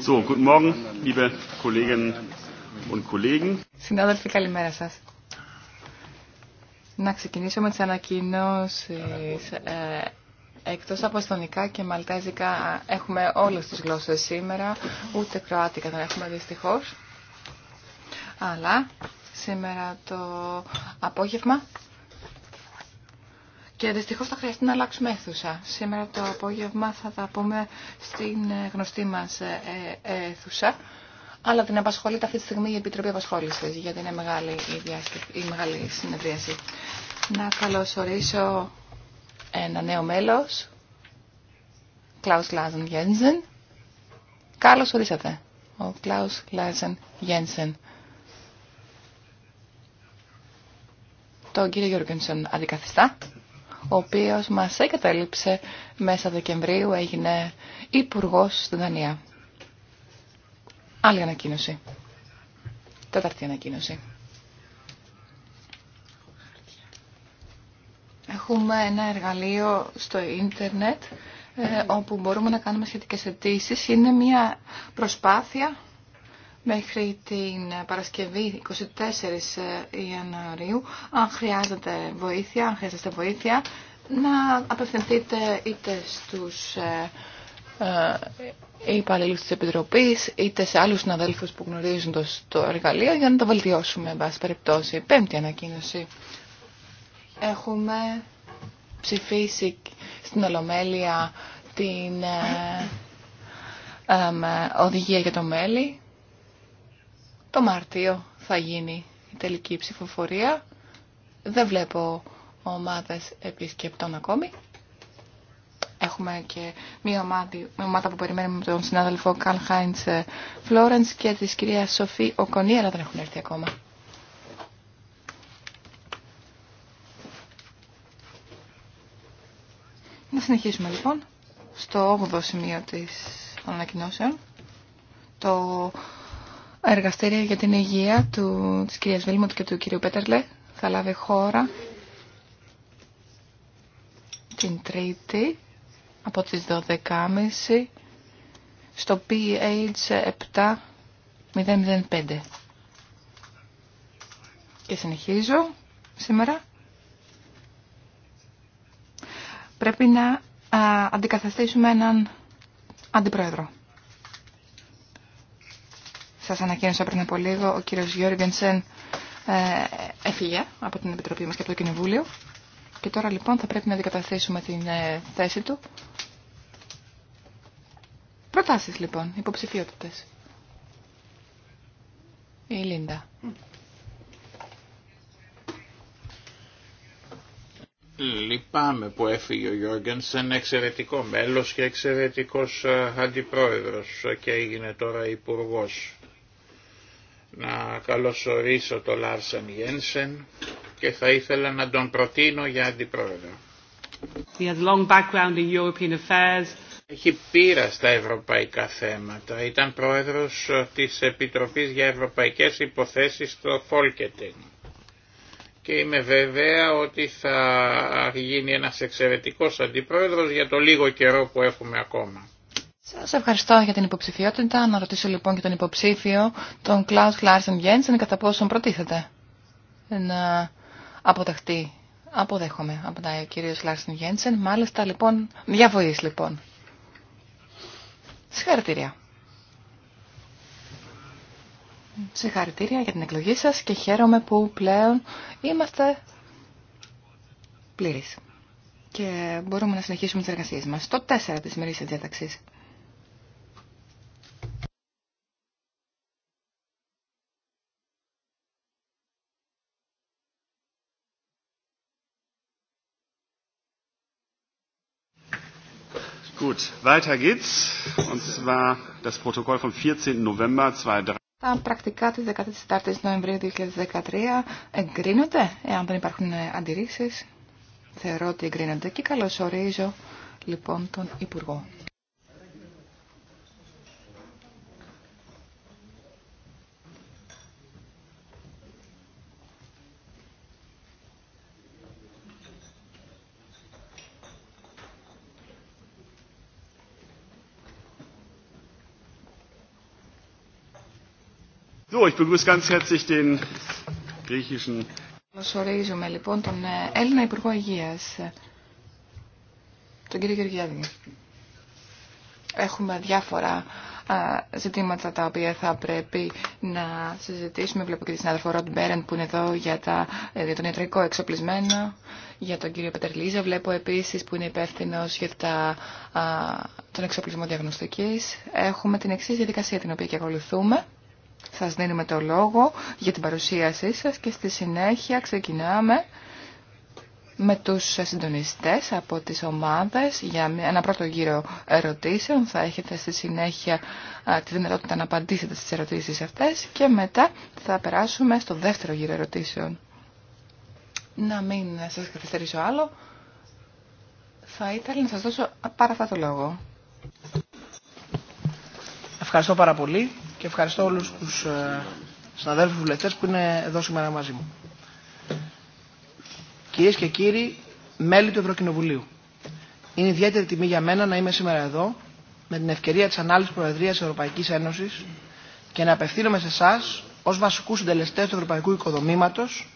So, guten Morgen, liebe Kolleginnen und Kollegen. Συνάδελφοι, καλημέρα σα. Να ξεκινήσω με τι ανακοινώσει. Ε, Εκτό από εστονικά και μαλτέζικα έχουμε όλε τι γλώσσε σήμερα, ούτε κροάτικα δεν έχουμε δυστυχώ. Αλλά σήμερα το απόγευμα και δυστυχώς θα χρειαστεί να αλλάξουμε αίθουσα. Σήμερα το απόγευμα θα τα πούμε στην ε, γνωστή μας ε, ε, αίθουσα. Αλλά την απασχολείται αυτή τη στιγμή η Επιτροπή Απασχόληση, γιατί είναι μεγάλη η, διάστη, η μεγάλη συνεδρίαση. Να καλωσορίσω ένα νέο μέλο, Κλάου Λάζεν Γένσεν. Καλώ ορίσατε, ο Κλάου Λάζεν Γένσεν. Τον κύριο Γιώργενσον αντικαθιστά ο οποίος μας έγκαταλείψε μέσα Δεκεμβρίου, έγινε υπουργό στην Δανία. Άλλη ανακοίνωση. Τέταρτη ανακοίνωση. Έχουμε ένα εργαλείο στο ίντερνετ ε, όπου μπορούμε να κάνουμε σχετικές αιτήσει. Είναι μια προσπάθεια μέχρι την Παρασκευή 24 ε, Ιανουαρίου. Αν χρειάζεται βοήθεια, αν χρειάζεστε βοήθεια, να απευθυνθείτε είτε στους ε, ε υπαλλήλους της Επιτροπής, είτε σε άλλους συναδέλφους που γνωρίζουν το, το εργαλείο για να το βελτιώσουμε, εν πάση περιπτώσει. Πέμπτη ανακοίνωση. Έχουμε ψηφίσει στην Ολομέλεια την ε, οδηγία για το μέλι το Μάρτιο θα γίνει η τελική ψηφοφορία. Δεν βλέπω ομάδες επισκεπτών ακόμη. Έχουμε και μία ομάδα, μια ομάδα που περιμένουμε τον συνάδελφο Καλ Χάιντς ε, Φλόρενς και τη κυρία Σοφή Οκονή, αλλά δεν έχουν έρθει ακόμα. Να συνεχίσουμε λοιπόν στο 8ο σημείο της ανακοινώσεων. Το εργαστήρια για την υγεία του, της κυρίας Βίλμοντ και του κυρίου Πέτερλε θα λάβει χώρα την Τρίτη από τις 12.30 στο PH 7005. Και συνεχίζω σήμερα. Πρέπει να αντικαταστήσουμε έναν αντιπρόεδρο σας ανακοίνωσα πριν από λίγο, ο κύριος Γιώργενσεν ε, έφυγε από την Επιτροπή μας και από το Κοινοβούλιο. Και τώρα λοιπόν θα πρέπει να αντικαταθήσουμε την ε, θέση του. Προτάσεις λοιπόν, υποψηφιότητες. Η Λίντα. Λυπάμαι που έφυγε ο Γιώργενς, ένα εξαιρετικό μέλος και εξαιρετικός ε, αντιπρόεδρος και έγινε τώρα υπουργός να καλωσορίσω τον Λάρσεν Γένσεν και θα ήθελα να τον προτείνω για αντιπρόεδρο. He has long background in European affairs. Έχει πείρα στα ευρωπαϊκά θέματα. Ήταν πρόεδρος ε, της Επιτροπής για Ευρωπαϊκές Υποθέσεις στο Folketing. Και είμαι βέβαια ότι θα γίνει ένας εξαιρετικός αντιπρόεδρος για το λίγο καιρό που έχουμε ακόμα. Σας ευχαριστώ για την υποψηφιότητα. Να ρωτήσω λοιπόν και τον υποψήφιο, τον Κλάους Κλάρσεν Γένσεν, κατά πόσον προτίθεται να αποδεχτεί. Αποδέχομαι, απαντάει ο κύριος Λάρσεν Γένσεν. Μάλιστα λοιπόν, διαβοής λοιπόν. Συγχαρητήρια. Συγχαρητήρια για την εκλογή σας και χαίρομαι που πλέον είμαστε πλήρεις. Και μπορούμε να συνεχίσουμε τις εργασίες μας. Το 4 της της διαταξής. Gut, weiter geht's. Und zwar das Protokoll vom 14. November 2013. Τα πρακτικά τη 14 η Νοεμβρίου 2013 εγκρίνονται, εάν δεν υπάρχουν ε, αντιρρήσει, Θεωρώ ότι εγκρίνονται και καλωσορίζω λοιπόν τον Υπουργό. So, ich begrüße ganz herzlich den griechischen. Καλωσορίζουμε λοιπόν τον ε, Έλληνα Υπουργό Υγεία, ε, τον κύριο Γεωργιάδη. Έχουμε διάφορα ζητήματα τα οποία θα πρέπει να συζητήσουμε. Βλέπω και τη συνάδελφο Ροντ Μπέρεν που είναι εδώ για, τα, ε, για τον ιατρικό εξοπλισμένο, για τον κύριο Πατερλίζα Βλέπω επίσης που είναι υπεύθυνο για τα, τον εξοπλισμό διαγνωστική. Έχουμε την εξή διαδικασία την οποία και ακολουθούμε. Σας δίνουμε το λόγο για την παρουσίασή σας και στη συνέχεια ξεκινάμε με τους συντονιστές από τις ομάδες για ένα πρώτο γύρο ερωτήσεων. Θα έχετε στη συνέχεια τη δυνατότητα να απαντήσετε στις ερωτήσεις αυτές και μετά θα περάσουμε στο δεύτερο γύρο ερωτήσεων. Να μην σας καθυστερήσω άλλο. Θα ήθελα να σας δώσω πάρα λόγο. Ευχαριστώ πάρα πολύ και ευχαριστώ όλους τους ε, συναδέλφους βουλευτές που είναι εδώ σήμερα μαζί μου. Κυρίε και κύριοι, μέλη του Ευρωκοινοβουλίου, είναι ιδιαίτερη τιμή για μένα να είμαι σήμερα εδώ με την ευκαιρία της ανάλυσης Προεδρίας Ευρωπαϊκής Ένωσης και να απευθύνομαι σε εσά ως βασικούς συντελεστές του Ευρωπαϊκού Οικοδομήματος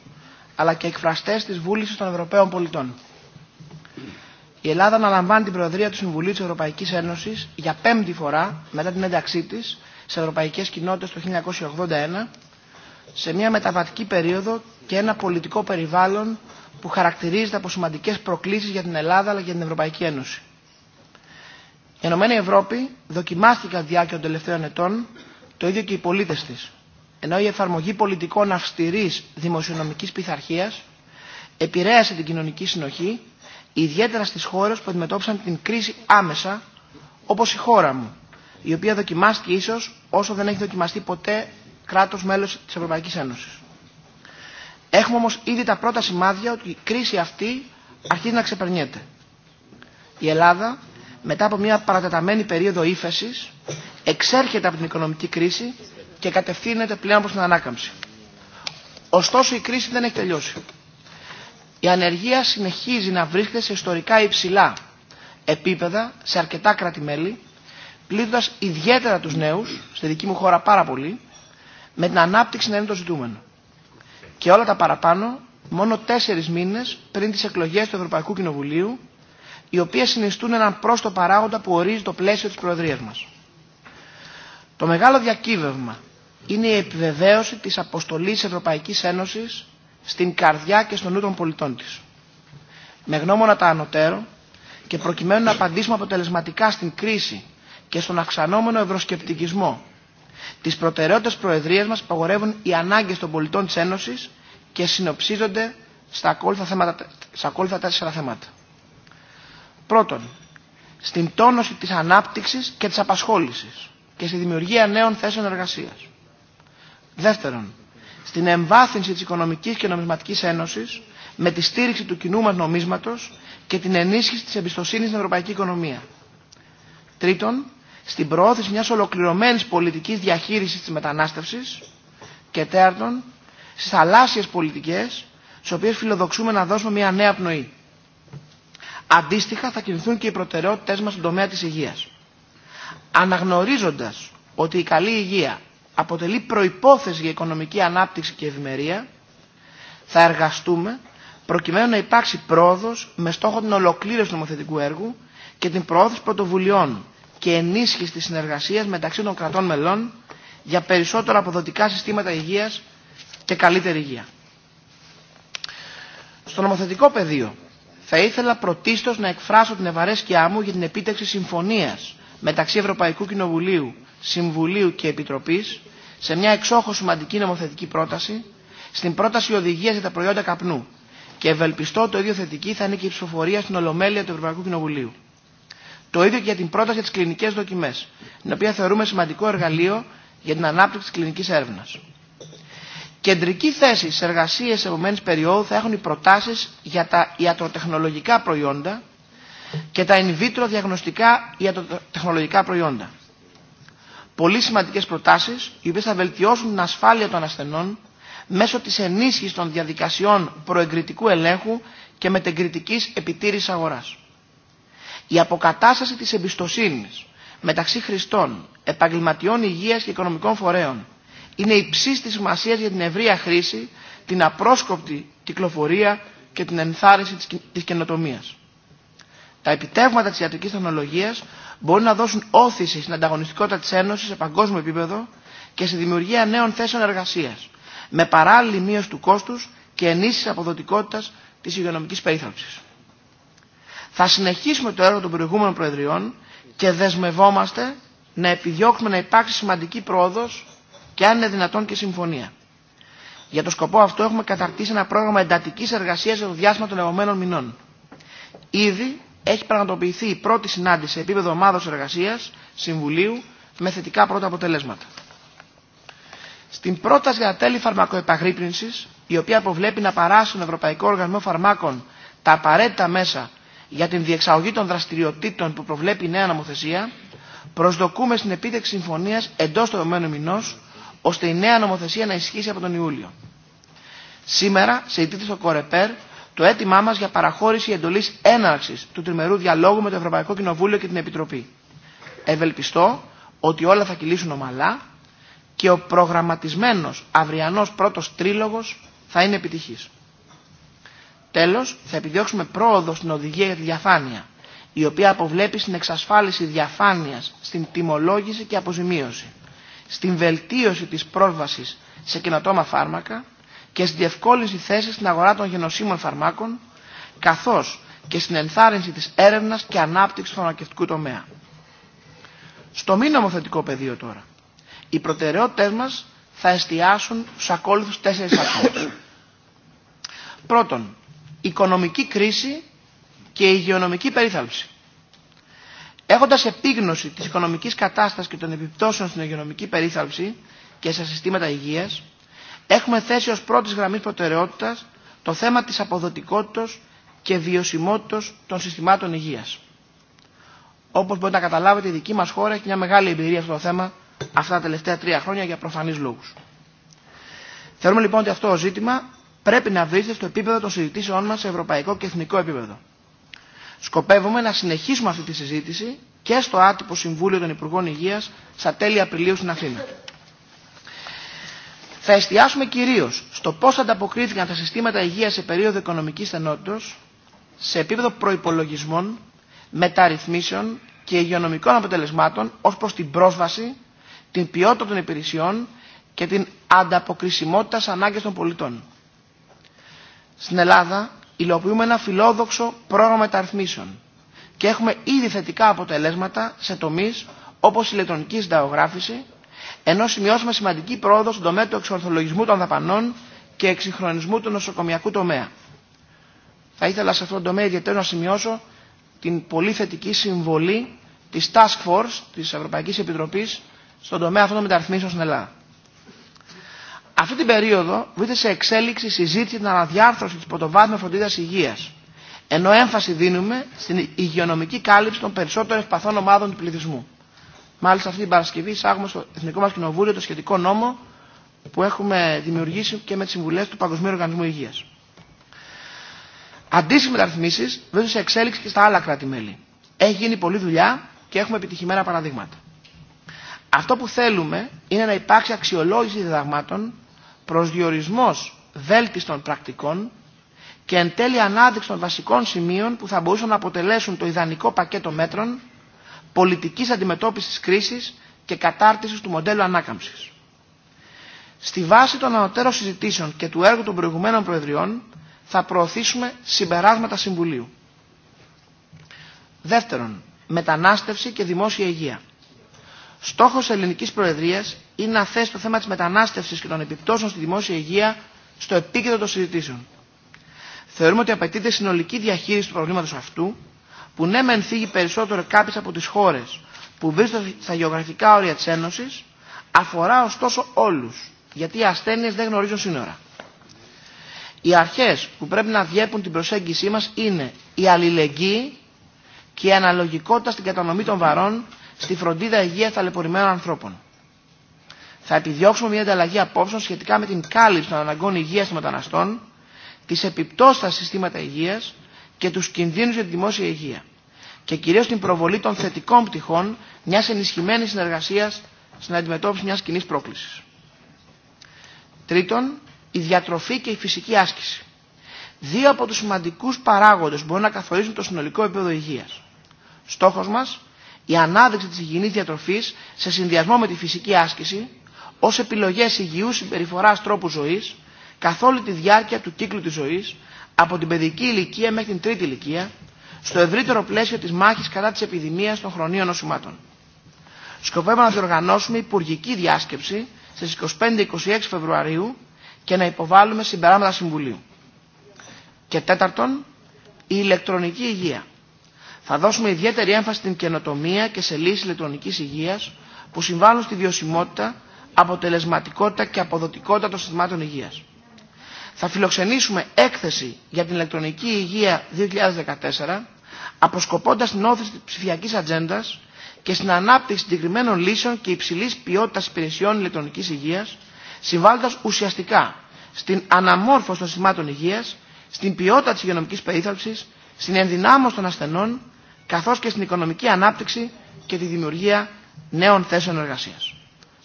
αλλά και εκφραστές της βούλησης των Ευρωπαίων πολιτών. Η Ελλάδα αναλαμβάνει την Προεδρία του Συμβουλίου της Ευρωπαϊκής Ένωσης για πέμπτη φορά μετά την ένταξή σε ευρωπαϊκές κοινότητες το 1981 σε μια μεταβατική περίοδο και ένα πολιτικό περιβάλλον που χαρακτηρίζεται από σημαντικές προκλήσεις για την Ελλάδα αλλά και την Ευρωπαϊκή Ένωση. Η Ενωμένη ΕΕ Ευρώπη δοκιμάστηκε διάρκεια των τελευταίων ετών, το ίδιο και οι πολίτες της, ενώ η εφαρμογή πολιτικών αυστηρής δημοσιονομικής πειθαρχία επηρέασε την κοινωνική συνοχή, ιδιαίτερα στις χώρες που αντιμετώπισαν την κρίση άμεσα, όπως η χώρα μου, η οποία δοκιμάστηκε ίσως όσο δεν έχει δοκιμαστεί ποτέ κράτος μέλος της Ευρωπαϊκής Ένωση. Έχουμε όμως ήδη τα πρώτα σημάδια ότι η κρίση αυτή αρχίζει να ξεπερνιέται. Η Ελλάδα, μετά από μια παρατεταμένη περίοδο ύφεση, εξέρχεται από την οικονομική κρίση και κατευθύνεται πλέον προς την ανάκαμψη. Ωστόσο η κρίση δεν έχει τελειώσει. Η ανεργία συνεχίζει να βρίσκεται σε ιστορικά υψηλά επίπεδα σε αρκετά κράτη-μέλη πλήττοντα ιδιαίτερα του νέους, στη δική μου χώρα πάρα πολύ, με την ανάπτυξη να είναι το ζητούμενο. Και όλα τα παραπάνω, μόνο τέσσερι μήνε πριν τι εκλογές του Ευρωπαϊκού Κοινοβουλίου, οι οποίε συνιστούν έναν πρόστο παράγοντα που ορίζει το πλαίσιο τη Προεδρία μα. Το μεγάλο διακύβευμα είναι η επιβεβαίωση της αποστολής της Ευρωπαϊκής Ένωσης στην καρδιά και στον νου των πολιτών της. Με γνώμονα τα ανωτέρω και προκειμένου να απαντήσουμε αποτελεσματικά στην κρίση και στον αυξανόμενο ευρωσκεπτικισμό. Τις προτεραιότητες προεδρίας μας παγορεύουν οι ανάγκες των πολιτών της Ένωσης και συνοψίζονται στα ακόλουθα, θέματα, τέσσερα θέματα. Πρώτον, στην τόνωση της ανάπτυξης και της απασχόλησης και στη δημιουργία νέων θέσεων εργασίας. Δεύτερον, στην εμβάθυνση της Οικονομικής και Νομισματικής Ένωσης με τη στήριξη του κοινού μας νομίσματος και την ενίσχυση της εμπιστοσύνης στην ευρωπαϊκή οικονομία. Τρίτον, στην προώθηση μιας ολοκληρωμένης πολιτικής διαχείρισης της μετανάστευσης και τέρτον στις θαλάσσιες πολιτικές στις οποίες φιλοδοξούμε να δώσουμε μια νέα πνοή. Αντίστοιχα θα κινηθούν και οι προτεραιότητες μας στον τομέα της υγείας. Αναγνωρίζοντας ότι η καλή υγεία αποτελεί προϋπόθεση για οικονομική ανάπτυξη και ευημερία, θα εργαστούμε προκειμένου να υπάρξει πρόοδος με στόχο την ολοκλήρωση του νομοθετικού έργου και την προώθηση πρωτοβουλειών και ενίσχυση της συνεργασίας μεταξύ των κρατών μελών για περισσότερα αποδοτικά συστήματα υγείας και καλύτερη υγεία. Στο νομοθετικό πεδίο θα ήθελα πρωτίστως να εκφράσω την ευαρέσκειά μου για την επίτευξη συμφωνίας μεταξύ Ευρωπαϊκού Κοινοβουλίου, Συμβουλίου και Επιτροπής σε μια εξόχως σημαντική νομοθετική πρόταση, στην πρόταση οδηγίας για τα προϊόντα καπνού και ευελπιστώ το ίδιο θετική θα είναι και η ψηφοφορία στην Ολομέλεια του Ευρωπαϊκού Κοινοβουλίου. Το ίδιο και για την πρόταση για τι κλινικέ δοκιμέ, την οποία θεωρούμε σημαντικό εργαλείο για την ανάπτυξη τη κλινική έρευνα. Κεντρική θέση στι εργασίε επομένη περίοδου θα έχουν οι προτάσει για τα ιατροτεχνολογικά προϊόντα και τα in vitro διαγνωστικά ιατροτεχνολογικά προϊόντα. Πολύ σημαντικέ προτάσει, οι οποίε θα βελτιώσουν την ασφάλεια των ασθενών μέσω τη ενίσχυση των διαδικασιών προεγκριτικού ελέγχου και μετεγκριτική επιτήρηση αγορά. Η αποκατάσταση της εμπιστοσύνης μεταξύ χρηστών, επαγγελματιών υγείας και οικονομικών φορέων είναι υψής της σημασία για την ευρεία χρήση, την απρόσκοπτη κυκλοφορία και την ενθάρρυνση της καινοτομίας. Τα επιτεύγματα της ιατρικής τεχνολογίας μπορούν να δώσουν όθηση στην ανταγωνιστικότητα της Ένωσης σε παγκόσμιο επίπεδο και στη δημιουργία νέων θέσεων εργασίας, με παράλληλη μείωση του κόστους και ενίσχυση αποδοτικότητας της υγειονομικής περίθαλψης. Θα συνεχίσουμε το έργο των προηγούμενων Προεδριών και δεσμευόμαστε να επιδιώξουμε να υπάρξει σημαντική πρόοδο και αν είναι δυνατόν και συμφωνία. Για το σκοπό αυτό έχουμε καταρτήσει ένα πρόγραμμα εντατική εργασία για το διάστημα των επόμενων μηνών. Ήδη έχει πραγματοποιηθεί η πρώτη συνάντηση σε επίπεδο ομάδο εργασία Συμβουλίου με θετικά πρώτα αποτελέσματα. Στην πρόταση για τέλη φαρμακοεπαγρύπνηση, η οποία αποβλέπει να παράσουν Ευρωπαϊκό Οργανισμό Φαρμάκων τα απαραίτητα μέσα για την διεξαγωγή των δραστηριοτήτων που προβλέπει η νέα νομοθεσία, προσδοκούμε στην επίτευξη συμφωνία εντό του επομένου μηνό, ώστε η νέα νομοθεσία να ισχύσει από τον Ιούλιο. Σήμερα, σε στο Κορεπέρ, το αίτημά μα για παραχώρηση εντολή έναρξη του τριμερού διαλόγου με το Ευρωπαϊκό Κοινοβούλιο και την Επιτροπή. Ευελπιστώ ότι όλα θα κυλήσουν ομαλά και ο προγραμματισμένος αυριανός πρώτος τρίλογος θα είναι επιτυχής. Τέλος, θα επιδιώξουμε πρόοδο στην οδηγία για τη διαφάνεια, η οποία αποβλέπει στην εξασφάλιση διαφάνειας, στην τιμολόγηση και αποζημίωση, στην βελτίωση της πρόσβασης σε καινοτόμα φάρμακα και στη διευκόλυνση θέση στην αγορά των γενοσύμων φαρμάκων, καθώς και στην ενθάρρυνση της έρευνας και ανάπτυξης του φαρμακευτικού τομέα. Στο μη νομοθετικό πεδίο τώρα, οι προτεραιότητες μας θα εστιάσουν στους ακόλουθους τέσσερι αρχές. Πρώτον, οικονομική κρίση και υγειονομική περίθαλψη. Έχοντας επίγνωση της οικονομικής κατάστασης και των επιπτώσεων στην υγειονομική περίθαλψη και στα συστήματα υγείας, έχουμε θέσει ως πρώτη γραμμή προτεραιότητας το θέμα της αποδοτικότητας και βιωσιμότητας των συστημάτων υγείας. Όπως μπορείτε να καταλάβετε, η δική μας χώρα έχει μια μεγάλη εμπειρία αυτό το θέμα αυτά τα τελευταία τρία χρόνια για προφανείς λόγους. Θεωρούμε λοιπόν ότι αυτό το ζήτημα πρέπει να βρίσκεται στο επίπεδο των συζητήσεών μα σε ευρωπαϊκό και εθνικό επίπεδο. Σκοπεύουμε να συνεχίσουμε αυτή τη συζήτηση και στο άτυπο Συμβούλιο των Υπουργών Υγεία στα τέλη Απριλίου στην Αθήνα. Θα εστιάσουμε κυρίω στο πώ ανταποκρίθηκαν τα συστήματα υγεία σε περίοδο οικονομική στενότητα σε επίπεδο προπολογισμών, μεταρρυθμίσεων και υγειονομικών αποτελεσμάτων ω προ την πρόσβαση, την ποιότητα των υπηρεσιών και την ανταποκρισιμότητα των πολιτών στην Ελλάδα υλοποιούμε ένα φιλόδοξο πρόγραμμα μεταρρυθμίσεων και έχουμε ήδη θετικά αποτελέσματα σε τομείς όπως η ηλεκτρονική συνταγογράφηση, ενώ σημειώσουμε σημαντική πρόοδο στον τομέα του εξορθολογισμού των δαπανών και εξυγχρονισμού του νοσοκομιακού τομέα. Θα ήθελα σε αυτόν τον τομέα ιδιαίτερα να σημειώσω την πολύ θετική συμβολή της Task Force της Ευρωπαϊκής Επιτροπής στον τομέα αυτών των μεταρρυθμίσεων στην Ελλάδα. Αυτή την περίοδο βρίσκεται σε εξέλιξη συζήτηση την αναδιάρθρωση τη πρωτοβάθμια φροντίδα υγεία. Ενώ έμφαση δίνουμε στην υγειονομική κάλυψη των περισσότερων ευπαθών ομάδων του πληθυσμού. Μάλιστα αυτή την Παρασκευή εισάγουμε στο Εθνικό μα Κοινοβούλιο το σχετικό νόμο που έχουμε δημιουργήσει και με τι συμβουλέ του Παγκοσμίου Οργανισμού Υγεία. Αντίστοιχε μεταρρυθμίσει βρίσκονται σε εξέλιξη και στα άλλα κράτη-μέλη. Έχει γίνει πολλή δουλειά και έχουμε επιτυχημένα παραδείγματα. Αυτό που θέλουμε είναι να υπάρξει αξιολόγηση διδαγμάτων προσδιορισμός των πρακτικών και εν τέλει ανάδειξη των βασικών σημείων που θα μπορούσαν να αποτελέσουν το ιδανικό πακέτο μέτρων πολιτικής αντιμετώπισης κρίσης και κατάρτισης του μοντέλου ανάκαμψης. Στη βάση των ανωτέρων συζητήσεων και του έργου των προηγουμένων Προεδριών θα προωθήσουμε συμπεράσματα Συμβουλίου. Δεύτερον, μετανάστευση και δημόσια υγεία. Στόχος ελληνικής Προεδρίας είναι να θέσει το θέμα της μετανάστευσης και των επιπτώσεων στη δημόσια υγεία στο επίκεντρο των συζητήσεων. Θεωρούμε ότι απαιτείται συνολική διαχείριση του προβλήματος αυτού, που ναι μεν ενθύγει περισσότερο κάποιες από τις χώρες που βρίσκονται στα γεωγραφικά όρια της Ένωσης, αφορά ωστόσο όλους, γιατί οι ασθένειες δεν γνωρίζουν σύνορα. Οι αρχές που πρέπει να διέπουν την προσέγγισή μας είναι η αλληλεγγύη και η αναλογικότητα στην κατανομή των βαρών στη φροντίδα υγείας ταλαιπωρημένων ανθρώπων θα επιδιώξουμε μια ανταλλαγή απόψεων σχετικά με την κάλυψη των αναγκών υγεία των μεταναστών, τι επιπτώσει στα συστήματα υγεία και του κινδύνου για τη δημόσια υγεία. Και κυρίω την προβολή των θετικών πτυχών μια ενισχυμένη συνεργασία στην αντιμετώπιση μια κοινή πρόκληση. Τρίτον, η διατροφή και η φυσική άσκηση. Δύο από του σημαντικού παράγοντε μπορούν να καθορίζουν το συνολικό επίπεδο υγεία. Στόχο μα, η ανάδειξη τη υγιεινή διατροφή σε συνδυασμό με τη φυσική άσκηση ως επιλογές υγιούς συμπεριφοράς τρόπου ζωής καθ' όλη τη διάρκεια του κύκλου της ζωής από την παιδική ηλικία μέχρι την τρίτη ηλικία στο ευρύτερο πλαίσιο της μάχης κατά της επιδημίας των χρονίων νοσημάτων. Σκοπεύουμε να διοργανώσουμε υπουργική διάσκεψη στις 25-26 Φεβρουαρίου και να υποβάλουμε συμπεράματα Συμβουλίου. Και τέταρτον, η ηλεκτρονική υγεία. Θα δώσουμε ιδιαίτερη έμφαση στην καινοτομία και σε λύσεις ηλεκτρονικής υγείας που συμβάλλουν στη βιωσιμότητα αποτελεσματικότητα και αποδοτικότητα των συστημάτων υγείας. Θα φιλοξενήσουμε έκθεση για την ηλεκτρονική υγεία 2014, αποσκοπώντας την όθηση της ψηφιακής ατζέντα και στην ανάπτυξη συγκεκριμένων λύσεων και υψηλής ποιότητας υπηρεσιών ηλεκτρονικής υγείας, συμβάλλοντας ουσιαστικά στην αναμόρφωση των συστημάτων υγείας, στην ποιότητα της υγειονομικής περίθαλψης, στην ενδυνάμωση των ασθενών, καθώς και στην οικονομική ανάπτυξη και τη δημιουργία νέων θέσεων εργασίας.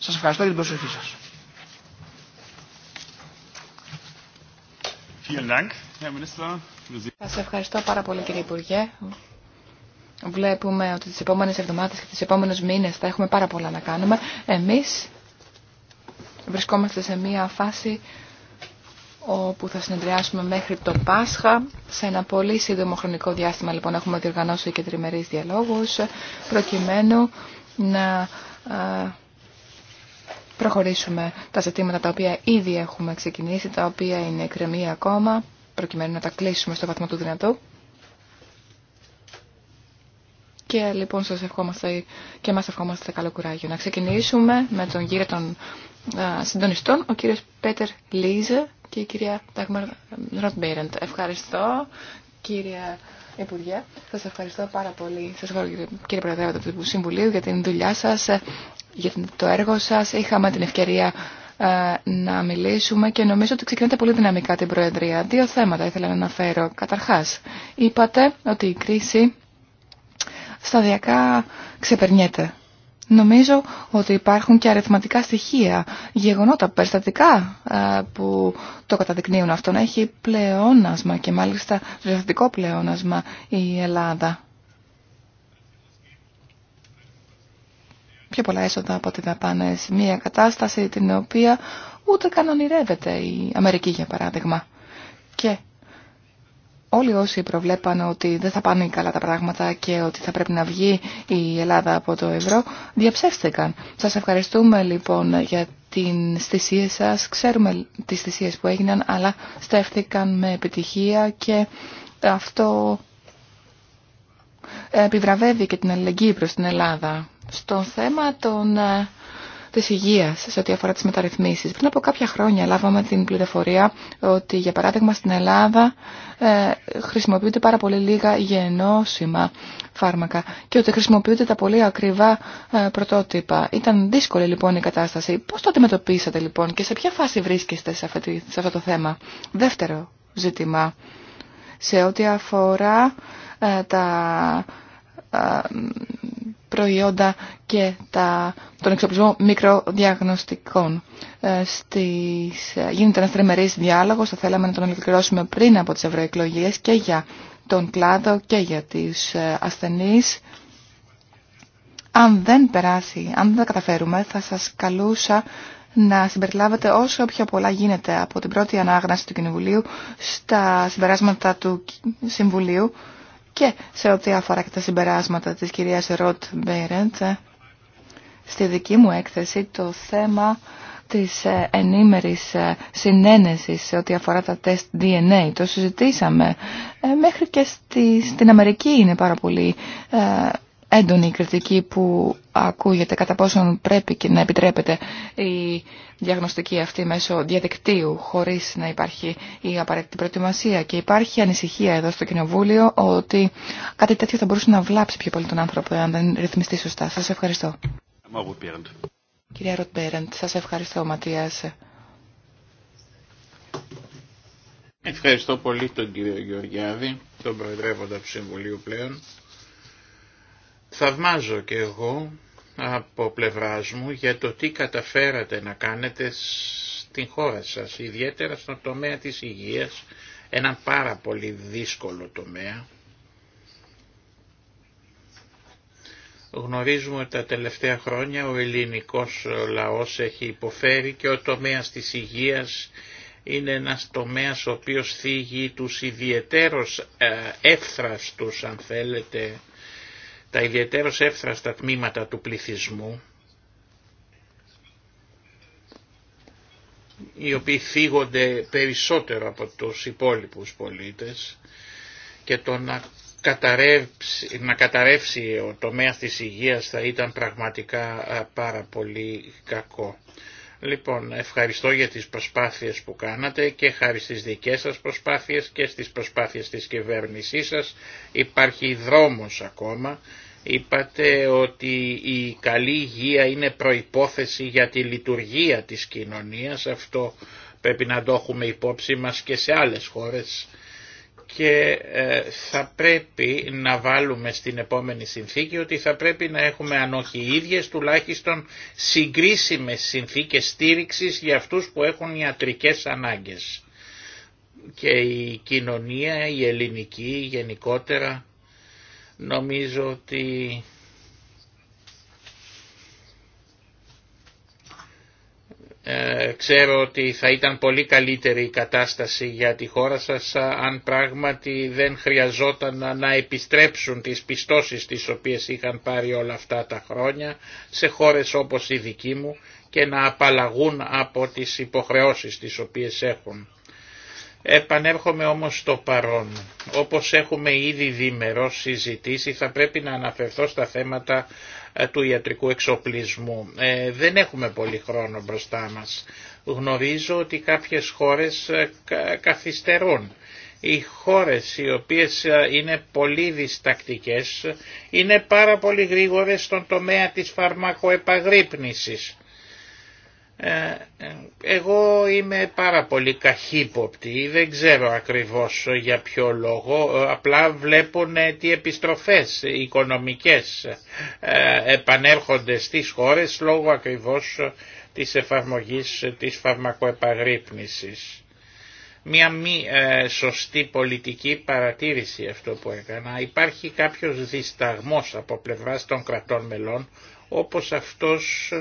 Σας ευχαριστώ για την προσοχή σας. Σας ευχαριστώ πάρα πολύ κύριε Υπουργέ. Βλέπουμε ότι τις επόμενες εβδομάδες και τις επόμενες μήνες θα έχουμε πάρα πολλά να κάνουμε. Εμείς βρισκόμαστε σε μία φάση όπου θα συνεδριάσουμε μέχρι το Πάσχα. Σε ένα πολύ σύντομο χρονικό διάστημα λοιπόν έχουμε διοργανώσει και τριμερείς διαλόγους προκειμένου να ε, προχωρήσουμε τα ζητήματα τα οποία ήδη έχουμε ξεκινήσει, τα οποία είναι κρεμία ακόμα, προκειμένου να τα κλείσουμε στο βαθμό του δυνατού. Και λοιπόν σας ευχόμαστε και μας ευχόμαστε καλό κουράγιο. Να ξεκινήσουμε με τον γύρο των συντονιστών, ο κύριος Πέτερ Λίζε και η κυρία Ντάγμαρ Ροντμπέρεντ. Ευχαριστώ κύριε Υπουργέ, σα ευχαριστώ πάρα πολύ. Σα ευχαριστώ κύριε Προεδρεύοντα του Συμβουλίου για την δουλειά σα, ε, για το έργο σα. Είχαμε την ευκαιρία ε, να μιλήσουμε και νομίζω ότι ξεκινάτε πολύ δυναμικά την Προεδρία. Δύο θέματα ήθελα να αναφέρω. Καταρχά, είπατε ότι η κρίση σταδιακά ξεπερνιέται. Νομίζω ότι υπάρχουν και αριθματικά στοιχεία, γεγονότα, περιστατικά ε, που το καταδεικνύουν να Έχει πλεόνασμα και μάλιστα ρευστικό πλεόνασμα η Ελλάδα. Πιο πολλά έσοδα από δαπάνε σε Μία κατάσταση την οποία ούτε καν ονειρεύεται η Αμερική για παράδειγμα. Και Όλοι όσοι προβλέπαν ότι δεν θα πάνε καλά τα πράγματα και ότι θα πρέπει να βγει η Ελλάδα από το ευρώ, διαψεύστηκαν. Σας ευχαριστούμε λοιπόν για την θυσίες σας. Ξέρουμε τις θυσίες που έγιναν, αλλά στέφθηκαν με επιτυχία και αυτό επιβραβεύει και την αλληλεγγύη προς την Ελλάδα. Στο θέμα των ε, Τη υγεία, σε ό,τι αφορά τις μεταρρυθμίσεις. Πριν από κάποια χρόνια λάβαμε την πληροφορία ότι για παράδειγμα στην Ελλάδα ε, χρησιμοποιούνται πάρα πολύ λίγα γενώσιμα φάρμακα και ότι χρησιμοποιούνται τα πολύ ακριβά ε, πρωτότυπα. Ήταν δύσκολη λοιπόν η κατάσταση. Πώς το αντιμετωπίσατε λοιπόν και σε ποια φάση βρίσκεστε σε, αυτό το θέμα. Δεύτερο ζήτημα σε ό,τι αφορά ε, τα ε, προϊόντα και τον εξοπλισμό μικροδιαγνωστικών. Ε, στις, ε, γίνεται ένα τριμερής διάλογο θα θέλαμε να τον ολοκληρώσουμε πριν από τι ευρωεκλογέ και για τον κλάδο και για τις ε, ασθενεί. Αν δεν περάσει, αν δεν τα καταφέρουμε, θα σα καλούσα να συμπεριλάβετε όσο πιο πολλά γίνεται από την πρώτη ανάγνωση του Κοινοβουλίου στα συμπεράσματα του Συμβουλίου και σε ό,τι αφορά και τα συμπεράσματα της κυρίας Ροτ Μπέιρεντ, ε, στη δική μου έκθεση το θέμα της ε, ενήμερης ε, συνένεσης σε ό,τι αφορά τα τεστ DNA. Το συζητήσαμε. Μέχρι και στην Αμερική είναι πάρα πολύ έντονη η κριτική που ακούγεται κατά πόσον πρέπει και να επιτρέπεται η διαγνωστική αυτή μέσω διαδικτύου χωρίς να υπάρχει η απαραίτητη προετοιμασία και υπάρχει ανησυχία εδώ στο Κοινοβούλιο ότι κάτι τέτοιο θα μπορούσε να βλάψει πιο πολύ τον άνθρωπο αν δεν ρυθμιστεί σωστά. Σας ευχαριστώ. Κυρία Ροτπέραντ, σας ευχαριστώ Ματίας. Ευχαριστώ πολύ τον κύριο Γεωργιάδη, τον Προεδρεύοντα του Συμβουλίου πλέον. Θαυμάζω και εγώ από πλευράς μου για το τι καταφέρατε να κάνετε στην χώρα σας, ιδιαίτερα στον τομέα της υγείας, έναν πάρα πολύ δύσκολο τομέα. Γνωρίζουμε ότι τα τελευταία χρόνια ο ελληνικός λαός έχει υποφέρει και ο τομέας της υγείας είναι ένας τομέας ο οποίος θίγει τους ιδιαιτέρως ε, εύθραστους αν θέλετε τα ιδιαίτερως εύθραστα τμήματα του πληθυσμού, οι οποίοι θίγονται περισσότερο από τους υπόλοιπους πολίτες και το να καταρρεύσει, να καταρρεύσει ο τομέας της υγείας θα ήταν πραγματικά πάρα πολύ κακό. Λοιπόν, ευχαριστώ για τις προσπάθειες που κάνατε και χάρη στις δικές σας προσπάθειες και στις προσπάθειες της κυβέρνησής σας υπάρχει δρόμος ακόμα Είπατε ότι η καλή υγεία είναι προϋπόθεση για τη λειτουργία της κοινωνίας. Αυτό πρέπει να το έχουμε υπόψη μας και σε άλλες χώρες. Και ε, θα πρέπει να βάλουμε στην επόμενη συνθήκη ότι θα πρέπει να έχουμε αν όχι ίδιες τουλάχιστον συγκρίσιμες συνθήκες στήριξης για αυτούς που έχουν ιατρικές ανάγκες. Και η κοινωνία, η ελληνική γενικότερα Νομίζω ότι ε, ξέρω ότι θα ήταν πολύ καλύτερη η κατάσταση για τη χώρα σας αν πράγματι δεν χρειαζόταν να επιστρέψουν τις πιστώσεις τις οποίες είχαν πάρει όλα αυτά τα χρόνια σε χώρες όπως η δική μου και να απαλλαγούν από τις υποχρεώσεις τις οποίες έχουν. Επανέρχομαι όμως στο παρόν. Όπως έχουμε ήδη δίμερο συζητήσει θα πρέπει να αναφερθώ στα θέματα ε, του ιατρικού εξοπλισμού. Ε, δεν έχουμε πολύ χρόνο μπροστά μας. Γνωρίζω ότι κάποιες χώρες ε, καθυστερούν. Οι χώρες οι οποίες είναι πολύ διστακτικές είναι πάρα πολύ γρήγορες στον τομέα της φαρμακοεπαγρύπνησης ε, εγώ είμαι πάρα πολύ καχύποπτη, δεν ξέρω ακριβώς για ποιο λόγο, απλά βλέπουν ναι, τι επιστροφές οικονομικές ε, επανέρχονται στις χώρες λόγω ακριβώς της εφαρμογής της φαρμακοεπαγρύπνησης. Μια μη ε, σωστή πολιτική παρατήρηση αυτό που έκανα. Υπάρχει κάποιος δισταγμός από πλευράς των κρατών μελών όπως αυτός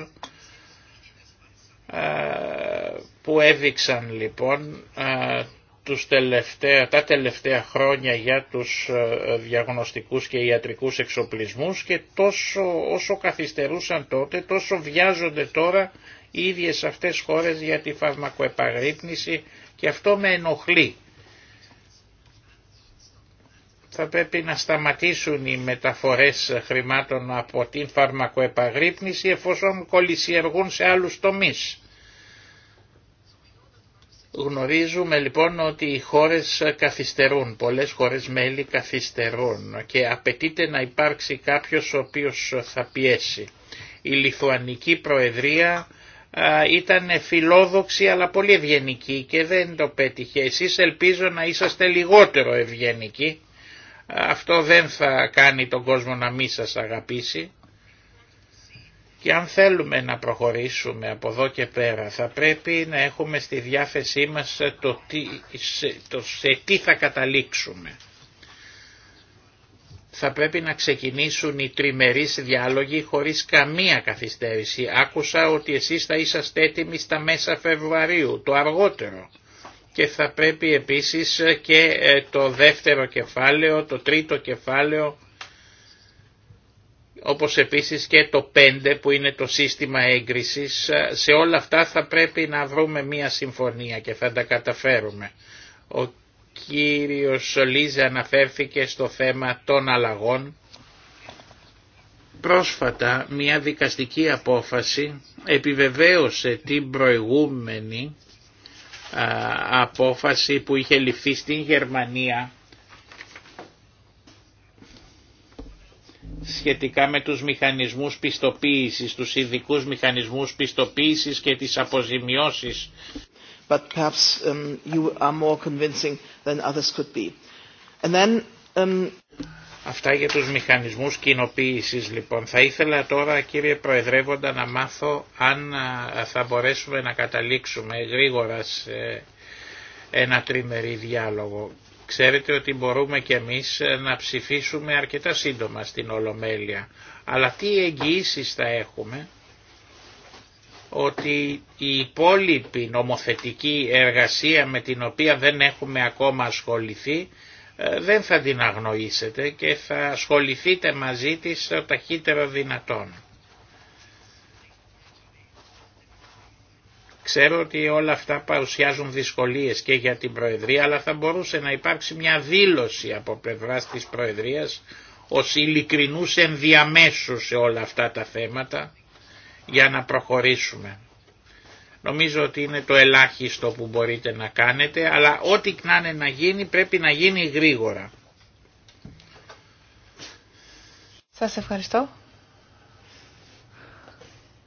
ε, που έδειξαν λοιπόν ε, τους τελευταία, τα τελευταία χρόνια για τους ε, διαγνωστικούς και ιατρικούς εξοπλισμούς και τόσο όσο καθυστερούσαν τότε τόσο βιάζονται τώρα οι ίδιες αυτές χώρες για τη φαρμακοεπαγρύπνηση και αυτό με ενοχλεί. Θα πρέπει να σταματήσουν οι μεταφορές χρημάτων από την φαρμακοεπαγρύπνηση εφόσον κολλησιεργούν σε άλλους τομείς. Γνωρίζουμε λοιπόν ότι οι χώρες καθυστερούν, πολλές χώρες μέλη καθυστερούν και απαιτείται να υπάρξει κάποιος ο οποίος θα πιέσει. Η Λιθουανική Προεδρία ήταν φιλόδοξη αλλά πολύ ευγενική και δεν το πέτυχε. Εσείς ελπίζω να είσαστε λιγότερο ευγενικοί. Αυτό δεν θα κάνει τον κόσμο να μη σας αγαπήσει. Και αν θέλουμε να προχωρήσουμε από εδώ και πέρα θα πρέπει να έχουμε στη διάθεσή μας το, σε, σε τι θα καταλήξουμε. Θα πρέπει να ξεκινήσουν οι τριμερείς διάλογοι χωρίς καμία καθυστέρηση. Άκουσα ότι εσείς θα είσαστε έτοιμοι στα μέσα Φεβρουαρίου, το αργότερο. Και θα πρέπει επίσης και ε, το δεύτερο κεφάλαιο, το τρίτο κεφάλαιο όπως επίσης και το 5 που είναι το σύστημα έγκρισης. Ε, σε όλα αυτά θα πρέπει να βρούμε μία συμφωνία και θα τα καταφέρουμε. Ο κύριος Λίζα αναφέρθηκε στο θέμα των αλλαγών. Πρόσφατα μια δικαστική απόφαση επιβεβαίωσε την προηγούμενη ε, απόφαση που είχε ληφθεί στην Γερμανία σχετικά με τους μηχανισμούς πιστοποίησης, τους ειδικού μηχανισμούς πιστοποίησης και τις αποζημιώσεις. Αυτά για τους μηχανισμούς κοινοποίησης λοιπόν. Θα ήθελα τώρα κύριε Προεδρεύοντα να μάθω αν θα μπορέσουμε να καταλήξουμε γρήγορα σε ένα τριμερή διάλογο. Ξέρετε ότι μπορούμε και εμείς ε, να ψηφίσουμε αρκετά σύντομα στην Ολομέλεια. Αλλά τι εγγυήσει θα έχουμε ότι η υπόλοιπη νομοθετική εργασία με την οποία δεν έχουμε ακόμα ασχοληθεί ε, δεν θα την αγνοήσετε και θα ασχοληθείτε μαζί της το ταχύτερο δυνατόν. Ξέρω ότι όλα αυτά παρουσιάζουν δυσκολίες και για την Προεδρία, αλλά θα μπορούσε να υπάρξει μια δήλωση από πλευράς της Προεδρίας ως ειλικρινούς ενδιαμέσου σε όλα αυτά τα θέματα για να προχωρήσουμε. Νομίζω ότι είναι το ελάχιστο που μπορείτε να κάνετε, αλλά ό,τι κνάνε να γίνει πρέπει να γίνει γρήγορα. Σας ευχαριστώ.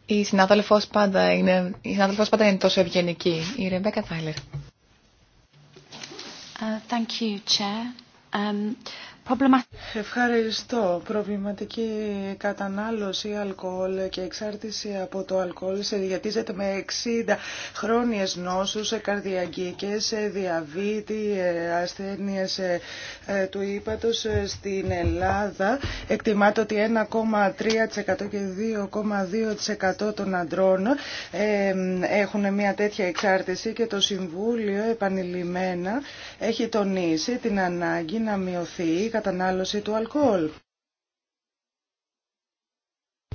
Η συνάδελφό πάντα είναι, η συνάδελφό πάντα είναι τόσο ευγενική. Η Ρεμπέκα Τάιλερ. Uh, thank you, Chair. Um, Ευχαριστώ. Προβληματική κατανάλωση αλκοόλ και εξάρτηση από το αλκοόλ σε με 60 χρόνιες νόσους, καρδιαγγικές, διαβήτη, ε, ασθένειες ε, ε, του ύπατος στην Ελλάδα. Εκτιμάται ότι 1,3% και 2,2% των αντρών έχουν μια τέτοια εξάρτηση και το Συμβούλιο επανειλημμένα έχει τονίσει την ανάγκη να μειωθεί κατανάλωση του αλκοόλ.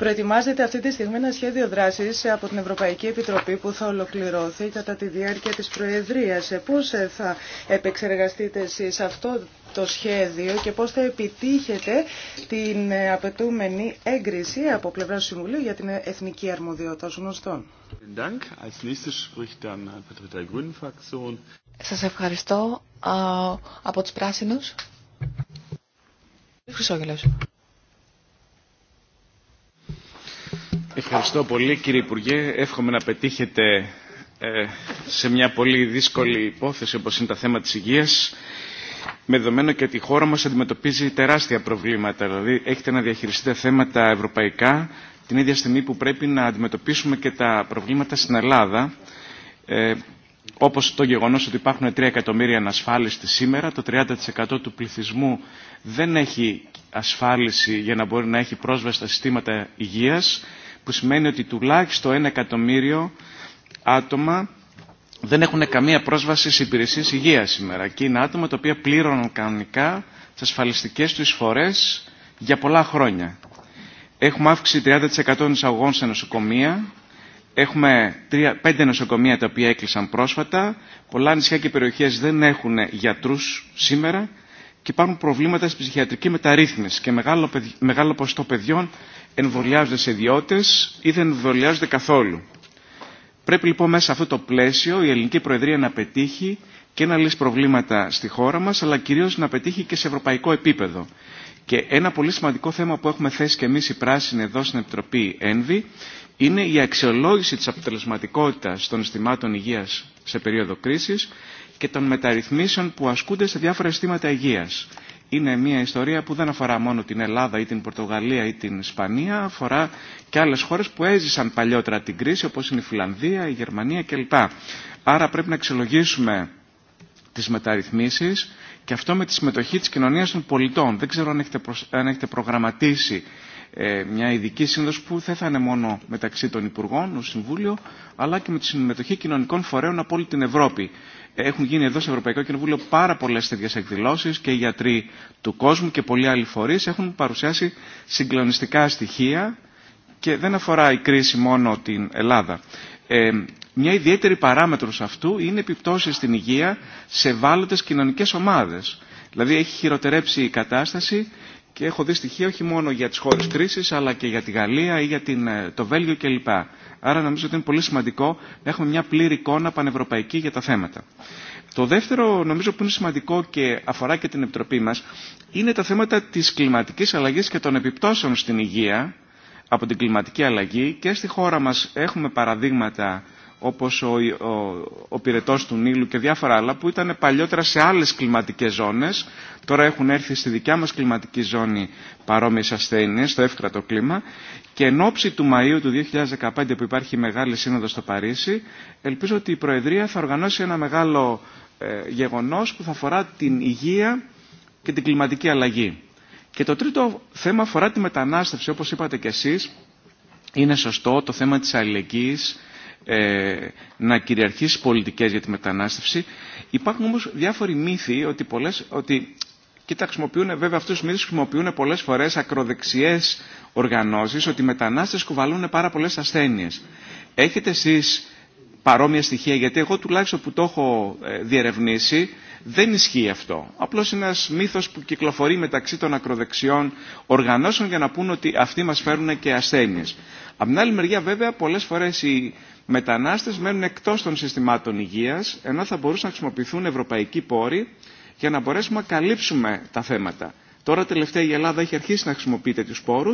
Προετοιμάζεται αυτή τη στιγμή ένα σχέδιο δράση από την Ευρωπαϊκή Επιτροπή που θα ολοκληρώθει κατά τη διάρκεια της Προεδρίας. πώ θα επεξεργαστείτε σε αυτό το σχέδιο και πώ θα επιτύχετε την απαιτούμενη έγκριση από πλευρά του Συμβουλίου για την εθνική αρμοδιότητα γνωστών. Σα ευχαριστώ από του πράσινου. Ευχαριστώ πολύ κύριε Υπουργέ. Εύχομαι να πετύχετε ε, σε μια πολύ δύσκολη υπόθεση όπως είναι τα θέμα της υγείας με δεδομένο και ότι η χώρα μας αντιμετωπίζει τεράστια προβλήματα. Δηλαδή έχετε να διαχειριστείτε θέματα ευρωπαϊκά την ίδια στιγμή που πρέπει να αντιμετωπίσουμε και τα προβλήματα στην Ελλάδα ε, όπως το γεγονός ότι υπάρχουν 3 εκατομμύρια ανασφάλιστοι σήμερα, το 30% του πληθυσμού δεν έχει ασφάλιση για να μπορεί να έχει πρόσβαση στα συστήματα υγείας, που σημαίνει ότι τουλάχιστον 1 εκατομμύριο άτομα δεν έχουν καμία πρόσβαση σε υπηρεσίες υγείας σήμερα και είναι άτομα τα οποία πλήρωναν κανονικά τι ασφαλιστικέ του εισφορέ για πολλά χρόνια. Έχουμε αύξηση 30% εισαγωγών σε νοσοκομεία, Έχουμε τρία, πέντε νοσοκομεία τα οποία έκλεισαν πρόσφατα. Πολλά νησιά και περιοχέ δεν έχουν γιατρού σήμερα και υπάρχουν προβλήματα στην ψυχιατρική μεταρρύθμιση και μεγάλο, μεγάλο ποσοστό παιδιών εμβολιάζονται σε ιδιώτε ή δεν εμβολιάζονται καθόλου. Πρέπει λοιπόν μέσα σε αυτό το πλαίσιο η ελληνική προεδρία να πετύχει και να λύσει προβλήματα στη χώρα μα, αλλά κυρίω να πετύχει και σε ευρωπαϊκό επίπεδο. Και ένα πολύ σημαντικό θέμα που έχουμε θέσει και εμεί οι πράσινοι εδώ στην Επιτροπή ΕΝΒΗ είναι η αξιολόγηση της αποτελεσματικότητας των αισθημάτων υγείας σε περίοδο κρίσης και των μεταρρυθμίσεων που ασκούνται σε διάφορα αισθήματα υγείας. Είναι μια ιστορία που δεν αφορά μόνο την Ελλάδα ή την Πορτογαλία ή την Ισπανία, αφορά και άλλες χώρες που έζησαν παλιότερα την κρίση, όπως είναι η Φιλανδία, η Γερμανία κλπ. Άρα πρέπει να αξιολογήσουμε τις μεταρρυθμίσεις και αυτό με τη συμμετοχή της κοινωνίας των πολιτών. Δεν ξέρω αν έχετε, αν έχετε προγραμματίσει ε, μια ειδική σύνδεση που δεν θα είναι μόνο μεταξύ των Υπουργών, του Συμβούλιο, αλλά και με τη συμμετοχή κοινωνικών φορέων από όλη την Ευρώπη. Έχουν γίνει εδώ στο Ευρωπαϊκό Κοινοβούλιο πάρα πολλέ τέτοιε εκδηλώσει και οι γιατροί του κόσμου και πολλοί άλλοι φορεί έχουν παρουσιάσει συγκλονιστικά στοιχεία και δεν αφορά η κρίση μόνο την Ελλάδα. Ε, μια ιδιαίτερη παράμετρος αυτού είναι επιπτώσεις στην υγεία σε βάλλοντες κοινωνικές ομάδες. Δηλαδή έχει χειροτερέψει η κατάσταση και έχω δει στοιχεία όχι μόνο για τι χώρε κρίση, αλλά και για τη Γαλλία ή για την, ε, το Βέλγιο κλπ. Άρα νομίζω ότι είναι πολύ σημαντικό να έχουμε μια πλήρη εικόνα πανευρωπαϊκή για τα θέματα. Το δεύτερο νομίζω που είναι σημαντικό και αφορά και την Επιτροπή μα είναι τα θέματα τη κλιματική αλλαγή και των επιπτώσεων στην υγεία από την κλιματική αλλαγή και στη χώρα μας έχουμε παραδείγματα όπως ο, ο, ο πυρετός του Νείλου και διάφορα άλλα που ήταν παλιότερα σε άλλες κλιματικές ζώνες. Τώρα έχουν έρθει στη δικιά μας κλιματική ζώνη παρόμοιες ασθένειες, στο εύκρατο κλίμα. Και εν ώψη του Μαΐου του 2015 που υπάρχει η Μεγάλη Σύνοδο στο Παρίσι, ελπίζω ότι η Προεδρία θα οργανώσει ένα μεγάλο ε, γεγονός που θα αφορά την υγεία και την κλιματική αλλαγή. Και το τρίτο θέμα αφορά τη μετανάστευση, όπως είπατε κι εσείς. Είναι σωστό το θέμα της αλληλεγγύης, ε, να κυριαρχήσει πολιτικέ πολιτικές για τη μετανάστευση. Υπάρχουν όμως διάφοροι μύθοι ότι, πολλές, ότι Κοίτα, χρησιμοποιούν, βέβαια αυτού του μύθου χρησιμοποιούν πολλέ φορέ ακροδεξιέ οργανώσει ότι οι μετανάστε κουβαλούν πάρα πολλέ ασθένειε. Έχετε εσεί παρόμοια στοιχεία, γιατί εγώ τουλάχιστον που το έχω ε, διερευνήσει, δεν ισχύει αυτό. Απλώς είναι ένας μύθος που κυκλοφορεί μεταξύ των ακροδεξιών οργανώσεων για να πούν ότι αυτοί μας φέρουν και ασθένειες. Από την άλλη μεριά βέβαια πολλές φορές οι μετανάστες μένουν εκτός των συστημάτων υγείας, ενώ θα μπορούσαν να χρησιμοποιηθούν ευρωπαϊκοί πόροι για να μπορέσουμε να καλύψουμε τα θέματα. Τώρα τελευταία η Ελλάδα έχει αρχίσει να χρησιμοποιεί τέτοιου πόρου.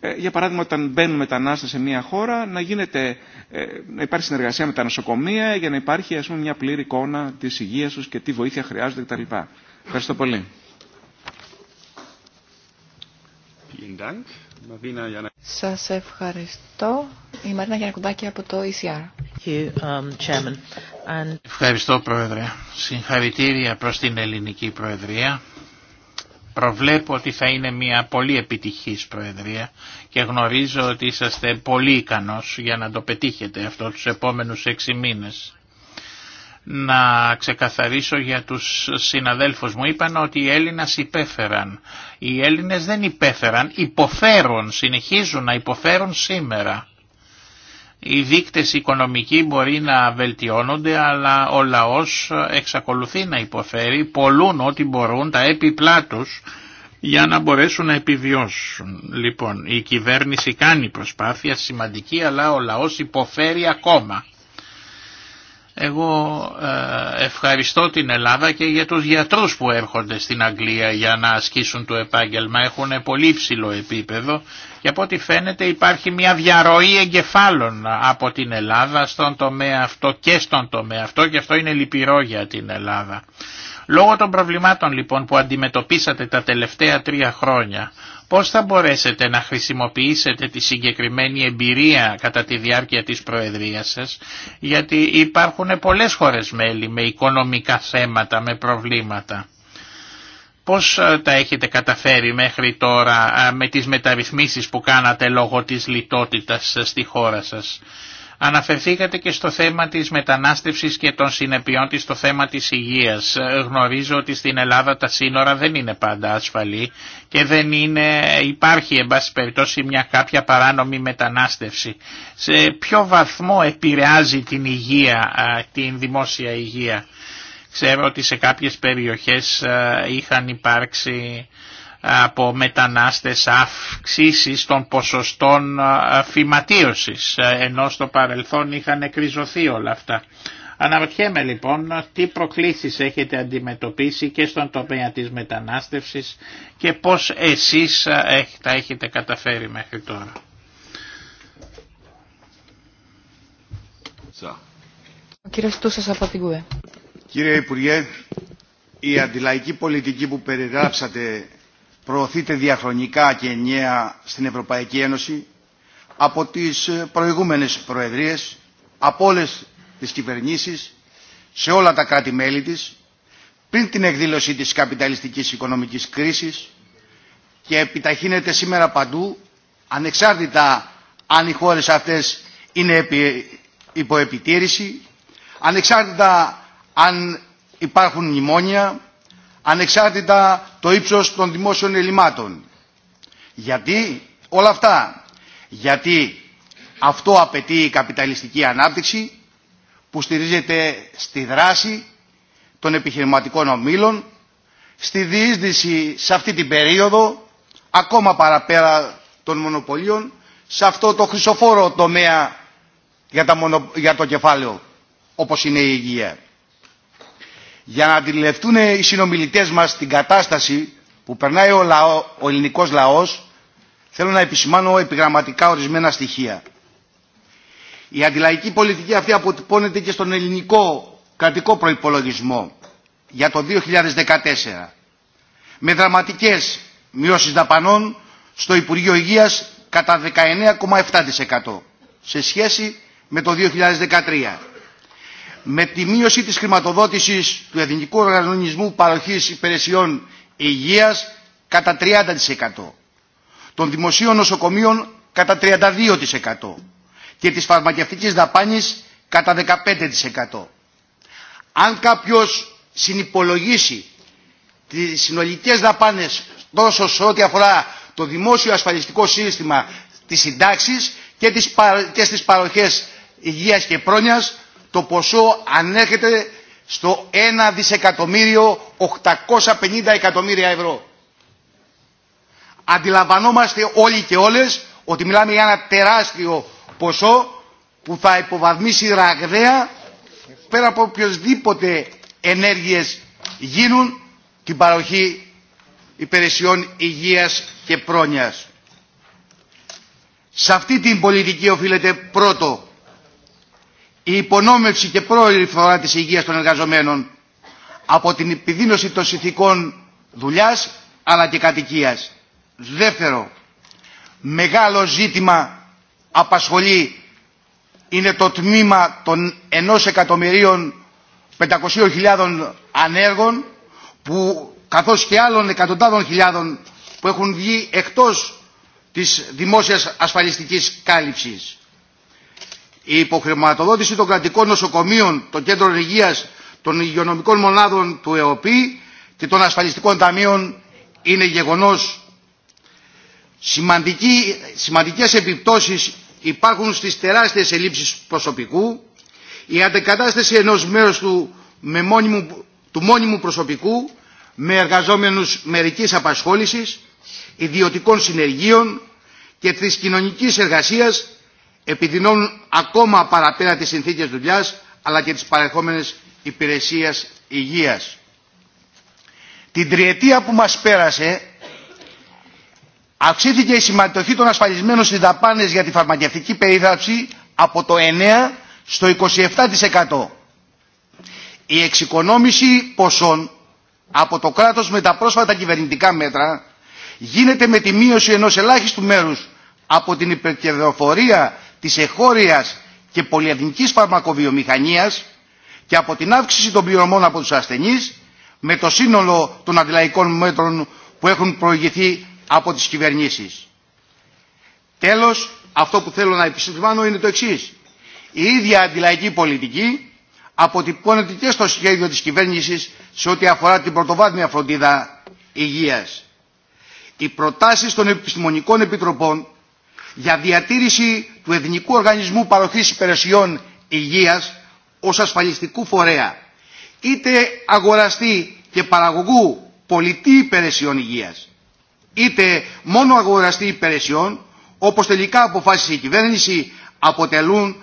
Ε, για παράδειγμα, όταν μπαίνουν μετανάστε σε μια χώρα, να, γίνεται, ε, να υπάρχει συνεργασία με τα νοσοκομεία για να υπάρχει ας πούμε, μια πλήρη εικόνα τη υγεία του και τι βοήθεια χρειάζονται κτλ. Ευχαριστώ πολύ. Σας ευχαριστώ. Η Μαρίνα Γιανακουδάκη από το ECR. Um, ευχαριστώ Πρόεδρε. Συγχαρητήρια προς την Ελληνική Προεδρία. Προβλέπω ότι θα είναι μια πολύ επιτυχής Προεδρία και γνωρίζω ότι είσαστε πολύ ικανός για να το πετύχετε αυτό τους επόμενους έξι μήνες να ξεκαθαρίσω για τους συναδέλφους μου. Είπαν ότι οι Έλληνες υπέφεραν. Οι Έλληνες δεν υπέφεραν, υποφέρουν, συνεχίζουν να υποφέρουν σήμερα. Οι δείκτες οικονομικοί μπορεί να βελτιώνονται, αλλά ο λαός εξακολουθεί να υποφέρει, πολλούν ό,τι μπορούν τα έπιπλά για να μπορέσουν να επιβιώσουν. Λοιπόν, η κυβέρνηση κάνει προσπάθεια σημαντική, αλλά ο λαός υποφέρει ακόμα. Εγώ ε, ευχαριστώ την Ελλάδα και για τους γιατρούς που έρχονται στην Αγγλία για να ασκήσουν το επάγγελμα. Έχουν πολύ ψηλό επίπεδο και από ό,τι φαίνεται υπάρχει μια διαρροή εγκεφάλων από την Ελλάδα στον τομέα αυτό και στον τομέα αυτό και αυτό είναι λυπηρό για την Ελλάδα. Λόγω των προβλημάτων λοιπόν που αντιμετωπίσατε τα τελευταία τρία χρόνια, πώς θα μπορέσετε να χρησιμοποιήσετε τη συγκεκριμένη εμπειρία κατά τη διάρκεια της Προεδρίας σας, γιατί υπάρχουν πολλές χώρες μέλη με οικονομικά θέματα, με προβλήματα. Πώς ε, τα έχετε καταφέρει μέχρι τώρα ε, με τις μεταρρυθμίσεις που κάνατε λόγω της λιτότητας ε, στη χώρα σας. Αναφερθήκατε και στο θέμα της μετανάστευσης και των συνεπειών της στο θέμα της υγείας. Ε, γνωρίζω ότι στην Ελλάδα τα σύνορα δεν είναι πάντα ασφαλή και δεν είναι, υπάρχει εν πάση περιπτώσει μια κάποια παράνομη μετανάστευση. Σε ποιο βαθμό επηρεάζει την υγεία, την δημόσια υγεία. Ξέρω ότι σε κάποιες περιοχές είχαν υπάρξει από μετανάστες αυξήσεις των ποσοστών φυματίωσης, ενώ στο παρελθόν είχαν κρυζωθεί όλα αυτά. Αναρωτιέμαι λοιπόν τι προκλήσεις έχετε αντιμετωπίσει και στον τομέα της μετανάστευσης και πώς εσείς τα έχετε καταφέρει μέχρι τώρα. Κύριε Υπουργέ, η αντιλαϊκή πολιτική που περιγράψατε προωθείται διαχρονικά και ενιαία στην Ευρωπαϊκή Ένωση από τις ε, προηγούμενες προεδρίες, από όλες τις κυβερνήσεις, σε όλα τα κράτη-μέλη της, πριν την εκδήλωση της καπιταλιστικής οικονομικής κρίσης και επιταχύνεται σήμερα παντού, ανεξάρτητα αν οι χώρες αυτές είναι υπό επιτήρηση, ανεξάρτητα αν υπάρχουν μνημόνια, ανεξάρτητα το ύψος των δημόσιων ελλημάτων. Γιατί όλα αυτά. Γιατί αυτό απαιτεί η καπιταλιστική ανάπτυξη που στηρίζεται στη δράση των επιχειρηματικών ομίλων, στη διείσδυση σε αυτή την περίοδο, ακόμα παραπέρα των μονοπωλίων, σε αυτό το χρυσοφόρο τομέα για, τα για το κεφάλαιο, όπως είναι η υγεία για να αντιληφθούν οι συνομιλητές μας την κατάσταση που περνάει ο, λαό, ελληνικός λαός, θέλω να επισημάνω επιγραμματικά ορισμένα στοιχεία. Η αντιλαϊκή πολιτική αυτή αποτυπώνεται και στον ελληνικό κρατικό προϋπολογισμό για το 2014 με δραματικές μειώσεις δαπανών στο Υπουργείο Υγείας κατά 19,7% σε σχέση με το 2013 με τη μείωση της χρηματοδότησης του Εθνικού Οργανισμού Παροχής Υπηρεσιών Υγείας κατά 30%, των δημοσίων νοσοκομείων κατά 32% και της φαρμακευτικής δαπάνης κατά 15%. Αν κάποιος συνυπολογίσει τις συνολικές δαπάνες τόσο σε ό,τι αφορά το δημόσιο ασφαλιστικό σύστημα, της συντάξης και, και στις παροχές υγείας και πρόνοιας, το ποσό ανέρχεται στο 1 δισεκατομμύριο 850 εκατομμύρια ευρώ. Αντιλαμβανόμαστε όλοι και όλες ότι μιλάμε για ένα τεράστιο ποσό που θα υποβαθμίσει ραγδαία πέρα από οποιοδήποτε ενέργειες γίνουν την παροχή υπηρεσιών υγείας και πρόνοιας. Σε αυτή την πολιτική οφείλεται πρώτο η υπονόμευση και πρόληψη φορά της υγείας των εργαζομένων από την επιδίνωση των συνθηκών δουλειάς αλλά και κατοικίας. Δεύτερο, μεγάλο ζήτημα απασχολεί είναι το τμήμα των ενός εκατομμυρίων χιλιάδων ανέργων που καθώς και άλλων εκατοντάδων χιλιάδων που έχουν βγει εκτός της δημόσιας ασφαλιστικής κάλυψης η υποχρηματοδότηση των κρατικών νοσοκομείων, των κέντρων υγείας, των υγειονομικών μονάδων του ΕΟΠΗ και των ασφαλιστικών ταμείων είναι γεγονός. Σημαντική, σημαντικές επιπτώσεις υπάρχουν στις τεράστιες ελλείψεις προσωπικού, η αντεκατάσταση ενός μέρους του, μόνιμου, του μόνιμου προσωπικού με εργαζόμενους μερικής απασχόλησης, ιδιωτικών συνεργείων και της κοινωνικής εργασίας επιδεινώνουν ακόμα παραπέρα τις συνθήκες δουλειάς αλλά και τις παρεχόμενες υπηρεσίες υγείας. Την τριετία που μας πέρασε αυξήθηκε η συμμετοχή των ασφαλισμένων στις δαπάνες για τη φαρμακευτική περίθαψη από το 9% στο 27%. Η εξοικονόμηση ποσών από το κράτος με τα πρόσφατα κυβερνητικά μέτρα γίνεται με τη μείωση ενός ελάχιστου μέρους από την υπερκερδοφορία της εχώριας και πολυεθνικής φαρμακοβιομηχανίας και από την αύξηση των πληρωμών από τους ασθενείς με το σύνολο των αντιλαϊκών μέτρων που έχουν προηγηθεί από τις κυβερνήσεις. Τέλος, αυτό που θέλω να επισημάνω είναι το εξής. Η ίδια αντιλαϊκή πολιτική αποτυπώνεται και στο σχέδιο της κυβέρνησης σε ό,τι αφορά την πρωτοβάθμια φροντίδα υγείας. Οι προτάσεις των επιστημονικών επιτροπών για διατήρηση του Εθνικού Οργανισμού Παροχής Υπηρεσιών Υγείας ως ασφαλιστικού φορέα, είτε αγοραστή και παραγωγού πολιτή υπηρεσιών υγείας, είτε μόνο αγοραστή υπηρεσιών, όπως τελικά αποφάσισε η κυβέρνηση, αποτελούν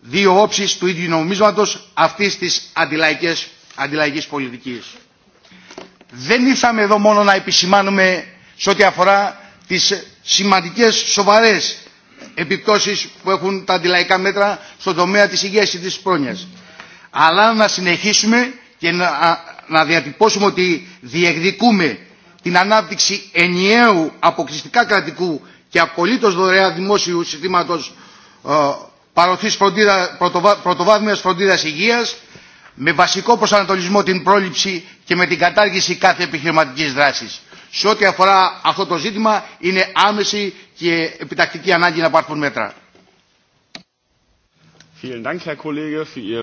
δύο όψεις του ίδιου νομίσματος αυτής της αντιλαϊκής, αντιλαϊκής πολιτικής. Δεν ήρθαμε εδώ μόνο να επισημάνουμε σε ό,τι αφορά τις σημαντικές σοβαρές επιπτώσεις που έχουν τα αντιλαϊκά μέτρα στον τομέα της υγείας και της πρόνοιας. Αλλά να συνεχίσουμε και να, να διατυπώσουμε ότι διεκδικούμε την ανάπτυξη ενιαίου αποκλειστικά κρατικού και απολύτως δωρεά δημόσιου συστήματος ε, παροχής φροντίδα, πρωτοβα, πρωτοβάθμιας φροντίδας υγείας με βασικό προσανατολισμό την πρόληψη και με την κατάργηση κάθε επιχειρηματικής δράσης σε ό,τι αφορά αυτό το ζήτημα είναι άμεση και επιτακτική ανάγκη να πάρθουν μέτρα.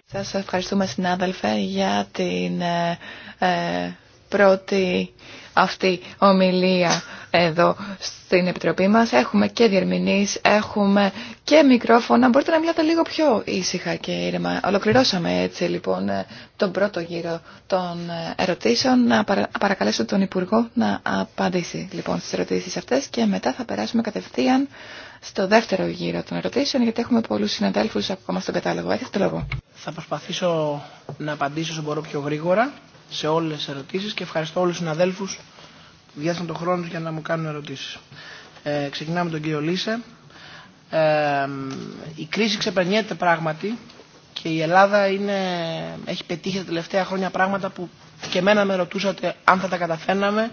Σας ευχαριστούμε συνάδελφε για την ε, ε πρώτη αυτή ομιλία εδώ στην Επιτροπή μας. Έχουμε και διερμηνείς, έχουμε και μικρόφωνα. Μπορείτε να μιλάτε λίγο πιο ήσυχα και ήρεμα. Ολοκληρώσαμε έτσι λοιπόν ε, τον πρώτο γύρο των ε, ερωτήσεων. Να παρακαλέσω τον Υπουργό να απαντήσει λοιπόν στις ερωτήσεις αυτές και μετά θα περάσουμε κατευθείαν στο δεύτερο γύρο των ερωτήσεων, γιατί έχουμε πολλούς συναδέλφους ακόμα στον κατάλογο. Έχετε το λόγο. Θα προσπαθήσω να απαντήσω όσο μπορώ πιο γρήγορα σε όλες τις ερωτήσεις και ευχαριστώ όλους τους συναδέλφους διάστημα τον χρόνο για να μου κάνουν ερωτήσεις. Ε, ξεκινάμε τον κύριο Λίσε. Ε, η κρίση ξεπερνιέται πράγματι και η Ελλάδα είναι, έχει πετύχει τα τελευταία χρόνια πράγματα που και εμένα με ρωτούσατε αν θα τα καταφέρναμε,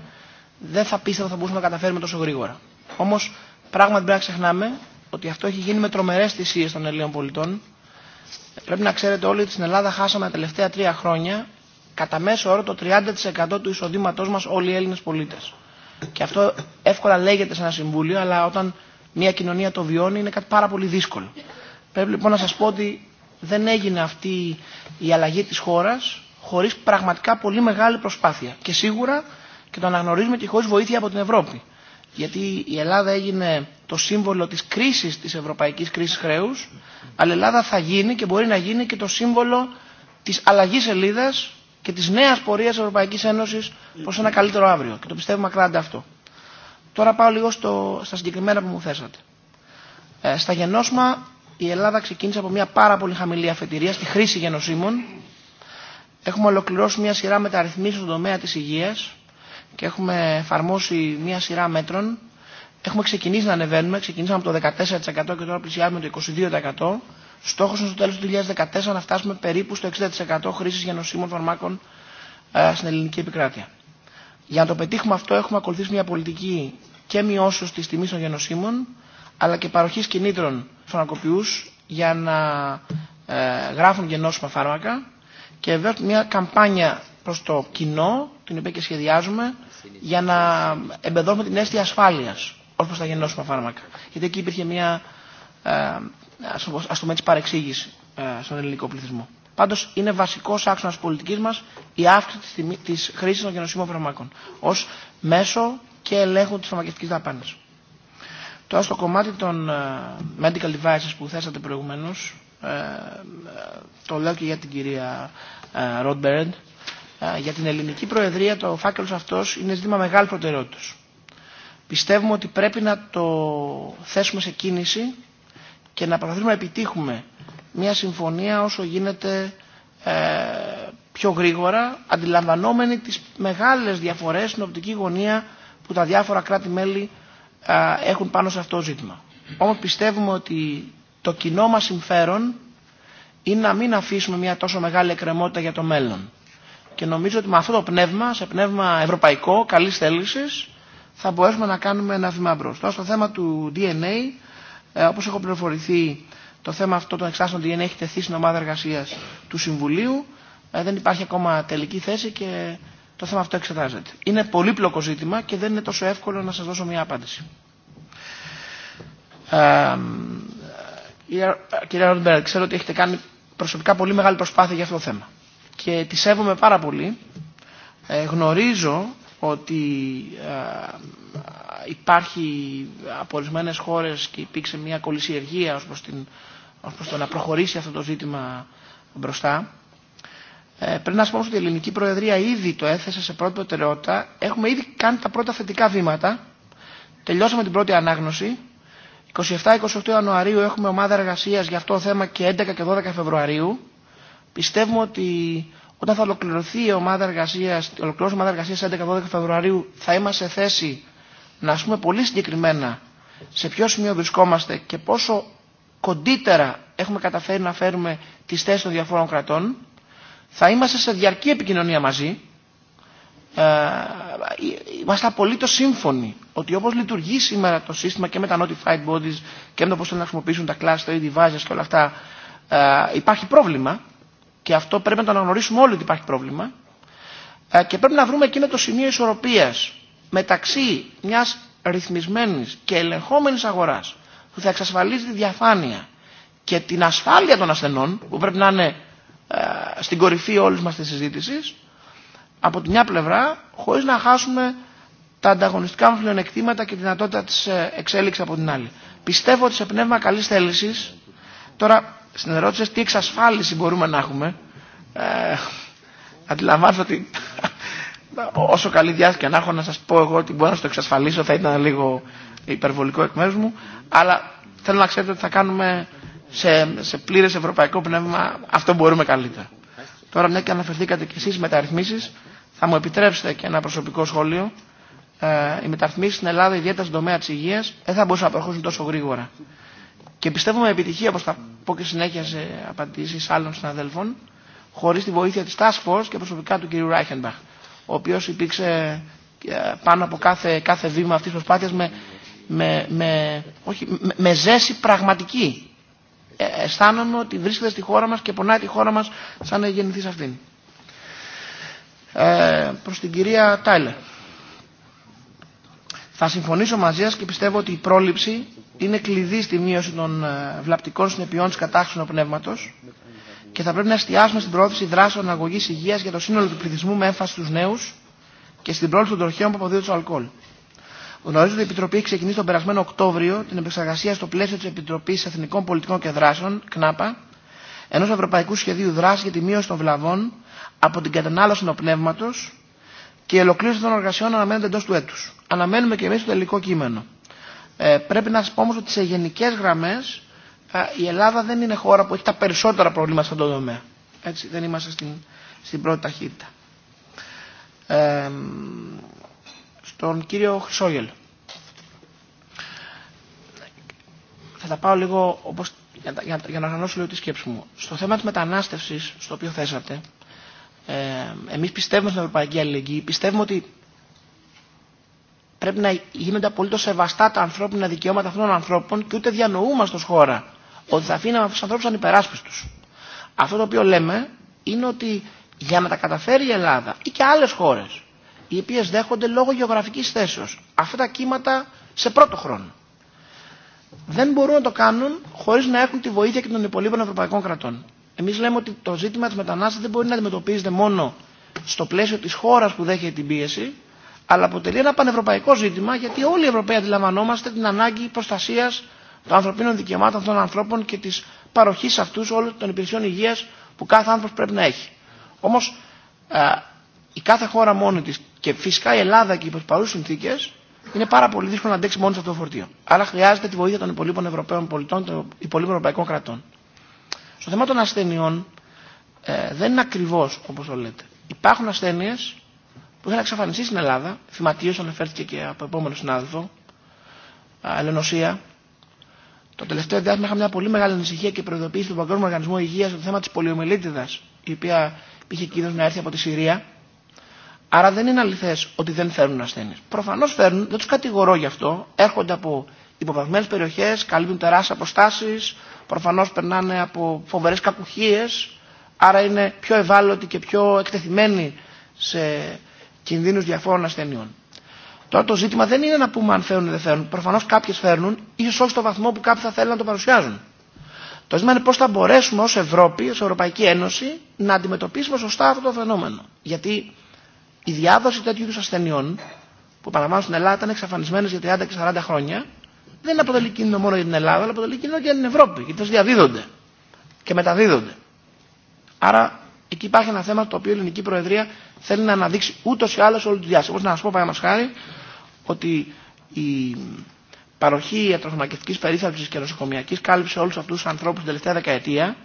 δεν θα πίστευα θα μπορούσαμε να τα καταφέρουμε τόσο γρήγορα. Όμως πράγματι πρέπει να ξεχνάμε ότι αυτό έχει γίνει με τρομερές θυσίες των Ελλήνων πολιτών. Πρέπει να ξέρετε όλοι ότι στην Ελλάδα χάσαμε τα τελευταία τρία χρόνια κατά μέσο όρο το 30% του εισοδήματό μα όλοι οι Έλληνε πολίτε. Και αυτό εύκολα λέγεται σε ένα συμβούλιο, αλλά όταν μια κοινωνία το βιώνει είναι κάτι πάρα πολύ δύσκολο. Πρέπει λοιπόν να σα πω ότι δεν έγινε αυτή η αλλαγή τη χώρα χωρί πραγματικά πολύ μεγάλη προσπάθεια. Και σίγουρα και το αναγνωρίζουμε και χωρί βοήθεια από την Ευρώπη. Γιατί η Ελλάδα έγινε το σύμβολο τη κρίση τη Ευρωπαϊκή Κρίση Χρέου, αλλά η Ελλάδα θα γίνει και μπορεί να γίνει και το σύμβολο τη αλλαγή σελίδα και τη νέα πορεία Ευρωπαϊκή Ένωση προ ένα καλύτερο αύριο. Και το πιστεύουμε ακράδαντα αυτό. Τώρα πάω λίγο στο, στα συγκεκριμένα που μου θέσατε. Ε, στα γενώσμα η Ελλάδα ξεκίνησε από μια πάρα πολύ χαμηλή αφετηρία στη χρήση γενοσύμων. Έχουμε ολοκληρώσει μια σειρά μεταρρυθμίσεων στον τομέα τη υγεία και έχουμε εφαρμόσει μια σειρά μέτρων. Έχουμε ξεκινήσει να ανεβαίνουμε, ξεκινήσαμε από το 14% και τώρα πλησιάζουμε το 22%. Στόχος είναι στο τέλος του 2014 να φτάσουμε περίπου στο 60% χρήσης γενοσύμων φαρμάκων ε, στην ελληνική επικράτεια. Για να το πετύχουμε αυτό έχουμε ακολουθήσει μια πολιτική και μειώσεως της τιμής των γενοσύμων αλλά και παροχής κινήτρων φαρμακοποιούς για να ε, γράφουν γενώσιμα φάρμακα και βέβαια μια καμπάνια προς το κοινό, την οποία και σχεδιάζουμε, για να εμπεδώσουμε την αίσθηση ασφάλειας ως προς τα γενώσιμα φάρμακα. Γιατί εκεί υπήρχε μια ε, ας πούμε έτσι παρεξήγηση ε, στον ελληνικό πληθυσμό. Πάντως είναι βασικός άξονας πολιτικής μας η αύξηση της χρήσης των γενοσύμων φαρμάκων ως μέσο και ελέγχου της φαρμακευτικής δαπάνης. Τώρα στο κομμάτι των ε, medical devices που θέσατε προηγουμένως, ε, το λέω και για την κυρία Ροντμπερντ, για την ελληνική προεδρία το φάκελος αυτός είναι ζήτημα μεγάλη προτεραιότητας. Πιστεύουμε ότι πρέπει να το θέσουμε σε κίνηση και να προσπαθήσουμε να επιτύχουμε μια συμφωνία όσο γίνεται ε, πιο γρήγορα, αντιλαμβανόμενοι τις μεγάλες διαφορές στην οπτική γωνία που τα διάφορα κράτη-μέλη ε, έχουν πάνω σε αυτό το ζήτημα. Όμως πιστεύουμε ότι το κοινό μας συμφέρον είναι να μην αφήσουμε μια τόσο μεγάλη εκκρεμότητα για το μέλλον. Και νομίζω ότι με αυτό το πνεύμα, σε πνεύμα ευρωπαϊκό, καλής θέλησης... θα μπορέσουμε να κάνουμε ένα βήμα μπροστά στο θέμα του DNA, ε, Όπω έχω πληροφορηθεί, το θέμα αυτό των εξάστων DNA έχει τεθεί στην ομάδα εργασία του Συμβουλίου. Ε, δεν υπάρχει ακόμα τελική θέση και το θέμα αυτό εξετάζεται. Είναι πολύπλοκο ζήτημα και δεν είναι τόσο εύκολο να σα δώσω μια απάντηση. Ε, κυρία Ροντμπέρ, ξέρω ότι έχετε κάνει προσωπικά πολύ μεγάλη προσπάθεια για αυτό το θέμα. Και τη σέβομαι πάρα πολύ. Ε, γνωρίζω ότι υπάρχει από ορισμένε χώρε και υπήρξε μια κολυσιεργία ω προ προς το να προχωρήσει αυτό το ζήτημα μπροστά. Ε, πρέπει να σα πω ότι η ελληνική προεδρία ήδη το έθεσε σε πρώτη προτεραιότητα. Έχουμε ήδη κάνει τα πρώτα θετικά βήματα. Τελειώσαμε την πρώτη ανάγνωση. 27-28 Ιανουαρίου έχουμε ομάδα εργασία για αυτό το θέμα και 11 και 12 Φεβρουαρίου. Πιστεύουμε ότι όταν θα ολοκληρωθεί η ομάδα εργασία, ομαδα εργασίας 11-12 Φεβρουαρίου θα είμαστε σε θέση να ας πούμε πολύ συγκεκριμένα σε ποιο σημείο βρισκόμαστε και πόσο κοντύτερα έχουμε καταφέρει να φέρουμε τις θέσει των διαφόρων κρατών, θα είμαστε σε διαρκή επικοινωνία μαζί. Ε, είμαστε απολύτως σύμφωνοι ότι όπως λειτουργεί σήμερα το σύστημα και με τα notified bodies και με το πώς θέλουν να χρησιμοποιήσουν τα class, ή devices και όλα αυτά, ε, υπάρχει πρόβλημα και αυτό πρέπει να το αναγνωρίσουμε όλοι ότι υπάρχει πρόβλημα ε, και πρέπει να βρούμε εκείνο το σημείο ισορροπίας μεταξύ μιας ρυθμισμένης και ελεγχόμενης αγοράς που θα εξασφαλίζει τη διαφάνεια και την ασφάλεια των ασθενών που πρέπει να είναι ε, στην κορυφή όλης μας της συζήτησης από τη μια πλευρά χωρίς να χάσουμε τα ανταγωνιστικά μας πλεονεκτήματα και τη δυνατότητα της ε, εξέλιξης από την άλλη. Πιστεύω ότι σε πνεύμα καλής θέλησης τώρα στην ερώτηση τι εξασφάλιση μπορούμε να έχουμε ε, ότι όσο καλή διάθεση να έχω να σας πω εγώ ότι μπορώ να το εξασφαλίσω θα ήταν λίγο υπερβολικό εκ μέρους μου αλλά θέλω να ξέρετε ότι θα κάνουμε σε, σε πλήρες ευρωπαϊκό πνεύμα αυτό μπορούμε καλύτερα. Τώρα μια και αναφερθήκατε και εσείς μεταρρυθμίσεις θα μου επιτρέψετε και ένα προσωπικό σχόλιο ε, οι μεταρρυθμίσεις στην Ελλάδα ιδιαίτερα στον τομέα της υγείας δεν θα μπορούσαν να προχωρήσουν τόσο γρήγορα. Και πιστεύω με επιτυχία, όπω θα πω και συνέχεια σε απαντήσει άλλων συναδέλφων, χωρί τη βοήθεια τη Task Force και προσωπικά του κ. Ράιχενμπαχ ο οποίος υπήρξε ε, πάνω από κάθε, κάθε βήμα αυτής της προσπάθειας με, με, όχι, με, ζέση πραγματική. Ε, αισθάνομαι ότι βρίσκεται στη χώρα μας και πονάει τη χώρα μας σαν να γεννηθεί σε αυτήν. Ε, προς την κυρία Τάιλε. Θα συμφωνήσω μαζί σας και πιστεύω ότι η πρόληψη είναι κλειδί στη μείωση των ε, βλαπτικών συνεπειών της κατάξυνο πνεύματος και θα πρέπει να εστιάσουμε στην προώθηση δράσεων αγωγή υγεία για το σύνολο του πληθυσμού με έμφαση στου νέου και στην πρόληψη των τροχαίων που αποδίδονται στο αλκοόλ. Γνωρίζω ότι η Επιτροπή έχει ξεκινήσει τον περασμένο Οκτώβριο την επεξεργασία στο πλαίσιο τη Επιτροπή Εθνικών Πολιτικών και Δράσεων, ΚΝΑΠΑ, ενό Ευρωπαϊκού Σχεδίου Δράση για τη μείωση των βλαβών από την κατανάλωση νοπνεύματο και η ολοκλήρωση των εργασιών αναμένεται εντό του έτου. Αναμένουμε και εμεί το τελικό κείμενο. Ε, πρέπει να σα πω όμω ότι σε γενικέ γραμμέ η Ελλάδα δεν είναι χώρα που έχει τα περισσότερα προβλήματα στον τομέα. Έτσι, δεν είμαστε στην, στην πρώτη ταχύτητα. Ε, στον κύριο Χρυσόγελ. Θα τα πάω λίγο όπως, για, για, για να οργανώσω λίγο τη σκέψη μου. Στο θέμα της μετανάστευσης, στο οποίο θέσατε, ε, εμείς πιστεύουμε στην Ευρωπαϊκή Αλληλεγγύη, πιστεύουμε ότι πρέπει να γίνονται απολύτως σεβαστά τα ανθρώπινα δικαιώματα αυτών των ανθρώπων και ούτε διανοούμαστε ως χώρα ότι θα αφήναμε του ανθρώπου ανυπεράσπιστου. Αυτό το οποίο λέμε είναι ότι για να τα καταφέρει η Ελλάδα ή και άλλε χώρε, οι οποίε δέχονται λόγω γεωγραφική θέσεω αυτά τα κύματα σε πρώτο χρόνο, δεν μπορούν να το κάνουν χωρί να έχουν τη βοήθεια και των υπολείπων ευρωπαϊκών κρατών. Εμεί λέμε ότι το ζήτημα τη μετανάστευση δεν μπορεί να αντιμετωπίζεται μόνο στο πλαίσιο τη χώρα που δέχεται την πίεση, αλλά αποτελεί ένα πανευρωπαϊκό ζήτημα γιατί όλοι οι Ευρωπαίοι αντιλαμβανόμαστε την ανάγκη προστασία των ανθρωπίνων δικαιωμάτων των ανθρώπων και τη παροχή αυτού όλων των υπηρεσιών υγεία που κάθε άνθρωπο πρέπει να έχει. Όμω ε, η κάθε χώρα μόνη τη και φυσικά η Ελλάδα και οι παρούσε συνθήκε είναι πάρα πολύ δύσκολο να αντέξει μόνη σε αυτό το φορτίο. Άρα χρειάζεται τη βοήθεια των υπολείπων Ευρωπαίων πολιτών, των υπολείπων Ευρωπαϊκών κρατών. Στο θέμα των ασθενειών ε, δεν είναι ακριβώ όπω το λέτε. Υπάρχουν ασθένειε που είχαν εξαφανιστεί στην Ελλάδα, θυματίω αναφέρθηκε και από επόμενο συνάδελφο, ε, ελενοσία, το τελευταίο διάστημα είχα μια πολύ μεγάλη ανησυχία και προειδοποίηση του Παγκόσμιου Οργανισμού Υγεία για το θέμα τη πολιομελίτιδα, η οποία είχε κίνδυνο να έρθει από τη Συρία. Άρα δεν είναι αληθέ ότι δεν φέρνουν ασθένειε. Προφανώ φέρνουν, δεν του κατηγορώ γι' αυτό. Έρχονται από υποβαθμένε περιοχέ, καλύπτουν τεράστιε αποστάσει, προφανώ περνάνε από φοβερέ κακουχίε, άρα είναι πιο ευάλωτοι και πιο εκτεθειμένοι σε κινδύνου διαφόρων ασθενειών. Τώρα το ζήτημα δεν είναι να πούμε αν φέρνουν ή δεν φέρνουν. Προφανώ κάποιε φέρνουν, ίσω όχι στο βαθμό που κάποιοι θα θέλουν να το παρουσιάζουν. Το ζήτημα είναι πώ θα μπορέσουμε ω Ευρώπη, ω Ευρωπαϊκή Ένωση, να αντιμετωπίσουμε σωστά αυτό το φαινόμενο. Γιατί η διάδοση τέτοιου είδου ασθενειών, που παραμένω στην Ελλάδα ήταν εξαφανισμένε για 30 και 40 χρόνια, δεν αποτελεί κίνδυνο μόνο για την Ελλάδα, αλλά αποτελεί κίνδυνο και για την Ευρώπη. Γιατί διαδίδονται και μεταδίδονται. Άρα Εκεί υπάρχει ένα θέμα το οποίο η ελληνική προεδρία θέλει να αναδείξει ούτω ή άλλω όλη τη διάσταση. Όπω να σα πω παραδείγματο χάρη ότι η παροχή ιατροφαρμακευτική περίθαλψη και νοσοκομιακή κάλυψη σε όλου αυτού του ανθρώπου την τελευταία δεκαετία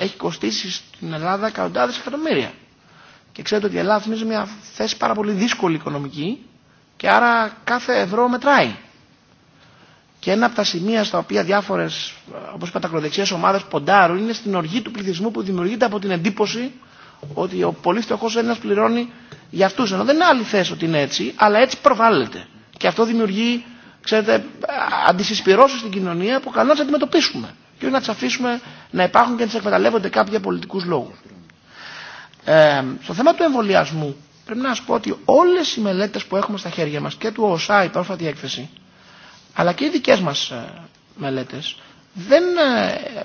έχει κοστίσει στην Ελλάδα εκατοντάδε εκατομμύρια. Και ξέρετε ότι η Ελλάδα θυμίζει μια θέση πάρα πολύ δύσκολη οικονομική και άρα κάθε ευρώ μετράει. Και ένα από τα σημεία στα οποία διάφορε, όπω είπα, τα ακροδεξιέ ομάδε ποντάρουν είναι στην οργή του πληθυσμού που δημιουργείται από την εντύπωση ότι ο πολύ φτωχό Έλληνα πληρώνει για αυτού. Ενώ δεν είναι άλλη θέση ότι είναι έτσι, αλλά έτσι προβάλλεται. Και αυτό δημιουργεί, ξέρετε, αντισυσπυρώσει στην κοινωνία που καλό να τι αντιμετωπίσουμε. Και όχι να τι αφήσουμε να υπάρχουν και να τι εκμεταλλεύονται κάποιοι για πολιτικού λόγου. Ε, στο θέμα του εμβολιασμού, πρέπει να σα πω ότι όλε οι μελέτε που έχουμε στα χέρια μα και του ΟΣΑ, η πρόσφατη έκθεση, αλλά και οι δικές μας ε, μελέτες δεν, ε, ε,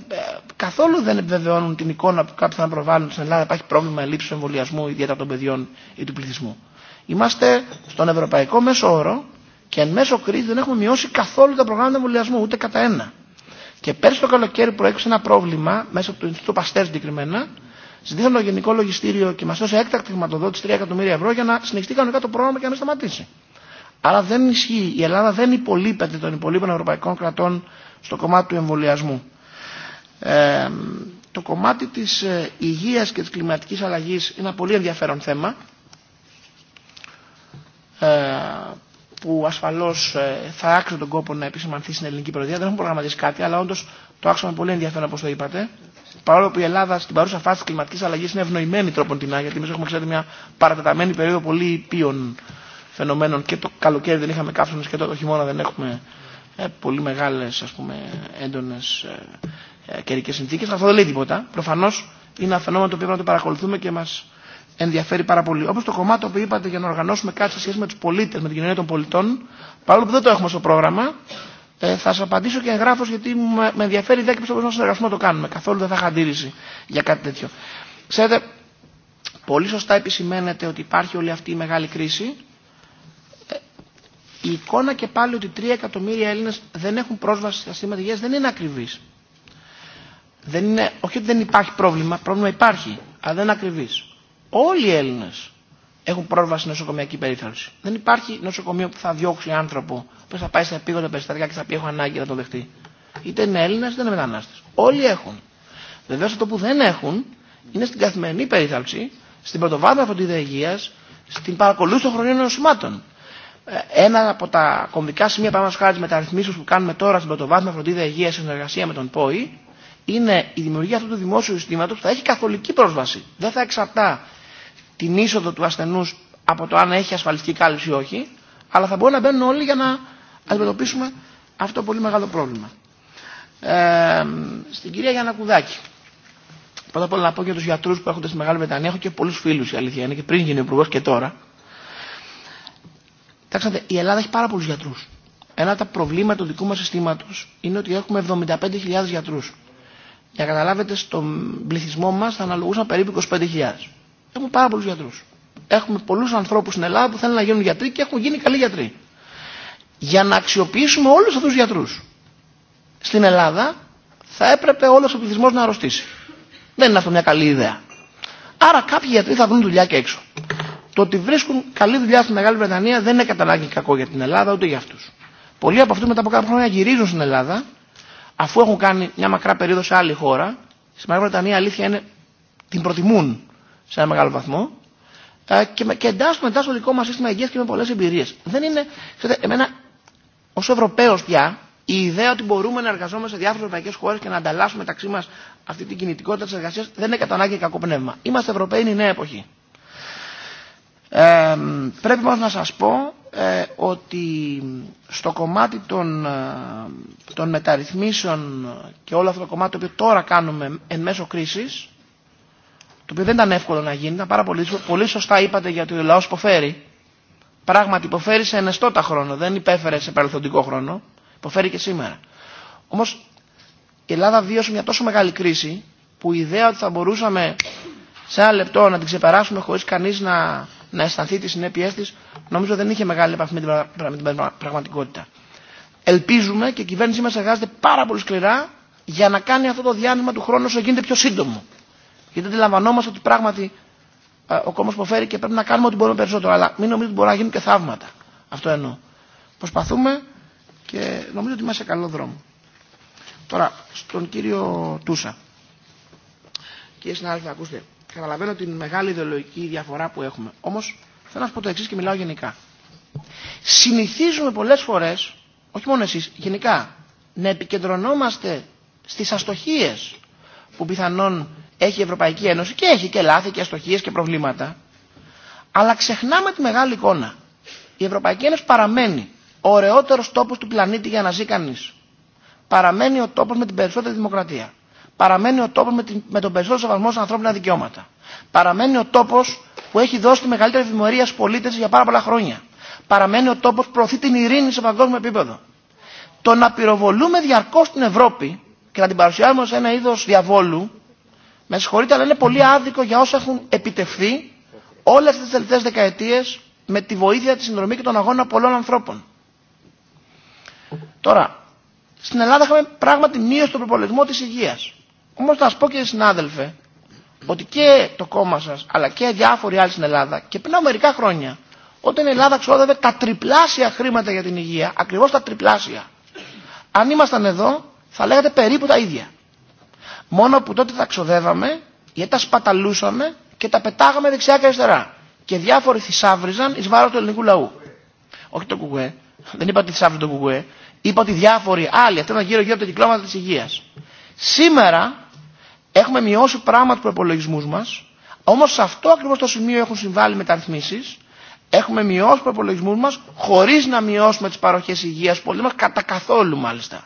καθόλου δεν επιβεβαιώνουν την εικόνα που κάποιοι θα προβάλλουν στην Ελλάδα υπάρχει πρόβλημα ελλείψης εμβολιασμού ιδιαίτερα των παιδιών ή του πληθυσμού. Είμαστε στον ευρωπαϊκό μέσο όρο και εν μέσω κρίση δεν έχουμε μειώσει καθόλου τα προγράμματα εμβολιασμού, ούτε κατά ένα. Και πέρσι το καλοκαίρι προέκυψε ένα πρόβλημα, μέσα από το Ινστιτούτο Παστέρ συγκεκριμένα. Ζητήσαμε το Γενικό Λογιστήριο και μα έδωσε έκτακτη χρηματοδότηση 3 εκατομμύρια ευρώ για να συνεχιστεί κανονικά το πρόγραμμα και να σταματήσει. Άρα δεν ισχύει. Η Ελλάδα δεν υπολείπεται των υπολείπων ευρωπαϊκών κρατών στο κομμάτι του εμβολιασμού. Ε, το κομμάτι της ε, υγείας και της κλιματικής αλλαγής είναι ένα πολύ ενδιαφέρον θέμα ε, που ασφαλώς ε, θα άξω τον κόπο να επισημανθεί στην ελληνική προεδρία. Δεν έχουμε προγραμματίσει κάτι, αλλά όντως το άξονα πολύ ενδιαφέρον όπως το είπατε. Παρόλο που η Ελλάδα στην παρούσα φάση της κλιματικής αλλαγής είναι ευνοημένη τρόπον την γιατί εμείς έχουμε ξέρετε μια παρατεταμένη περίοδο πολύ ποιον φαινομένων και το καλοκαίρι δεν είχαμε κάψουμε και το, το χειμώνα δεν έχουμε ε, πολύ μεγάλε έντονε πούμε έντονες ε, ε, καιρικές συνθήκες. Αυτό δεν λέει τίποτα. Προφανώ είναι ένα φαινόμενο το οποίο πρέπει να το παρακολουθούμε και μα ενδιαφέρει πάρα πολύ. Όπω το κομμάτι που είπατε για να οργανώσουμε κάτι σε σχέση με του πολίτε, με την κοινωνία των πολιτών, παρόλο που δεν το έχουμε στο πρόγραμμα, ε, θα σα απαντήσω και εγγράφω γιατί με ενδιαφέρει η ιδέα και πιστεύω να συνεργαστούμε το κάνουμε. Καθόλου δεν θα είχα αντίρρηση για κάτι τέτοιο. Ξέρετε, πολύ σωστά επισημαίνεται ότι υπάρχει όλη αυτή η μεγάλη κρίση η εικόνα και πάλι ότι 3 εκατομμύρια Έλληνε δεν έχουν πρόσβαση στα σήματα υγεία δεν είναι ακριβή. όχι ότι δεν υπάρχει πρόβλημα, πρόβλημα υπάρχει, αλλά δεν είναι ακριβή. Όλοι οι Έλληνε έχουν πρόσβαση στην νοσοκομιακή περίθαλψη. Δεν υπάρχει νοσοκομείο που θα διώξει άνθρωπο που θα πάει σε επίγοντα περιστατικά και θα πει: Έχω ανάγκη να το δεχτεί. Είτε είναι Έλληνε είτε είναι μετανάστε. Όλοι έχουν. Βεβαίω αυτό που δεν έχουν είναι στην καθημερινή περίθαλψη, στην πρωτοβάθμια φροντίδα υγεία, στην παρακολούθηση των χρονίων νοσημάτων. Ε, ένα από τα κομβικά σημεία πάνω χάρη τη μεταρρυθμίσεω που κάνουμε τώρα στην πρωτοβάθμια φροντίδα υγεία σε συνεργασία με τον ΠΟΗ είναι η δημιουργία αυτού του δημόσιου συστήματο που θα έχει καθολική πρόσβαση. Δεν θα εξαρτά την είσοδο του ασθενού από το αν έχει ασφαλιστική κάλυψη ή όχι, αλλά θα μπορούν να μπαίνουν όλοι για να αντιμετωπίσουμε αυτό το πολύ μεγάλο πρόβλημα. Ε, στην κυρία Γιάννα Κουδάκη. Πρώτα απ' όλα να πω για του γιατρού που έρχονται στη Μεγάλη Βρετανία. Έχω και πολλού φίλου, η αλήθεια είναι, και πριν γίνει υπουργό και τώρα. Κοιτάξτε, η Ελλάδα έχει πάρα πολλού γιατρού. Ένα από τα προβλήματα του δικού μα συστήματο είναι ότι έχουμε 75.000 γιατρού. Για να καταλάβετε, στον πληθυσμό μα θα αναλογούσαν περίπου 25.000. Έχουμε πάρα πολλού γιατρού. Έχουμε πολλού ανθρώπου στην Ελλάδα που θέλουν να γίνουν γιατροί και έχουν γίνει καλοί γιατροί. Για να αξιοποιήσουμε όλου αυτού του γιατρού στην Ελλάδα θα έπρεπε όλο ο πληθυσμό να αρρωστήσει. Δεν είναι αυτό μια καλή ιδέα. Άρα κάποιοι γιατροί θα βρουν δουλειά και έξω. Το ότι βρίσκουν καλή δουλειά στη Μεγάλη Βρετανία δεν είναι κατά ανάγκη κακό για την Ελλάδα ούτε για αυτού. Πολλοί από αυτού μετά από κάποια χρόνια γυρίζουν στην Ελλάδα αφού έχουν κάνει μια μακρά περίοδο σε άλλη χώρα. Στη Μεγάλη Βρετανία αλήθεια είναι την προτιμούν σε ένα μεγάλο βαθμό και, και μετά στο δικό μα σύστημα υγεία και με πολλέ εμπειρίε. Δεν είναι, ξέρετε, εμένα ω Ευρωπαίο πια η ιδέα ότι μπορούμε να εργαζόμαστε σε διάφορε ευρωπαϊκέ χώρε και να ανταλλάσσουμε μεταξύ μα αυτή την κινητικότητα τη εργασία δεν είναι κατά ανάγκη κακό πνεύμα. Είμαστε Ευρωπαίοι, είναι η νέα εποχή. Ε, πρέπει μόνο να σας πω ε, ότι στο κομμάτι των, ε, των μεταρρυθμίσεων και όλο αυτό το κομμάτι το οποίο τώρα κάνουμε εν μέσω κρίσης, το οποίο δεν ήταν εύκολο να γίνει, ήταν πάρα πολύ, πολύ σωστά είπατε γιατί ο λαός υποφέρει. Πράγματι υποφέρει σε ενεστώτα χρόνο, δεν υπέφερε σε παρελθοντικό χρόνο, υποφέρει και σήμερα. Όμως η Ελλάδα βίωσε μια τόσο μεγάλη κρίση που η ιδέα ότι θα μπορούσαμε σε ένα λεπτό να την ξεπεράσουμε χωρίς κανείς να να αισθανθεί τι συνέπειέ τη, νομίζω δεν είχε μεγάλη επαφή με την πραγματικότητα. Ελπίζουμε και η κυβέρνησή μα εργάζεται πάρα πολύ σκληρά για να κάνει αυτό το διάνυμα του χρόνου όσο γίνεται πιο σύντομο. Γιατί αντιλαμβανόμαστε ότι πράγματι ο κόμμα υποφέρει και πρέπει να κάνουμε ό,τι μπορούμε περισσότερο. Αλλά μην νομίζετε ότι μπορεί να γίνουν και θαύματα. Αυτό εννοώ. Προσπαθούμε και νομίζω ότι είμαστε σε καλό δρόμο. Τώρα, στον κύριο Τούσα. Κύριε συνάδελφε, ακούστε, Καταλαβαίνω την μεγάλη ιδεολογική διαφορά που έχουμε. Όμω θέλω να σα πω το εξή και μιλάω γενικά. Συνηθίζουμε πολλέ φορέ, όχι μόνο εσεί, γενικά, να επικεντρωνόμαστε στι αστοχίε που πιθανόν έχει η Ευρωπαϊκή Ένωση και έχει και λάθη και αστοχίε και προβλήματα. Αλλά ξεχνάμε τη μεγάλη εικόνα. Η Ευρωπαϊκή Ένωση παραμένει ο ωραιότερο τόπο του πλανήτη για να ζει κανεί. Παραμένει ο τόπο με την περισσότερη δημοκρατία παραμένει ο τόπο με, με τον περισσότερο σεβασμό στα ανθρώπινα δικαιώματα. Παραμένει ο τόπο που έχει δώσει τη μεγαλύτερη ευημερία στου πολίτε για πάρα πολλά χρόνια. Παραμένει ο τόπο που προωθεί την ειρήνη σε παγκόσμιο επίπεδο. Το να πυροβολούμε διαρκώ την Ευρώπη και να την παρουσιάζουμε σε ένα είδο διαβόλου, με συγχωρείτε, αλλά είναι πολύ άδικο για όσα έχουν επιτευχθεί όλε τι τελευταίε δεκαετίε με τη βοήθεια, τη συνδρομή και τον αγώνα πολλών ανθρώπων. Τώρα, στην Ελλάδα είχαμε πράγματι μείωση του προπολογισμού τη υγεία. Όμως να σας πω και συνάδελφε, ότι και το κόμμα σας, αλλά και διάφοροι άλλοι στην Ελλάδα, και πριν από μερικά χρόνια, όταν η Ελλάδα ξόδευε τα τριπλάσια χρήματα για την υγεία, ακριβώς τα τριπλάσια, αν ήμασταν εδώ, θα λέγατε περίπου τα ίδια. Μόνο που τότε τα ξοδεύαμε, γιατί τα σπαταλούσαμε και τα πετάγαμε δεξιά και αριστερά. Και διάφοροι θησάβριζαν εις βάρος του ελληνικού λαού. Όχι το κουκουέ. Δεν είπα ότι θησάβριζαν το κουκουέ. Είπα ότι διάφοροι άλλοι, αυτοί γύρω γύρω από τα κυκλώματα της υγείας. Σήμερα Έχουμε μειώσει πράγμα του προπολογισμού μα, όμω σε αυτό ακριβώ το σημείο έχουν συμβάλει μεταρρυθμίσει. Έχουμε μειώσει του προπολογισμού μα χωρί να μειώσουμε τι παροχέ υγεία στου πολίτε μα κατά καθόλου μάλιστα.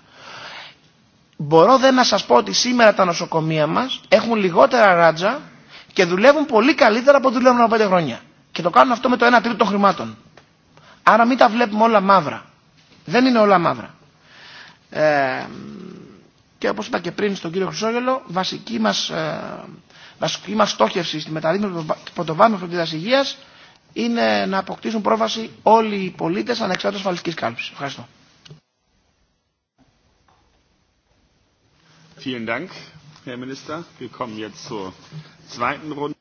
Μπορώ δεν να σα πω ότι σήμερα τα νοσοκομεία μα έχουν λιγότερα ράτζα και δουλεύουν πολύ καλύτερα από ό,τι δουλεύουν από 5 χρόνια. Και το κάνουν αυτό με το 1 τρίτο των χρημάτων. Άρα μην τα βλέπουμε όλα μαύρα. Δεν είναι όλα μαύρα. Ε, και όπως είπα και πριν στον κύριο Χρυσόγελο, βασική μας, ε, βασική μας στόχευση στη μεταρρύθμιση πρωτοβάθμιου φροντίδας υγείας είναι να αποκτήσουν πρόβαση όλοι οι πολίτες ανεξάρτητα ασφαλιστικής κάλυψης. Ευχαριστώ.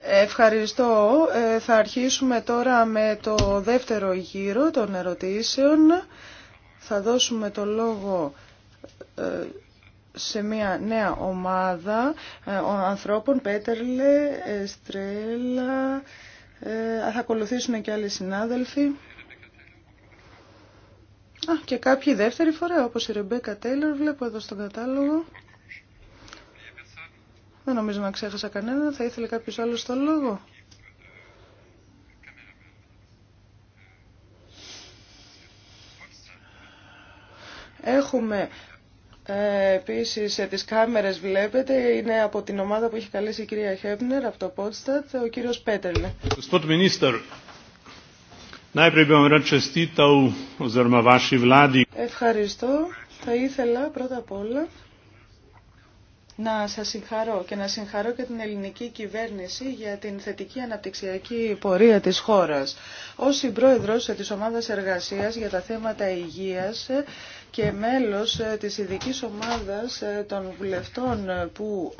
Ευχαριστώ. θα αρχίσουμε τώρα με το δεύτερο γύρο των ερωτήσεων. Θα δώσουμε το λόγο ε, σε μια νέα ομάδα ε, ανθρώπων, Πέτερλε, Στρέλα, ε, θα ακολουθήσουν και άλλοι συνάδελφοι. Α, και κάποιοι δεύτερη φορά, όπως η Ρεμπέκα Τέιλορ, βλέπω εδώ στον κατάλογο. Δεν νομίζω να ξέχασα κανένα, θα ήθελε κάποιος άλλος το λόγο. Έχουμε ε, επίσης, ε, τι κάμερες βλέπετε, είναι από την ομάδα που έχει καλέσει η κυρία Χέμπνερ από το Πότστατ, ο κύριο Πέτερλε. Ευχαριστώ. Θα ήθελα πρώτα απ' όλα να σας συγχαρώ και να συγχαρώ και την ελληνική κυβέρνηση για την θετική αναπτυξιακή πορεία της χώρας. Ως συμπρόεδρος ε, της ομάδας εργασίας για τα θέματα υγείας, και μέλος ε, της ειδικής ομάδας ε, των βουλευτών ε, που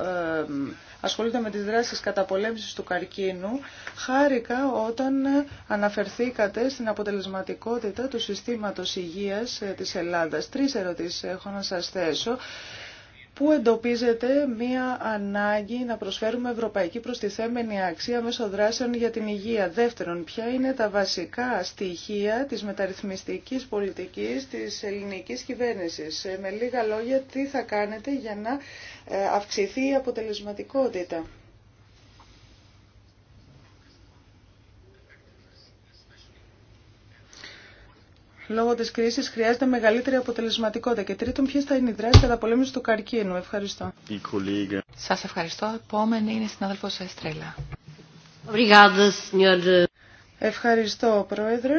ασχολούνται με τις δράσεις καταπολέμησης του καρκίνου, χάρηκα όταν αναφερθήκατε στην αποτελεσματικότητα του συστήματος υγείας της Ελλάδας. Τρεις ερωτήσεις έχω να σας θέσω που εντοπίζεται μία ανάγκη να προσφέρουμε ευρωπαϊκή προστιθέμενη αξία μέσω δράσεων για την υγεία. Δεύτερον, ποια είναι τα βασικά στοιχεία της μεταρρυθμιστικής πολιτικής της ελληνικής κυβέρνησης. Ε, με λίγα λόγια, τι θα κάνετε για να ε, αυξηθεί η αποτελεσματικότητα. λόγω τη κρίση χρειάζεται μεγαλύτερη αποτελεσματικότητα. Και τρίτον, ποιε θα είναι οι δράσει κατά πολέμηση του καρκίνου. Ευχαριστώ. Σα ευχαριστώ. Επόμενη είναι η συνάδελφο Εστρέλα. Ευχαριστώ, Πρόεδρε.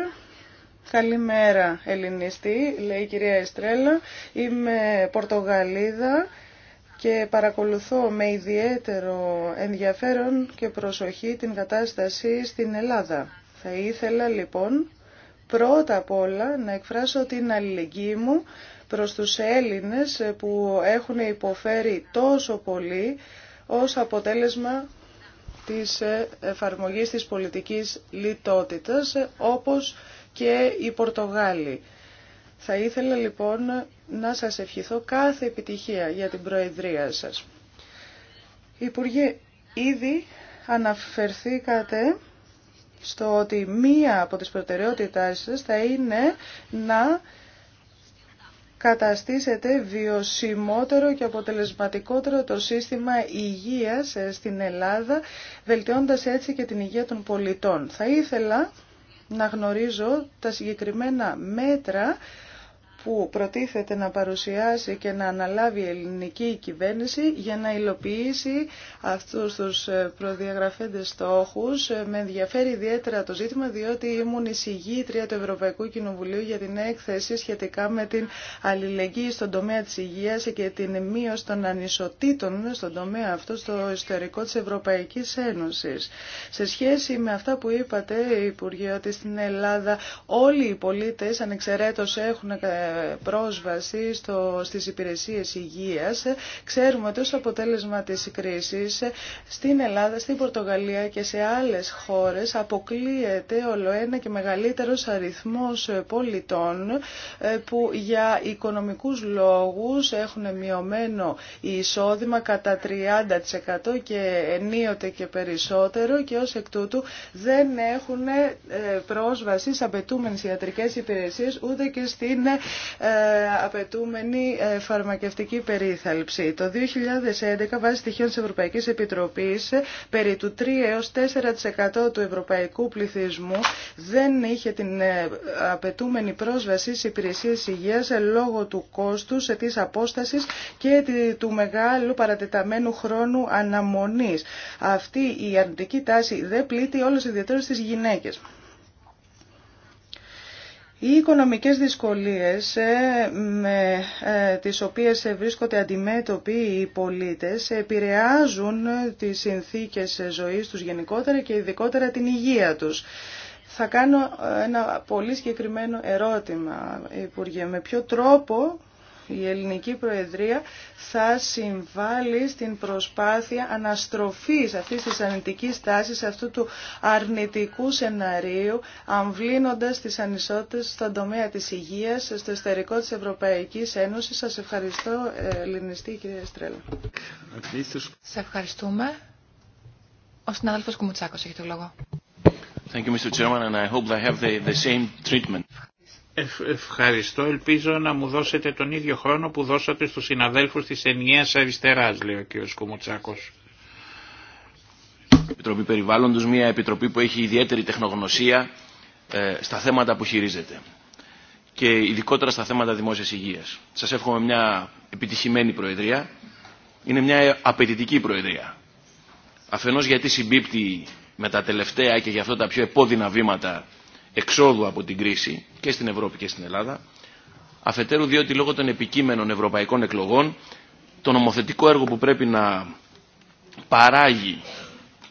Καλημέρα, Ελληνιστή, λέει η κυρία Εστρέλα. Είμαι Πορτογαλίδα και παρακολουθώ με ιδιαίτερο ενδιαφέρον και προσοχή την κατάσταση στην Ελλάδα. Θα ήθελα λοιπόν πρώτα απ' όλα να εκφράσω την αλληλεγγύη μου προς τους Έλληνες που έχουν υποφέρει τόσο πολύ ως αποτέλεσμα της εφαρμογής της πολιτικής λιτότητας, όπως και οι Πορτογάλοι. Θα ήθελα λοιπόν να σας ευχηθώ κάθε επιτυχία για την Προεδρία σας. Υπουργέ, ήδη αναφερθήκατε στο ότι μία από τις προτεραιότητάς σας θα είναι να καταστήσετε βιωσιμότερο και αποτελεσματικότερο το σύστημα υγείας στην Ελλάδα, βελτιώντας έτσι και την υγεία των πολιτών. Θα ήθελα να γνωρίζω τα συγκεκριμένα μέτρα που προτίθεται να παρουσιάσει και να αναλάβει η ελληνική κυβέρνηση για να υλοποιήσει αυτούς τους ε, προδιαγραφέντες στόχους. Ε, με ενδιαφέρει ιδιαίτερα το ζήτημα διότι ήμουν εισηγήτρια του Ευρωπαϊκού Κοινοβουλίου για την έκθεση σχετικά με την αλληλεγγύη στον τομέα της υγείας και την μείωση των ανισοτήτων στον τομέα αυτό στο ιστορικό της Ευρωπαϊκής Ένωσης. Σε σχέση με αυτά που είπατε, Υπουργέ, ότι στην Ελλάδα όλοι οι πολίτες ανεξαιρέτως έχουν ε, πρόσβαση στις υπηρεσίες υγείας. Ξέρουμε ως αποτέλεσμα της κρίσης στην Ελλάδα, στην Πορτογαλία και σε άλλες χώρες αποκλείεται ολοένα και μεγαλύτερος αριθμός πολιτών ε, που για οικονομικούς λόγους έχουν μειωμένο εισόδημα κατά 30% και ενίοτε και περισσότερο και ως εκ τούτου δεν έχουν ε, πρόσβαση σε απαιτούμενες ιατρικές υπηρεσίες ούτε και στην ε, ε, απαιτούμενη ε, φαρμακευτική περίθαλψη. Το 2011, βάσει στοιχείων τη Ευρωπαϊκή Επιτροπή περί του 3 έως 4% του ευρωπαϊκού πληθυσμού δεν είχε την ε, απαιτούμενη πρόσβαση σε υπηρεσίες υγείας λόγω του κόστους, τη απόστασης και του μεγάλου παρατεταμένου χρόνου αναμονής. Αυτή η αρνητική τάση δεν πλήττει όλες ιδιαίτερα τι γυναίκε. Οι οικονομικές δυσκολίες ε, με ε, τις οποίες βρίσκονται αντιμέτωποι οι πολίτες επηρεάζουν τις συνθήκες ζωής τους γενικότερα και ειδικότερα την υγεία τους. Θα κάνω ένα πολύ συγκεκριμένο ερώτημα, Υπουργέ. Με ποιο τρόπο η ελληνική προεδρία θα συμβάλλει στην προσπάθεια αναστροφής αυτής της αρνητικής τάσης, αυτού του αρνητικού σεναρίου, αμβλύνοντας τις ανισότητες στον τομέα της υγείας, στο εστερικό της Ευρωπαϊκής Ένωσης. Σας ευχαριστώ, ε, Ελληνιστή, κυρία Στρέλα. Σας ευχαριστούμε. Ο συνάδελφος Κουμουτσάκος έχει το λόγο. Thank you, treatment ευχαριστώ. Ελπίζω να μου δώσετε τον ίδιο χρόνο που δώσατε στους συναδέλφους της ενιαίας αριστεράς, λέει ο κ. Κουμουτσάκος. Επιτροπή Περιβάλλοντος, μια επιτροπή που έχει ιδιαίτερη τεχνογνωσία ε, στα θέματα που χειρίζεται και ειδικότερα στα θέματα δημόσιας υγείας. Σας εύχομαι μια επιτυχημένη Προεδρία. Είναι μια απαιτητική Προεδρία. Αφενός γιατί συμπίπτει με τα τελευταία και γι' αυτό τα πιο επώδυνα βήματα εξόδου από την κρίση και στην Ευρώπη και στην Ελλάδα, αφετέρου διότι λόγω των επικείμενων ευρωπαϊκών εκλογών το νομοθετικό έργο που πρέπει να παράγει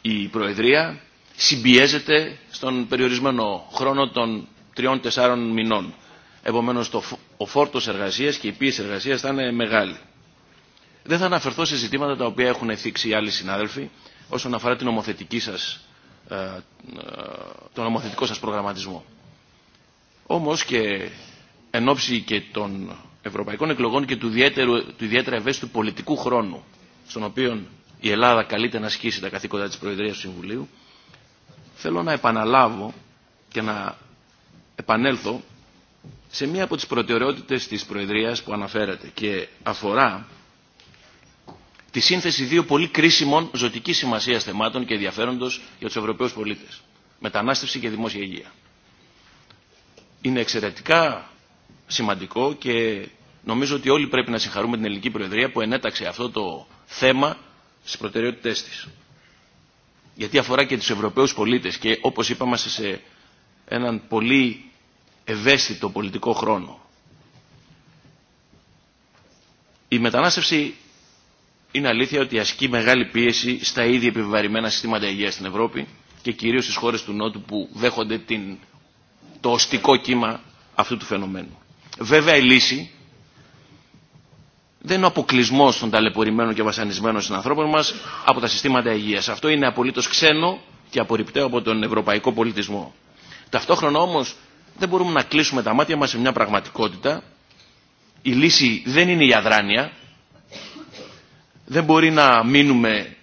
η Προεδρία συμπιέζεται στον περιορισμένο χρόνο των τριών-τεσσάρων μηνών. Επομένως, το, ο φόρτος εργασίας και η πίεση εργασίας θα είναι μεγάλη. Δεν θα αναφερθώ σε ζητήματα τα οποία έχουν θίξει οι άλλοι συνάδελφοι όσον αφορά την νομοθετική σας ε, ε, τον νομοθετικό σας προγραμματισμό. Όμως και εν ώψη και των ευρωπαϊκών εκλογών και του, του ιδιαίτερα ευαίσθητου πολιτικού χρόνου στον οποίο η Ελλάδα καλείται να ασκήσει τα καθήκοντα της Προεδρίας του Συμβουλίου θέλω να επαναλάβω και να επανέλθω σε μία από τις προτεραιότητες της Προεδρίας που αναφέρατε και αφορά τη σύνθεση δύο πολύ κρίσιμων ζωτική σημασία θεμάτων και ενδιαφέροντο για του Ευρωπαίου πολίτε. Μετανάστευση και δημόσια υγεία. Είναι εξαιρετικά σημαντικό και νομίζω ότι όλοι πρέπει να συγχαρούμε την Ελληνική Προεδρία που ενέταξε αυτό το θέμα στι προτεραιότητέ τη. Γιατί αφορά και του Ευρωπαίου πολίτε και όπω είπαμε σε έναν πολύ ευαίσθητο πολιτικό χρόνο. Η μετανάστευση είναι αλήθεια ότι ασκεί μεγάλη πίεση στα ίδια επιβαρημένα συστήματα υγείας στην Ευρώπη και κυρίως στις χώρες του Νότου που δέχονται την, το οστικό κύμα αυτού του φαινομένου. Βέβαια η λύση δεν είναι ο αποκλεισμό των ταλαιπωρημένων και βασανισμένων συνανθρώπων μα από τα συστήματα υγεία. Αυτό είναι απολύτω ξένο και απορριπταίο από τον ευρωπαϊκό πολιτισμό. Ταυτόχρονα όμω δεν μπορούμε να κλείσουμε τα μάτια μα σε μια πραγματικότητα. Η λύση δεν είναι η αδράνεια, δεν μπορεί να μείνουμε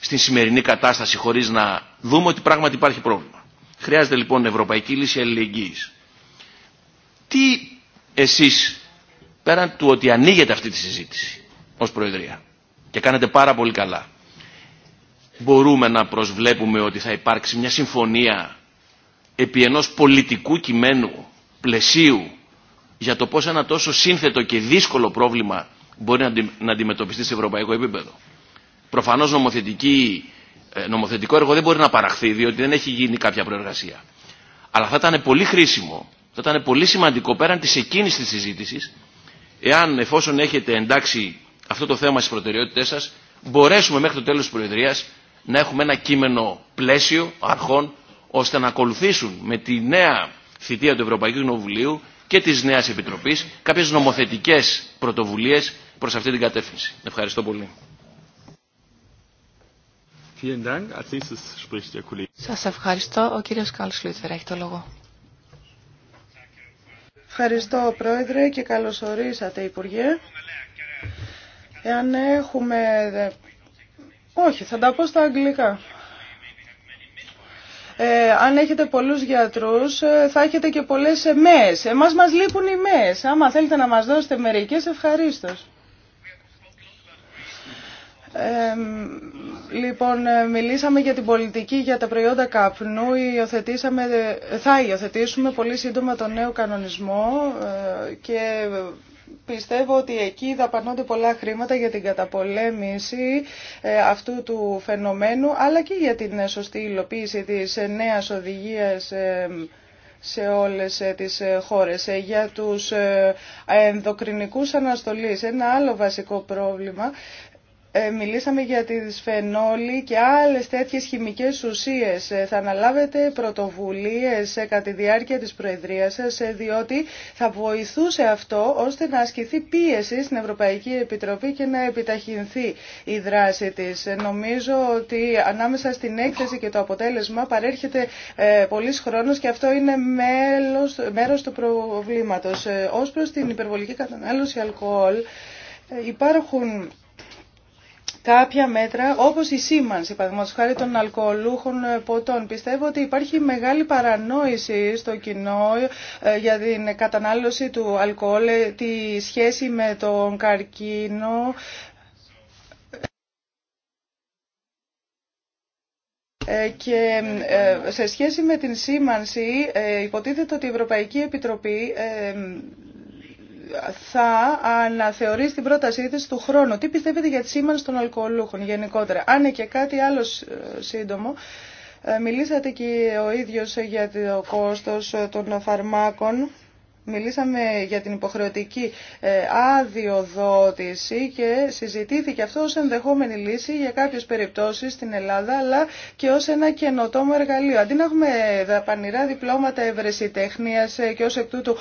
στην σημερινή κατάσταση χωρίς να δούμε ότι πράγματι υπάρχει πρόβλημα. Χρειάζεται λοιπόν ευρωπαϊκή λύση αλληλεγγύης. Τι εσείς, πέραν του ότι ανοίγετε αυτή τη συζήτηση ως Προεδρία και κάνετε πάρα πολύ καλά, μπορούμε να προσβλέπουμε ότι θα υπάρξει μια συμφωνία επί ενός πολιτικού κειμένου, πλαισίου, για το πώς ένα τόσο σύνθετο και δύσκολο πρόβλημα μπορεί να αντιμετωπιστεί σε ευρωπαϊκό επίπεδο. Προφανώ ε, νομοθετικό έργο δεν μπορεί να παραχθεί διότι δεν έχει γίνει κάποια προεργασία. Αλλά θα ήταν πολύ χρήσιμο, θα ήταν πολύ σημαντικό πέραν τη εκείνη τη συζήτηση, εάν εφόσον έχετε εντάξει αυτό το θέμα στι προτεραιότητέ σα, μπορέσουμε μέχρι το τέλο τη Προεδρία να έχουμε ένα κείμενο πλαίσιο αρχών ώστε να ακολουθήσουν με τη νέα θητεία του Ευρωπαϊκού Κοινοβουλίου και τη νέα Επιτροπή κάποιε νομοθετικέ πρωτοβουλίε προς αυτή την κατεύθυνση. Ευχαριστώ πολύ. Σας ευχαριστώ. Ο κύριος Καλσλίτερ έχει το λόγο. Ευχαριστώ Πρόεδρε και καλώς ορίσατε Υπουργέ. Εάν έχουμε... Όχι, θα τα πω στα αγγλικά. Ε, αν έχετε πολλούς γιατρούς ε, θα έχετε και πολλές ΜΕΕΣ. Εμάς μας λείπουν οι ΜΕΕΣ. Άμα θέλετε να μας δώσετε μερικές, ευχαρίστως λοιπόν, ε, μιλήσαμε για την πολιτική για τα προϊόντα καπνού. Υιοθετήσαμε, ε, θα υιοθετήσουμε πολύ σύντομα τον νέο κανονισμό ε, και πιστεύω ότι εκεί δαπανώνται πολλά χρήματα για την καταπολέμηση αυτού του φαινομένου, αλλά και για την σωστή υλοποίηση της νέας οδηγίας σε όλες τις χώρες. Για τους ενδοκρινικούς αναστολείς, ένα άλλο βασικό πρόβλημα ε, μιλήσαμε για τη δυσφενόλη και άλλες τέτοιες χημικές ουσίες. Ε, θα αναλάβετε πρωτοβουλίες ε, κατά τη διάρκεια της Προεδρίας σας, διότι θα βοηθούσε αυτό ώστε να ασκηθεί πίεση στην Ευρωπαϊκή Επιτροπή και να επιταχυνθεί η δράση της. Νομίζω ότι ανάμεσα στην έκθεση και το αποτέλεσμα παρέρχεται ε, πολλής χρόνος και αυτό είναι μέλος, μέρος του προβλήματος. Ε, ως προς την υπερβολική κατανάλωση αλκοόλ, υπάρχουν κάποια μέτρα, όπως η σήμανση, παραδείγματος χάρη των αλκοολούχων ποτών. Πιστεύω ότι υπάρχει μεγάλη παρανόηση στο κοινό ε, για την κατανάλωση του αλκοόλ, ε, τη σχέση με τον καρκίνο, ε, και σε σχέση με την σήμανση υποτίθεται ότι η Ευρωπαϊκή Επιτροπή θα αναθεωρήσει την πρότασή της του χρόνου. Τι πιστεύετε για τη σήμανση των αλκοολούχων γενικότερα. Αν και κάτι άλλο ε, σύντομο, ε, μιλήσατε και ο ίδιος για το κόστος των φαρμάκων Μιλήσαμε για την υποχρεωτική αδειοδότηση ε, και συζητήθηκε αυτό ως ενδεχόμενη λύση για κάποιες περιπτώσεις στην Ελλάδα αλλά και ως ένα καινοτόμο εργαλείο. Αντί να έχουμε δαπανηρά διπλώματα ευρεσιτέχνειας ε, και ως εκ τούτου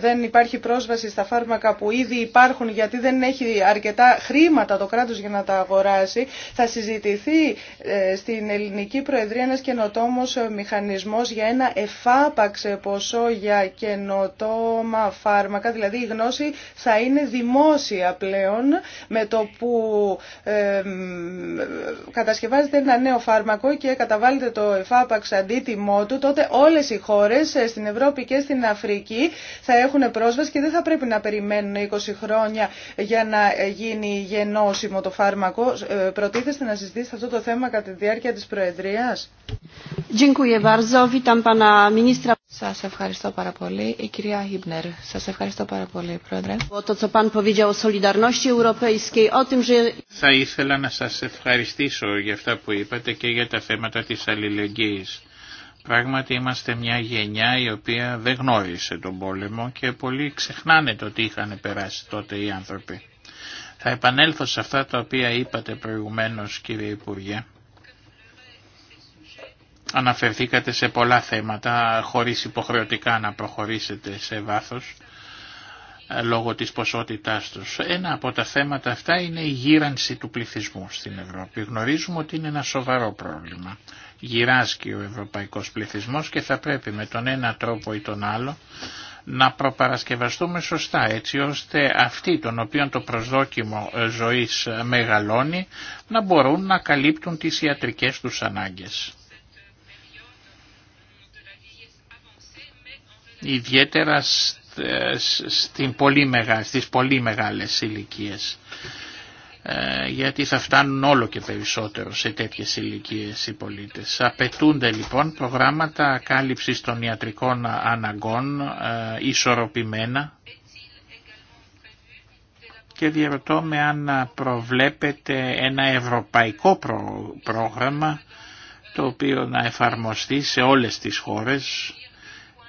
δεν υπάρχει πρόσβαση στα φάρμακα που ήδη υπάρχουν γιατί δεν έχει αρκετά χρήματα το κράτος για να τα αγοράσει, θα συζητηθεί ε, στην ελληνική προεδρία ένας καινοτόμος μηχανισμός για ένα εφάπαξε ποσό για καινοτόμα φάρμακα, δηλαδή η γνώση θα είναι δημόσια πλέον με το που κατασκευάζεται ένα νέο φάρμακο και καταβάλλεται το εφάπαξ αντίτιμό του, τότε όλες οι χώρες ε, στην Ευρώπη και στην Αφρική θα έχουν πρόσβαση και δεν θα πρέπει να περιμένουν 20 χρόνια για να ε, γίνει γενώσιμο το φάρμακο. Ε, προτίθεστε να συζητήσετε αυτό το θέμα κατά τη διάρκεια της Προεδρίας. Σας ευχαριστώ πάρα πολύ πολύ. ευχαριστώ πάρα πολύ, Πρόεδρε. Θα ήθελα να σας ευχαριστήσω για αυτά που είπατε και για τα θέματα της αλληλεγγύης. Πράγματι είμαστε μια γενιά η οποία δεν γνώρισε τον πόλεμο και πολλοί ξεχνάνε το τι είχαν περάσει τότε οι άνθρωποι. Θα επανέλθω σε αυτά τα οποία είπατε προηγουμένως κύριε Υπουργέ Αναφερθήκατε σε πολλά θέματα χωρίς υποχρεωτικά να προχωρήσετε σε βάθος ε, λόγω της ποσότητάς τους. Ένα από τα θέματα αυτά είναι η γύρανση του πληθυσμού στην Ευρώπη. Γνωρίζουμε ότι είναι ένα σοβαρό πρόβλημα. Γυράσκει ο ευρωπαϊκός πληθυσμός και θα πρέπει με τον ένα τρόπο ή τον άλλο να προπαρασκευαστούμε σωστά έτσι ώστε αυτοί των οποίων το προσδόκιμο ε, ζωής μεγαλώνει να μπορούν να καλύπτουν τις ιατρικές τους ανάγκες. ιδιαίτερα στην πολύ μεγά, στις πολύ μεγάλες ηλικίε. Ε, γιατί θα φτάνουν όλο και περισσότερο σε τέτοιες ηλικίε οι πολίτες. Απαιτούνται λοιπόν προγράμματα κάλυψης των ιατρικών αναγκών ε, ισορροπημένα και διαρωτώ με αν προβλέπετε ένα ευρωπαϊκό πρόγραμμα το οποίο να εφαρμοστεί σε όλες τις χώρες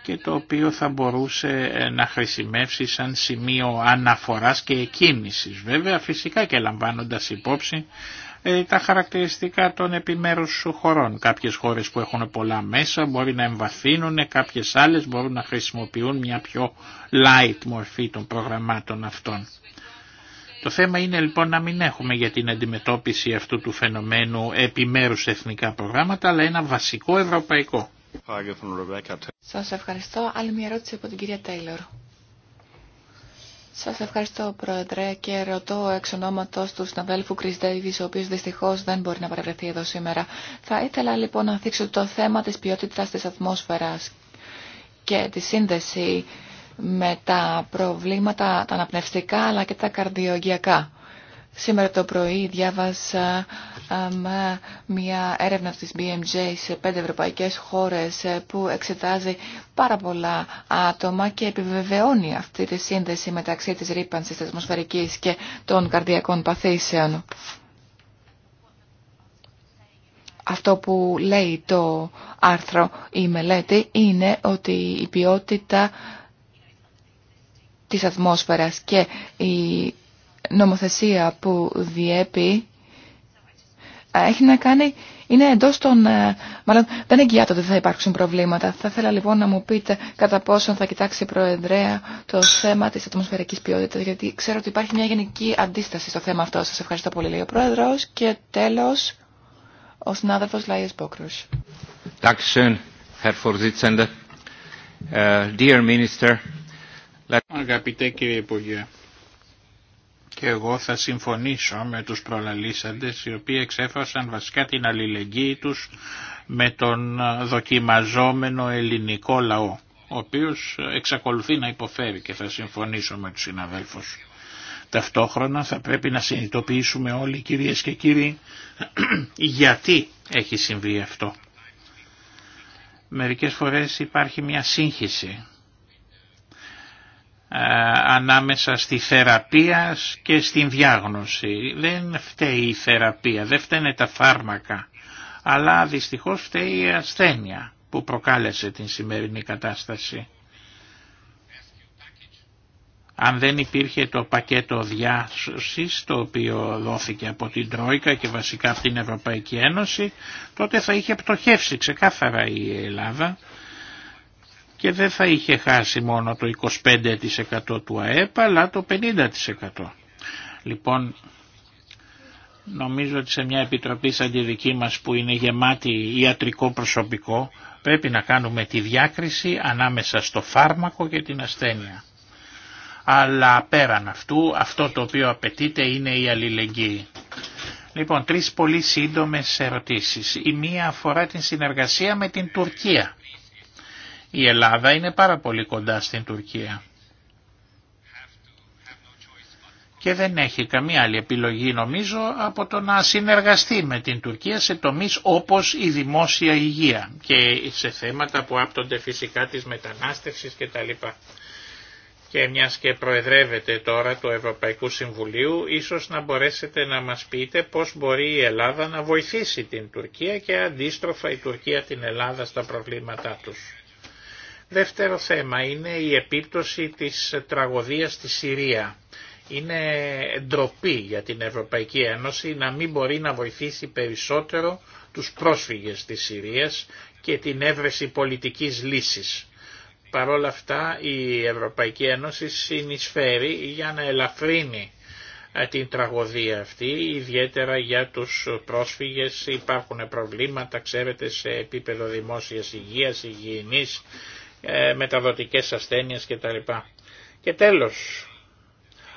και το οποίο θα μπορούσε ε, να χρησιμεύσει σαν σημείο αναφοράς και εκκίνησης. Βέβαια φυσικά και λαμβάνοντας υπόψη ε, τα χαρακτηριστικά των επιμέρους χωρών. Κάποιες χώρες που έχουν πολλά μέσα μπορεί να εμβαθύνουν, κάποιες άλλες μπορούν να χρησιμοποιούν μια πιο light μορφή των προγραμμάτων αυτών. Το θέμα είναι λοιπόν να μην έχουμε για την αντιμετώπιση αυτού του φαινομένου επιμέρους εθνικά προγράμματα, αλλά ένα βασικό ευρωπαϊκό. Σας ευχαριστώ. Άλλη μια ερώτηση από την κυρία Τέιλορ. Σας ευχαριστώ Πρόεδρε και ρωτώ εξ ονόματος του συναδέλφου Κρις Ντέιβις, ο οποίος δυστυχώς δεν μπορεί να παρευρεθεί εδώ σήμερα. Θα ήθελα λοιπόν να θίξω το θέμα της ποιότητας της ατμόσφαιρας και τη σύνδεση με τα προβλήματα τα αναπνευστικά αλλά και τα καρδιογειακά. Σήμερα το πρωί διάβασα μια έρευνα της BMJ σε πέντε ευρωπαϊκές χώρες ε, που εξετάζει πάρα πολλά άτομα και επιβεβαιώνει αυτή τη σύνδεση μεταξύ της ρήπανσης της ατμοσφαιρικής και των καρδιακών παθήσεων. Αυτό που λέει το άρθρο η μελέτη είναι ότι η ποιότητα της ατμόσφαιρας και η νομοθεσία που διέπει έχει να κάνει, είναι εντό των. Ε, μάλλον δεν εγγυάται ότι θα υπάρξουν προβλήματα. Θα ήθελα λοιπόν να μου πείτε κατά πόσον θα κοιτάξει η Προεδρέα το θέμα τη ατμοσφαιρική ποιότητα, γιατί ξέρω ότι υπάρχει μια γενική αντίσταση στο θέμα αυτό. Σα ευχαριστώ πολύ, λέει ο Πρόεδρο. Και τέλο, ο συνάδελφο Λάιε Πόκρου. κύριε Υπουργέ, και εγώ θα συμφωνήσω με τους προλαλήσαντες οι οποίοι εξέφρασαν βασικά την αλληλεγγύη τους με τον ε, δοκιμαζόμενο ελληνικό λαό ο οποίος εξακολουθεί να υποφέρει και θα συμφωνήσω με τους συναδέλφους. Ταυτόχρονα θα πρέπει να συνειδητοποιήσουμε όλοι κυρίες και κύριοι γιατί έχει συμβεί αυτό. Μερικές φορές υπάρχει μια σύγχυση ε, ανάμεσα στη θεραπεία και στην διάγνωση. Δεν φταίει η θεραπεία, δεν φταίνε τα φάρμακα, αλλά δυστυχώς φταίει η ασθένεια που προκάλεσε την σημερινή κατάσταση. Αν δεν υπήρχε το πακέτο διάσωσης το οποίο δόθηκε από την Τρόικα και βασικά από την Ευρωπαϊκή Ένωση τότε θα είχε πτωχεύσει ξεκάθαρα η Ελλάδα και δεν θα είχε χάσει μόνο το 25% του ΑΕΠ αλλά το 50%. Λοιπόν, νομίζω ότι σε μια επιτροπή σαν τη δική μας που είναι γεμάτη ιατρικό προσωπικό πρέπει να κάνουμε τη διάκριση ανάμεσα στο φάρμακο και την ασθένεια. Αλλά πέραν αυτού, αυτό το οποίο απαιτείται είναι η αλληλεγγύη. Λοιπόν, τρεις πολύ σύντομες ερωτήσεις. Η μία αφορά την συνεργασία με την Τουρκία. Η Ελλάδα είναι πάρα πολύ κοντά στην Τουρκία. Και δεν έχει καμία άλλη επιλογή νομίζω από το να συνεργαστεί με την Τουρκία σε τομείς όπως η δημόσια υγεία και σε θέματα που άπτονται φυσικά της μετανάστευσης κτλ και μιας και προεδρεύεται τώρα του Ευρωπαϊκού Συμβουλίου, ίσως να μπορέσετε να μας πείτε πώς μπορεί η Ελλάδα να βοηθήσει την Τουρκία και αντίστροφα η Τουρκία την Ελλάδα στα προβλήματά τους. Δεύτερο θέμα είναι η επίπτωση της τραγωδίας στη Συρία. Είναι ντροπή για την Ευρωπαϊκή Ένωση να μην μπορεί να βοηθήσει περισσότερο τους πρόσφυγες της Συρίας και την έβρεση πολιτικής λύσης. Παρ' όλα αυτά η Ευρωπαϊκή Ένωση συνεισφέρει για να ελαφρύνει ε, την τραγωδία αυτή, ιδιαίτερα για τους πρόσφυγες υπάρχουν προβλήματα, ξέρετε, σε επίπεδο δημόσιας υγείας, υγιεινής ε, μεταδοτικές ασθένειες κτλ. Και τέλος,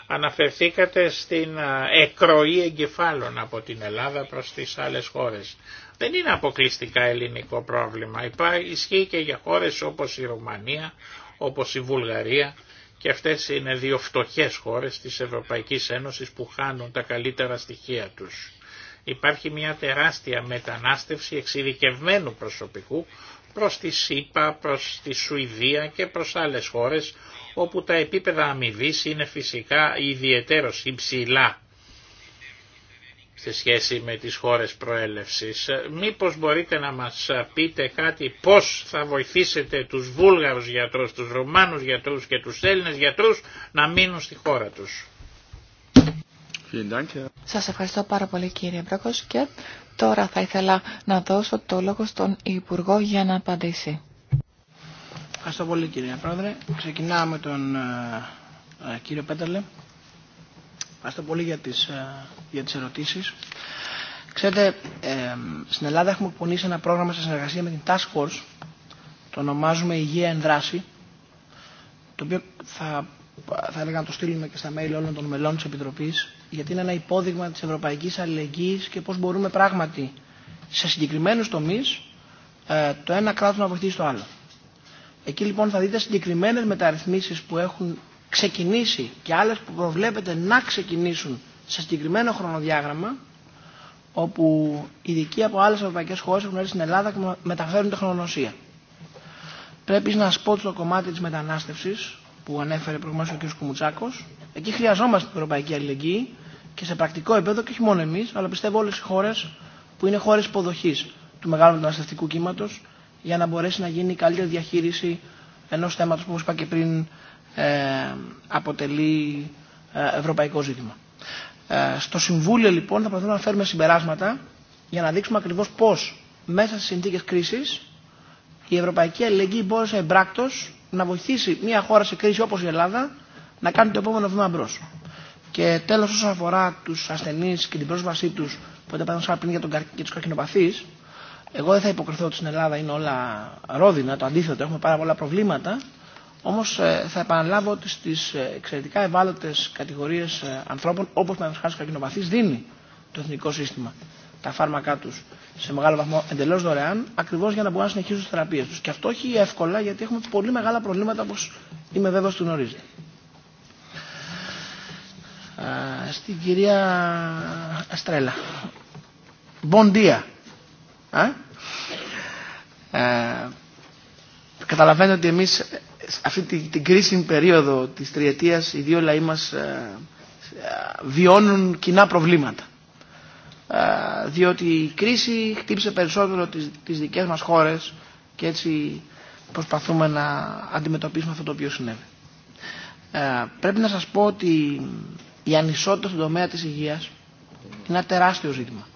αναφερθήκατε στην ε, εκροή εγκεφάλων από την Ελλάδα προς τις άλλες χώρες. Δεν είναι αποκλειστικά ελληνικό πρόβλημα. Υπάρχει ισχύει και για χώρες όπως η Ρουμανία, όπως η Βουλγαρία και αυτές είναι δύο φτωχές χώρες της Ευρωπαϊκής Ένωσης που χάνουν τα καλύτερα στοιχεία τους. Υπάρχει μια τεράστια μετανάστευση εξειδικευμένου προσωπικού προς τη ΣΥΠΑ, προς τη Σουηδία και προς άλλες χώρες όπου τα επίπεδα αμοιβή είναι φυσικά ιδιαιτέρως υψηλά σε σχέση με τις χώρες προέλευσης. Μήπως μπορείτε να μας πείτε κάτι πώς θα βοηθήσετε τους Βούλγαρους γιατρούς, τους Ρουμάνους γιατρούς και τους Έλληνες γιατρούς να μείνουν στη χώρα τους. Σας ευχαριστώ πάρα πολύ κύριε Μπρόκος και Τώρα θα ήθελα να δώσω το λόγο στον Υπουργό για να απαντήσει. Ευχαριστώ πολύ κύριε Πρόεδρε. Ξεκινάμε με τον ε, ε, κύριο Πέταλε. Ευχαριστώ πολύ για τις, ε, για τις ερωτήσεις. Ξέρετε, ε, στην Ελλάδα έχουμε πονήσει ένα πρόγραμμα σε συνεργασία με την Task Force. Το ονομάζουμε Υγεία εν δράση. Το οποίο θα, θα έλεγα να το στείλουμε και στα mail όλων των μελών της Επιτροπής γιατί είναι ένα υπόδειγμα της ευρωπαϊκής αλληλεγγύης και πώς μπορούμε πράγματι σε συγκεκριμένους τομείς ε, το ένα κράτος να βοηθήσει το άλλο. Εκεί λοιπόν θα δείτε συγκεκριμένες μεταρρυθμίσεις που έχουν ξεκινήσει και άλλες που προβλέπεται να ξεκινήσουν σε συγκεκριμένο χρονοδιάγραμμα όπου ειδικοί από άλλες ευρωπαϊκές χώρες έχουν έρθει στην Ελλάδα και μεταφέρουν τεχνογνωσία. Πρέπει να σπώ το κομμάτι της μετανάστευσης που ανέφερε προηγουμένως ο κ. Κουμουτσάκος. Εκεί χρειαζόμαστε την ευρωπαϊκή αλληλεγγύη και σε πρακτικό επίπεδο και όχι μόνο εμεί, αλλά πιστεύω όλε οι χώρε που είναι χώρε υποδοχή του μεγάλου μεταναστευτικού κύματο για να μπορέσει να γίνει η καλύτερη διαχείριση ενό θέματο που, όπω είπα και πριν, ε, αποτελεί ε, ευρωπαϊκό ζήτημα. Ε, στο Συμβούλιο, λοιπόν, θα προσπαθούμε να φέρουμε συμπεράσματα για να δείξουμε ακριβώ πώ μέσα στι συνθήκε κρίση η ευρωπαϊκή αλληλεγγύη μπόρεσε εμπράκτο να βοηθήσει μια χώρα σε κρίση όπω η Ελλάδα να κάνει το επόμενο βήμα μπρο. Και τέλος όσον αφορά τους ασθενείς και την πρόσβασή τους, που παραδείγματος πριν για, τον, για τους καρκινοπαθείς, εγώ δεν θα υποκριθώ ότι στην Ελλάδα είναι όλα ρόδινα, το αντίθετο, έχουμε πάρα πολλά προβλήματα, όμως ε, θα επαναλάβω ότι στις ε, εξαιρετικά ευάλωτες κατηγορίες ε, ανθρώπων, όπως με τους καρκινοπαθείς, δίνει το εθνικό σύστημα τα φάρμακά τους σε μεγάλο βαθμό εντελώς δωρεάν, ακριβώς για να μπορούν να συνεχίσουν τις θεραπείες τους. Και αυτό όχι εύκολα, γιατί έχουμε πολύ μεγάλα προβλήματα, όπω είμαι βέβαιος του γνωρίζετε. στην κυρία Αστρέλα. Μποντία. Ε, καταλαβαίνω ότι εμείς αυτή την, την κρίσιμη περίοδο της τριετίας οι δύο λαοί μας ε, βιώνουν κοινά προβλήματα. Ε, διότι η κρίση χτύπησε περισσότερο τις, τις δικές μας χώρες και έτσι προσπαθούμε να αντιμετωπίσουμε αυτό το οποίο συνέβη. Ε, πρέπει να σας πω ότι η ανισότητα στον τομέα της υγείας είναι ένα τεράστιο ζήτημα.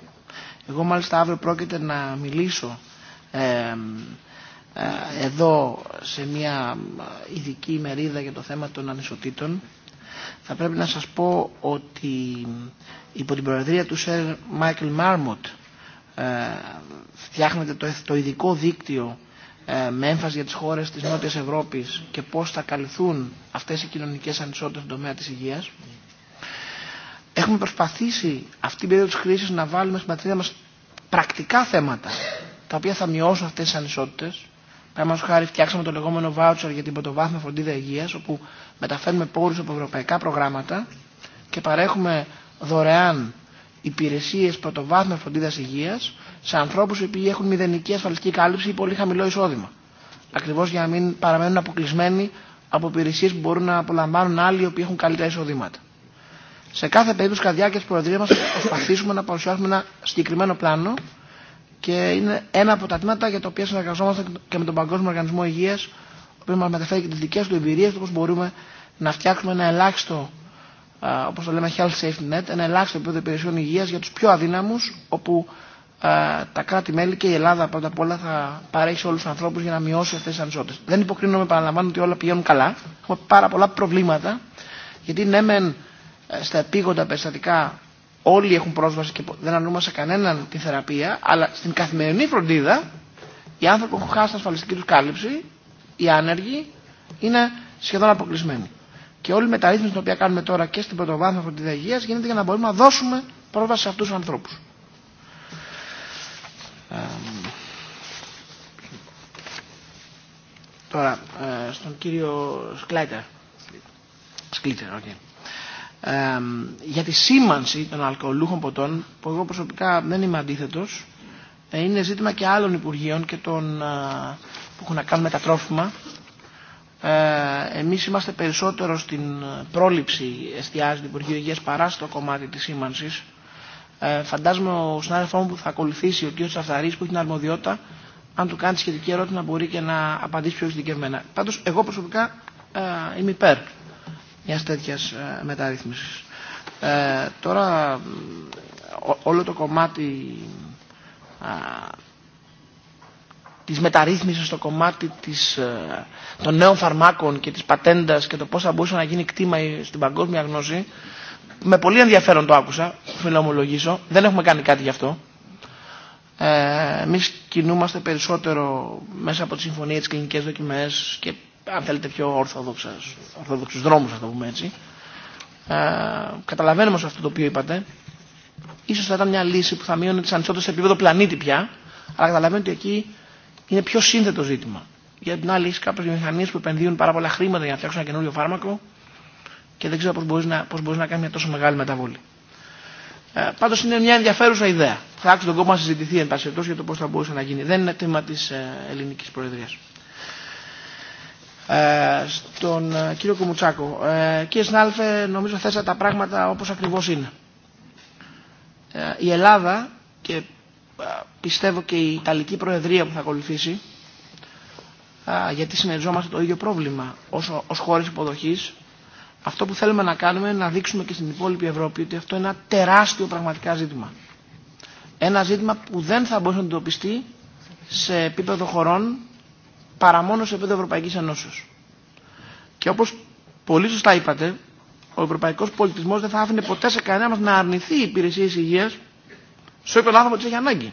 Εγώ μάλιστα αύριο πρόκειται να μιλήσω ε, ε, εδώ σε μια ειδική ημερίδα για το θέμα των ανισοτήτων. Θα πρέπει να σας πω ότι υπό την προεδρία του Σερ Μάικλ Μάρμοτ φτιάχνεται το, το ειδικό δίκτυο ε, με έμφαση για τις χώρες της Νότιας Ευρώπης και πώς θα καλυφθούν αυτές οι κοινωνικές ανισότητες στον τομέα της υγείας. Έχουμε προσπαθήσει αυτή την περίοδο τη κρίση να βάλουμε στην πατρίδα μα πρακτικά θέματα τα οποία θα μειώσουν αυτές τις ανισότητες. Παραδείγματο χάρη, φτιάξαμε το λεγόμενο voucher για την πρωτοβάθμια φροντίδα υγεία, όπου μεταφέρουμε πόρου από ευρωπαϊκά προγράμματα και παρέχουμε δωρεάν υπηρεσίε πρωτοβάθμια φροντίδα υγεία σε ανθρώπου οι οποίοι έχουν μηδενική ασφαλιστική κάλυψη ή πολύ χαμηλό εισόδημα. Ακριβώ για να μην παραμένουν αποκλεισμένοι από υπηρεσίε που μπορούν να απολαμβάνουν άλλοι οι οποίοι έχουν καλύτερα εισοδήματα. Σε κάθε περίπτωση, κατά διάρκεια τη Προεδρία μα, προσπαθήσουμε να παρουσιάσουμε ένα συγκεκριμένο πλάνο και είναι ένα από τα τμήματα για τα οποία συνεργαζόμαστε και με τον Παγκόσμιο Οργανισμό Υγεία, ο οποίο μα μεταφέρει και τι δικέ του εμπειρίε, πώ μπορούμε να φτιάξουμε ένα ελάχιστο, όπω το λέμε, health safety net, ένα ελάχιστο επίπεδο υπηρεσιών υγεία για του πιο αδύναμου, όπου τα κράτη-μέλη και η Ελλάδα πρώτα απ' όλα θα παρέχει σε όλου του ανθρώπου για να μειώσει αυτέ τι ανισότητε. Δεν υποκρίνομαι, παραλαμβάνω ότι όλα πηγαίνουν καλά. Έχουμε πάρα πολλά προβλήματα, γιατί ναι, μεν ε, στα επίγοντα περιστατικά όλοι έχουν πρόσβαση και δεν αρνούμε σε κανέναν τη θεραπεία, αλλά στην καθημερινή φροντίδα οι άνθρωποι που έχουν χάσει την ασφαλιστική του κάλυψη, οι άνεργοι, είναι σχεδόν αποκλεισμένοι. Και όλη η μεταρρύθμιση την οποία κάνουμε τώρα και στην πρωτοβάθμια φροντίδα υγεία γίνεται για να μπορούμε να δώσουμε πρόσβαση σε αυτού του ανθρώπου. τώρα, ε, στον κύριο Σκλάιτερ. Σκλίτερ, okay για τη σήμανση των αλκοολούχων ποτών, που εγώ προσωπικά δεν είμαι αντίθετος, ε, είναι ζήτημα και άλλων Υπουργείων και των, ε, που έχουν να κάνουν με τα τρόφιμα. Ε, εμείς είμαστε περισσότερο στην πρόληψη εστιάζει του Υπουργείου Υγείας παρά στο κομμάτι της σήμανσης. Ε, φαντάζομαι ο συνάδελφό μου που θα ακολουθήσει, ο κ. Σαφθαρής που έχει την αρμοδιότητα, αν του κάνει σχετική ερώτηση να μπορεί και να απαντήσει πιο συγκεκριμένα. Πάντως εγώ προσωπικά ε, είμαι υπέρ μια τέτοια ε, μεταρρύθμιση. Ε, τώρα όλο το κομμάτι α, της μεταρρύθμισης στο κομμάτι της, ε, των νέων φαρμάκων και της πατέντας και το πώς θα μπορούσε να γίνει κτήμα στην παγκόσμια γνώση με πολύ ενδιαφέρον το άκουσα, φιλομολογήσω. Δεν έχουμε κάνει κάτι γι' αυτό. Ε, Εμεί κινούμαστε περισσότερο μέσα από τη συμφωνία, της Κλινικές δοκιμέ και αν θέλετε πιο ορθόδοξους, δρόμου, δρόμους, να το πούμε έτσι. Ε, καταλαβαίνουμε σε αυτό το οποίο είπατε. Ίσως θα ήταν μια λύση που θα μείωνε τις ανισότητες σε επίπεδο πλανήτη πια, αλλά καταλαβαίνετε ότι εκεί είναι πιο σύνθετο ζήτημα. Για την άλλη, έχει κάποιε μηχανίε που επενδύουν πάρα πολλά χρήματα για να φτιάξουν ένα καινούριο φάρμακο και δεν ξέρω πώ μπορεί να, πώς να κάνει μια τόσο μεγάλη μεταβολή. Ε, Πάντω είναι μια ενδιαφέρουσα ιδέα. Θα άξιζε τον κόμμα να συζητηθεί εν για το πώ θα μπορούσε να γίνει. Δεν είναι θέμα τη ε, ελληνική προεδρία. Ε, στον ε, κύριο Κουμουτσάκο. Ε, κύριε Σνάλφε νομίζω θέσατε τα πράγματα όπως ακριβώς είναι. Η Ελλάδα και πιστεύω και η Ιταλική Προεδρία που θα ακολουθήσει γιατί συνεργαζόμαστε το ίδιο πρόβλημα ως, ως χώρες υποδοχής αυτό που θέλουμε να κάνουμε είναι να δείξουμε και στην υπόλοιπη Ευρώπη ότι αυτό είναι ένα τεράστιο πραγματικά ζήτημα. Ένα ζήτημα που δεν θα μπορούσε να εντοπιστεί σε επίπεδο χωρών παρά μόνο σε επίπεδο Ευρωπαϊκή Ενώσεω. Και όπω πολύ σωστά είπατε, ο Ευρωπαϊκό Πολιτισμό δεν θα άφηνε ποτέ σε κανένα μα να αρνηθεί υπηρεσία υγεία υγείας σε όποιον άνθρωπο τι έχει ανάγκη.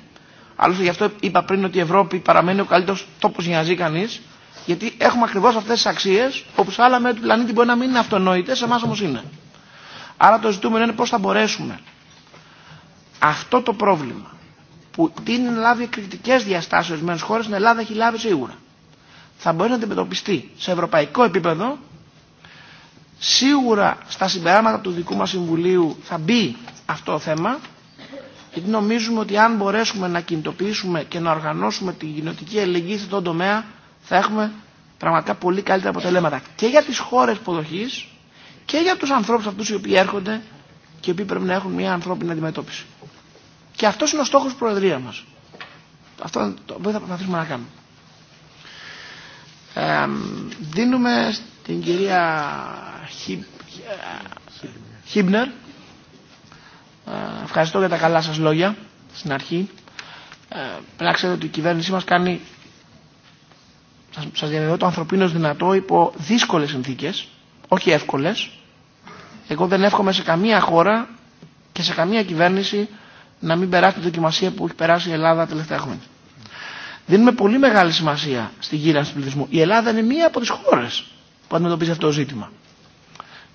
Άλλωστε γι' αυτό είπα πριν ότι η Ευρώπη παραμένει ο καλύτερο τόπο για να ζει κανεί, γιατί έχουμε ακριβώ αυτέ τι αξίε, όπου άλλα μέρη του πλανήτη μπορεί να μην είναι αυτονόητες, σε εμά όμως είναι. Άρα το ζητούμενο είναι πώ θα μπορέσουμε αυτό το πρόβλημα που την λάβει διαστάσεις ορισμένε χώρε, στην Ελλάδα έχει λάβει σίγουρα θα μπορεί να αντιμετωπιστεί σε ευρωπαϊκό επίπεδο. Σίγουρα στα συμπεράματα του δικού μας Συμβουλίου θα μπει αυτό το θέμα, γιατί νομίζουμε ότι αν μπορέσουμε να κινητοποιήσουμε και να οργανώσουμε την κοινωτική ελεγγύη σε τον τομέα, θα έχουμε πραγματικά πολύ καλύτερα αποτελέματα και για τις χώρες υποδοχής και για τους ανθρώπους αυτούς οι οποίοι έρχονται και οι οποίοι πρέπει να έχουν μια ανθρώπινη αντιμετώπιση. Και αυτό είναι ο στόχος της Προεδρίας μας. Αυτό το οποίο θα προσπαθήσουμε να κάνουμε δίνουμε στην κυρία Χίμπνερ. Ε, ευχαριστώ για τα καλά σας λόγια στην αρχή. Πρέπει ε, να ξέρετε ότι η κυβέρνησή μας κάνει, σας, σας το ανθρωπίνως δυνατό υπό δύσκολες συνθήκες, όχι εύκολες. Εγώ δεν εύχομαι σε καμία χώρα και σε καμία κυβέρνηση να μην περάσει τη δοκιμασία που έχει περάσει η Ελλάδα τελευταία χρόνια δίνουμε πολύ μεγάλη σημασία στη γύρανση του πληθυσμού. Η Ελλάδα είναι μία από τι χώρε που αντιμετωπίζει αυτό το ζήτημα.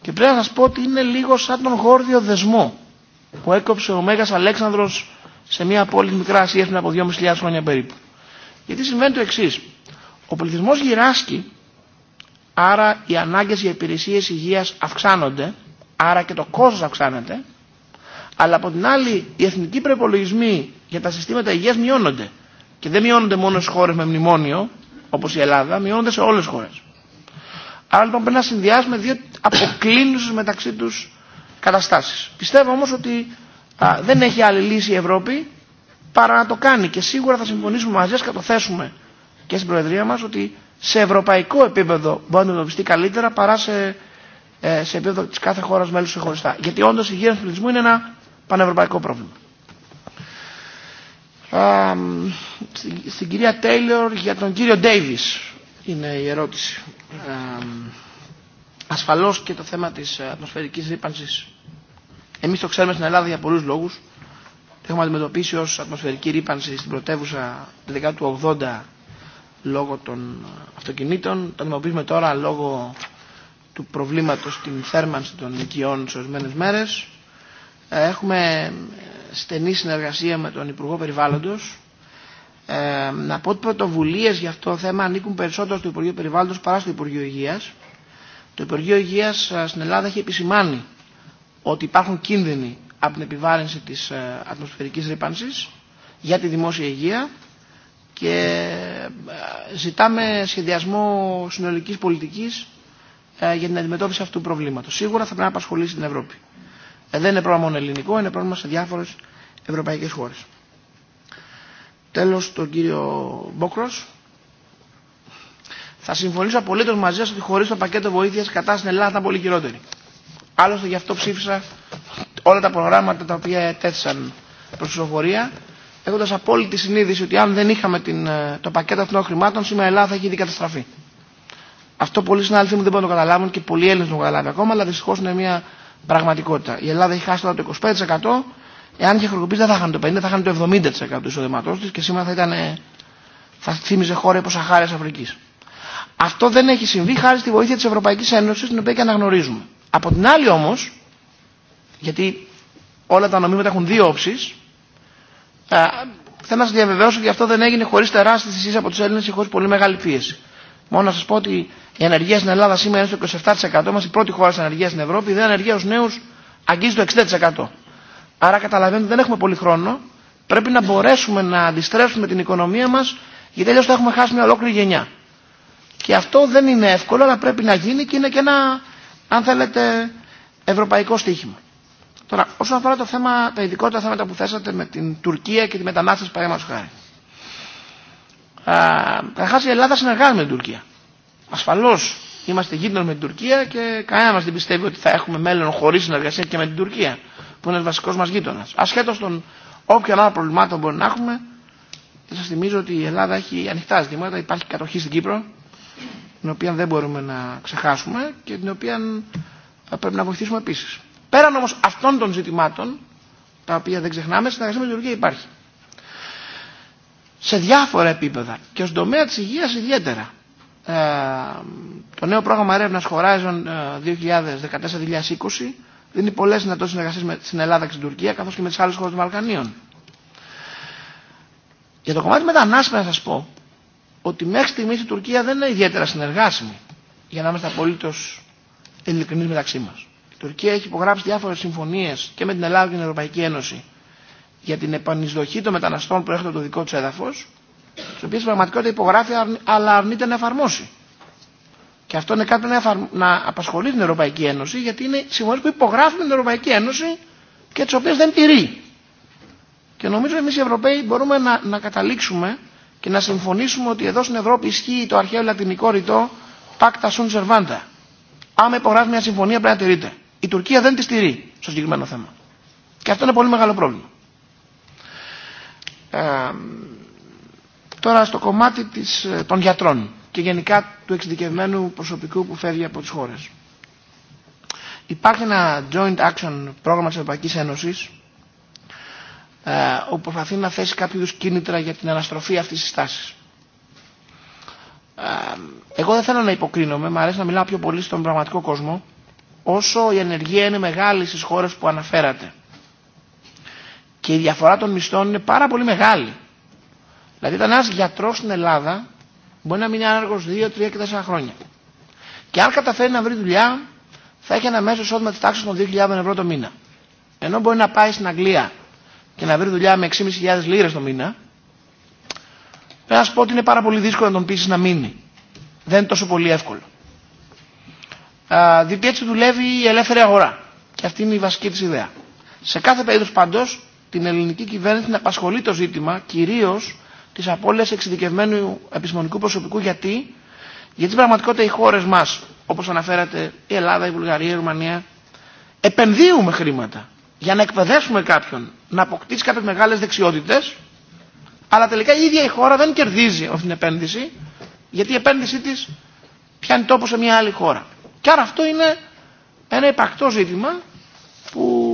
Και πρέπει να σα πω ότι είναι λίγο σαν τον γόρδιο δεσμό που έκοψε ο μέγα Αλέξανδρος σε μία πόλη μικρά Ασία πριν από 2.500 χρόνια περίπου. Γιατί συμβαίνει το εξή. Ο πληθυσμό γυράσκει, άρα οι ανάγκε για υπηρεσίε υγεία αυξάνονται, άρα και το κόστο αυξάνεται, αλλά από την άλλη οι εθνικοί προπολογισμοί για τα συστήματα υγεία μειώνονται. Και δεν μειώνονται μόνο στι χώρε με μνημόνιο, όπω η Ελλάδα, μειώνονται σε όλε τι χώρε. Άρα λοιπόν πρέπει να συνδυάσουμε δύο αποκλίνουσε μεταξύ του καταστάσει. Πιστεύω όμω ότι δεν έχει άλλη λύση η Ευρώπη παρά να το κάνει και σίγουρα θα συμφωνήσουμε μαζί και θα το θέσουμε και στην Προεδρία μα ότι σε ευρωπαϊκό επίπεδο μπορεί να αντιμετωπιστεί καλύτερα παρά σε, ε, σε επίπεδο τη κάθε χώρα μέλου ξεχωριστά. Γιατί όντω η υγεία του πληθυσμού είναι ένα πανευρωπαϊκό πρόβλημα στην κυρία Τέιλορ για τον κύριο Ντέιβις είναι η ερώτηση. Ε, ασφαλώς και το θέμα της ατμοσφαιρικής ρήπανσης. Εμείς το ξέρουμε στην Ελλάδα για πολλούς λόγους. έχουμε αντιμετωπίσει ως ατμοσφαιρική ρήπανση στην πρωτεύουσα τη του 80 λόγω των αυτοκινήτων. Το αντιμετωπίζουμε τώρα λόγω του προβλήματος στην θέρμανση των οικειών σε ορισμένε μέρες. Ε, έχουμε στενή συνεργασία με τον Υπουργό Περιβάλλοντος. Ε, να πω ότι πρωτοβουλίες για αυτό το θέμα ανήκουν περισσότερο στο Υπουργείο Περιβάλλοντος παρά στο Υπουργείο Υγείας. Το Υπουργείο Υγείας ε, στην Ελλάδα έχει επισημάνει ότι υπάρχουν κίνδυνοι από την επιβάρυνση της ε, ατμοσφαιρικής ρήπανσης για τη δημόσια υγεία και ε, ζητάμε σχεδιασμό συνολικής πολιτικής για την αντιμετώπιση αυτού του προβλήματος. Σίγουρα θα πρέπει να απασχολήσει την Ευρώπη. Ε, δεν είναι πρόβλημα μόνο ελληνικό, είναι πρόβλημα σε διάφορε ευρωπαϊκέ χώρε. Τέλο τον κύριο Μπόκρο. Θα συμφωνήσω απολύτω μαζί σα ότι χωρί το πακέτο βοήθεια η κατάσταση στην Ελλάδα ήταν πολύ χειρότερη. Άλλωστε γι' αυτό ψήφισα όλα τα προγράμματα τα οποία τέθησαν προ ψηφοφορία έχοντα απόλυτη συνείδηση ότι αν δεν είχαμε την, ε, το πακέτο αυτών χρημάτων σήμερα η Ελλάδα θα είχε ήδη καταστραφεί. Αυτό πολλοί συνάδελφοί μου δεν μπορούν να το καταλάβουν και πολλοί Έλληνε το καταλάβουν ακόμα, αλλά δυστυχώ είναι μια πραγματικότητα. Η Ελλάδα έχει χάσει τώρα το 25%. Εάν είχε χρεοκοπήσει δεν θα είχαν το 50%, θα είχαν το 70% του εισοδήματό τη και σήμερα θα, ήταν, ε, θα θύμιζε χώρα όπω Σαχάρη Αφρική. Αυτό δεν έχει συμβεί χάρη στη βοήθεια τη Ευρωπαϊκή Ένωση, την οποία και αναγνωρίζουμε. Από την άλλη όμω, γιατί όλα τα νομίματα έχουν δύο όψει, ε, θέλω να σα διαβεβαιώσω ότι αυτό δεν έγινε χωρί τεράστιε θυσίε από του Έλληνε και χωρί πολύ μεγάλη πίεση. Μόνο να σα πω ότι η ανεργία στην Ελλάδα σήμερα είναι στο 27%. Είμαστε η πρώτη χώρα τη ανεργία στην Ευρώπη. Η δε ανεργία στου νέου αγγίζει το 60%. Άρα καταλαβαίνετε δεν έχουμε πολύ χρόνο. Πρέπει να μπορέσουμε να αντιστρέψουμε την οικονομία μα, γιατί αλλιώ θα έχουμε χάσει μια ολόκληρη γενιά. Και αυτό δεν είναι εύκολο, αλλά πρέπει να γίνει και είναι και ένα, αν θέλετε, ευρωπαϊκό στοίχημα. Τώρα, όσον αφορά το θέμα, τα ειδικότερα θέματα που θέσατε με την Τουρκία και τη μετανάστευση, παραδείγματο χάρη. Καταρχά η Ελλάδα συνεργάζεται με την Τουρκία. Ασφαλώ είμαστε γείτονε με την Τουρκία και κανένα μα δεν πιστεύει ότι θα έχουμε μέλλον χωρί συνεργασία και με την Τουρκία, που είναι ο βασικό μα γείτονα. Ασχέτω των όποιων άλλων προβλημάτων μπορεί να έχουμε, σα θυμίζω ότι η Ελλάδα έχει ανοιχτά ζητήματα. Υπάρχει κατοχή στην Κύπρο, την οποία δεν μπορούμε να ξεχάσουμε και την οποία θα πρέπει να βοηθήσουμε επίση. Πέραν όμω αυτών των ζητημάτων, τα οποία δεν ξεχνάμε, συνεργασία με την Τουρκία υπάρχει σε διάφορα επίπεδα και στον τομέα της υγείας ιδιαίτερα. Ε, το νέο πρόγραμμα έρευνας Horizon 2014-2020 ε, δίνει πολλές δυνατότητες με, στην Ελλάδα και στην Τουρκία καθώς και με τις άλλες χώρες των Βαλκανίων. Για το κομμάτι μετανάστευση να σας πω ότι μέχρι στιγμής η Τουρκία δεν είναι ιδιαίτερα συνεργάσιμη για να είμαστε απολύτως ειλικρινείς μεταξύ μα. Η Τουρκία έχει υπογράψει διάφορες συμφωνίες και με την Ελλάδα και την Ευρωπαϊκή Ένωση για την επανεισδοχή των μεταναστών που έρχονται το δικό του έδαφο, τι οποίε πραγματικότητα υπογράφει αλλά αρνείται να εφαρμόσει. Και αυτό είναι κάτι που να, απασχολεί την Ευρωπαϊκή Ένωση, γιατί είναι συμφωνίε που υπογράφουν την Ευρωπαϊκή Ένωση και τι οποίε δεν τηρεί. Και νομίζω εμεί οι Ευρωπαίοι μπορούμε να, να καταλήξουμε και να συμφωνήσουμε ότι εδώ στην Ευρώπη ισχύει το αρχαίο λατινικό ρητό Pacta sunt servanda. Άμα υπογράφει μια συμφωνία πρέπει να τηρείται. Η Τουρκία δεν τη στηρεί στο συγκεκριμένο θέμα. Και αυτό είναι πολύ μεγάλο πρόβλημα τώρα στο κομμάτι της, ε, των γιατρών και γενικά του εξειδικευμένου προσωπικού που φεύγει από τις χώρες. Υπάρχει ένα joint action πρόγραμμα της Ευρωπαϊκής Ένωσης ε, όπου προσπαθεί να θέσει κάποιο κίνητρα για την αναστροφή αυτής της τάσης. Εγώ δεν θέλω να υποκρίνομαι, μου αρέσει να μιλάω πιο πολύ στον πραγματικό κόσμο, όσο η ενεργεία είναι μεγάλη στις χώρες που αναφέρατε και η διαφορά των μισθών είναι πάρα πολύ μεγάλη. Δηλαδή ήταν ένα γιατρό στην Ελλάδα μπορεί να μείνει άνεργο 2, 3 και 4 χρόνια. Και αν καταφέρει να βρει δουλειά, θα έχει ένα μέσο εισόδημα τη τάξη των 2.000 ευρώ το μήνα. Ενώ μπορεί να πάει στην Αγγλία και να βρει δουλειά με 6.500 λίρε το μήνα, πρέπει να σου πω ότι είναι πάρα πολύ δύσκολο να τον πείσει να μείνει. Δεν είναι τόσο πολύ εύκολο. διότι έτσι δουλεύει η ελεύθερη αγορά. Και αυτή είναι η βασική τη ιδέα. Σε κάθε περίπτωση πάντω, την ελληνική κυβέρνηση να απασχολεί το ζήτημα κυρίως της απώλειας εξειδικευμένου επιστημονικού προσωπικού. Γιατί, γιατί πραγματικότητα οι χώρες μας, όπως αναφέρατε η Ελλάδα, η Βουλγαρία, η Ρουμανία, επενδύουμε χρήματα για να εκπαιδεύσουμε κάποιον να αποκτήσει κάποιες μεγάλες δεξιότητες, αλλά τελικά η ίδια η χώρα δεν κερδίζει αυτή την επένδυση, γιατί η επένδυσή της πιάνει τόπο σε μια άλλη χώρα. Και άρα αυτό είναι ένα υπαρκτό ζήτημα που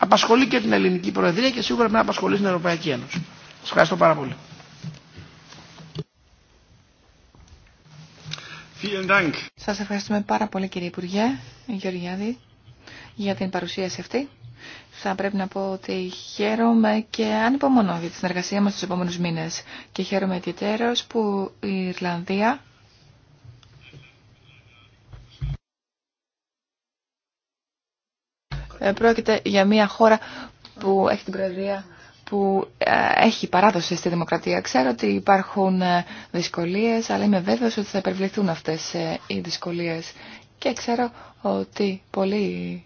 απασχολεί και την ελληνική προεδρία και σίγουρα πρέπει να απασχολεί στην Ευρωπαϊκή Ένωση. Σας ευχαριστώ πάρα πολύ. Σας ευχαριστούμε πάρα πολύ κύριε Υπουργέ Γεωργιάδη για την παρουσίαση αυτή. Θα πρέπει να πω ότι χαίρομαι και ανυπομονώ για τη συνεργασία μας τους επόμενους μήνες και χαίρομαι ιδιαίτερως που η Ιρλανδία Ε, πρόκειται για μια χώρα που έχει την προεδρία που ε, έχει παράδοση στη δημοκρατία. Ξέρω ότι υπάρχουν ε, δυσκολίες, αλλά είμαι βέβαιος ότι θα υπερβληθούν αυτές οι δυσκολίες. Και ξέρω ότι πολλοί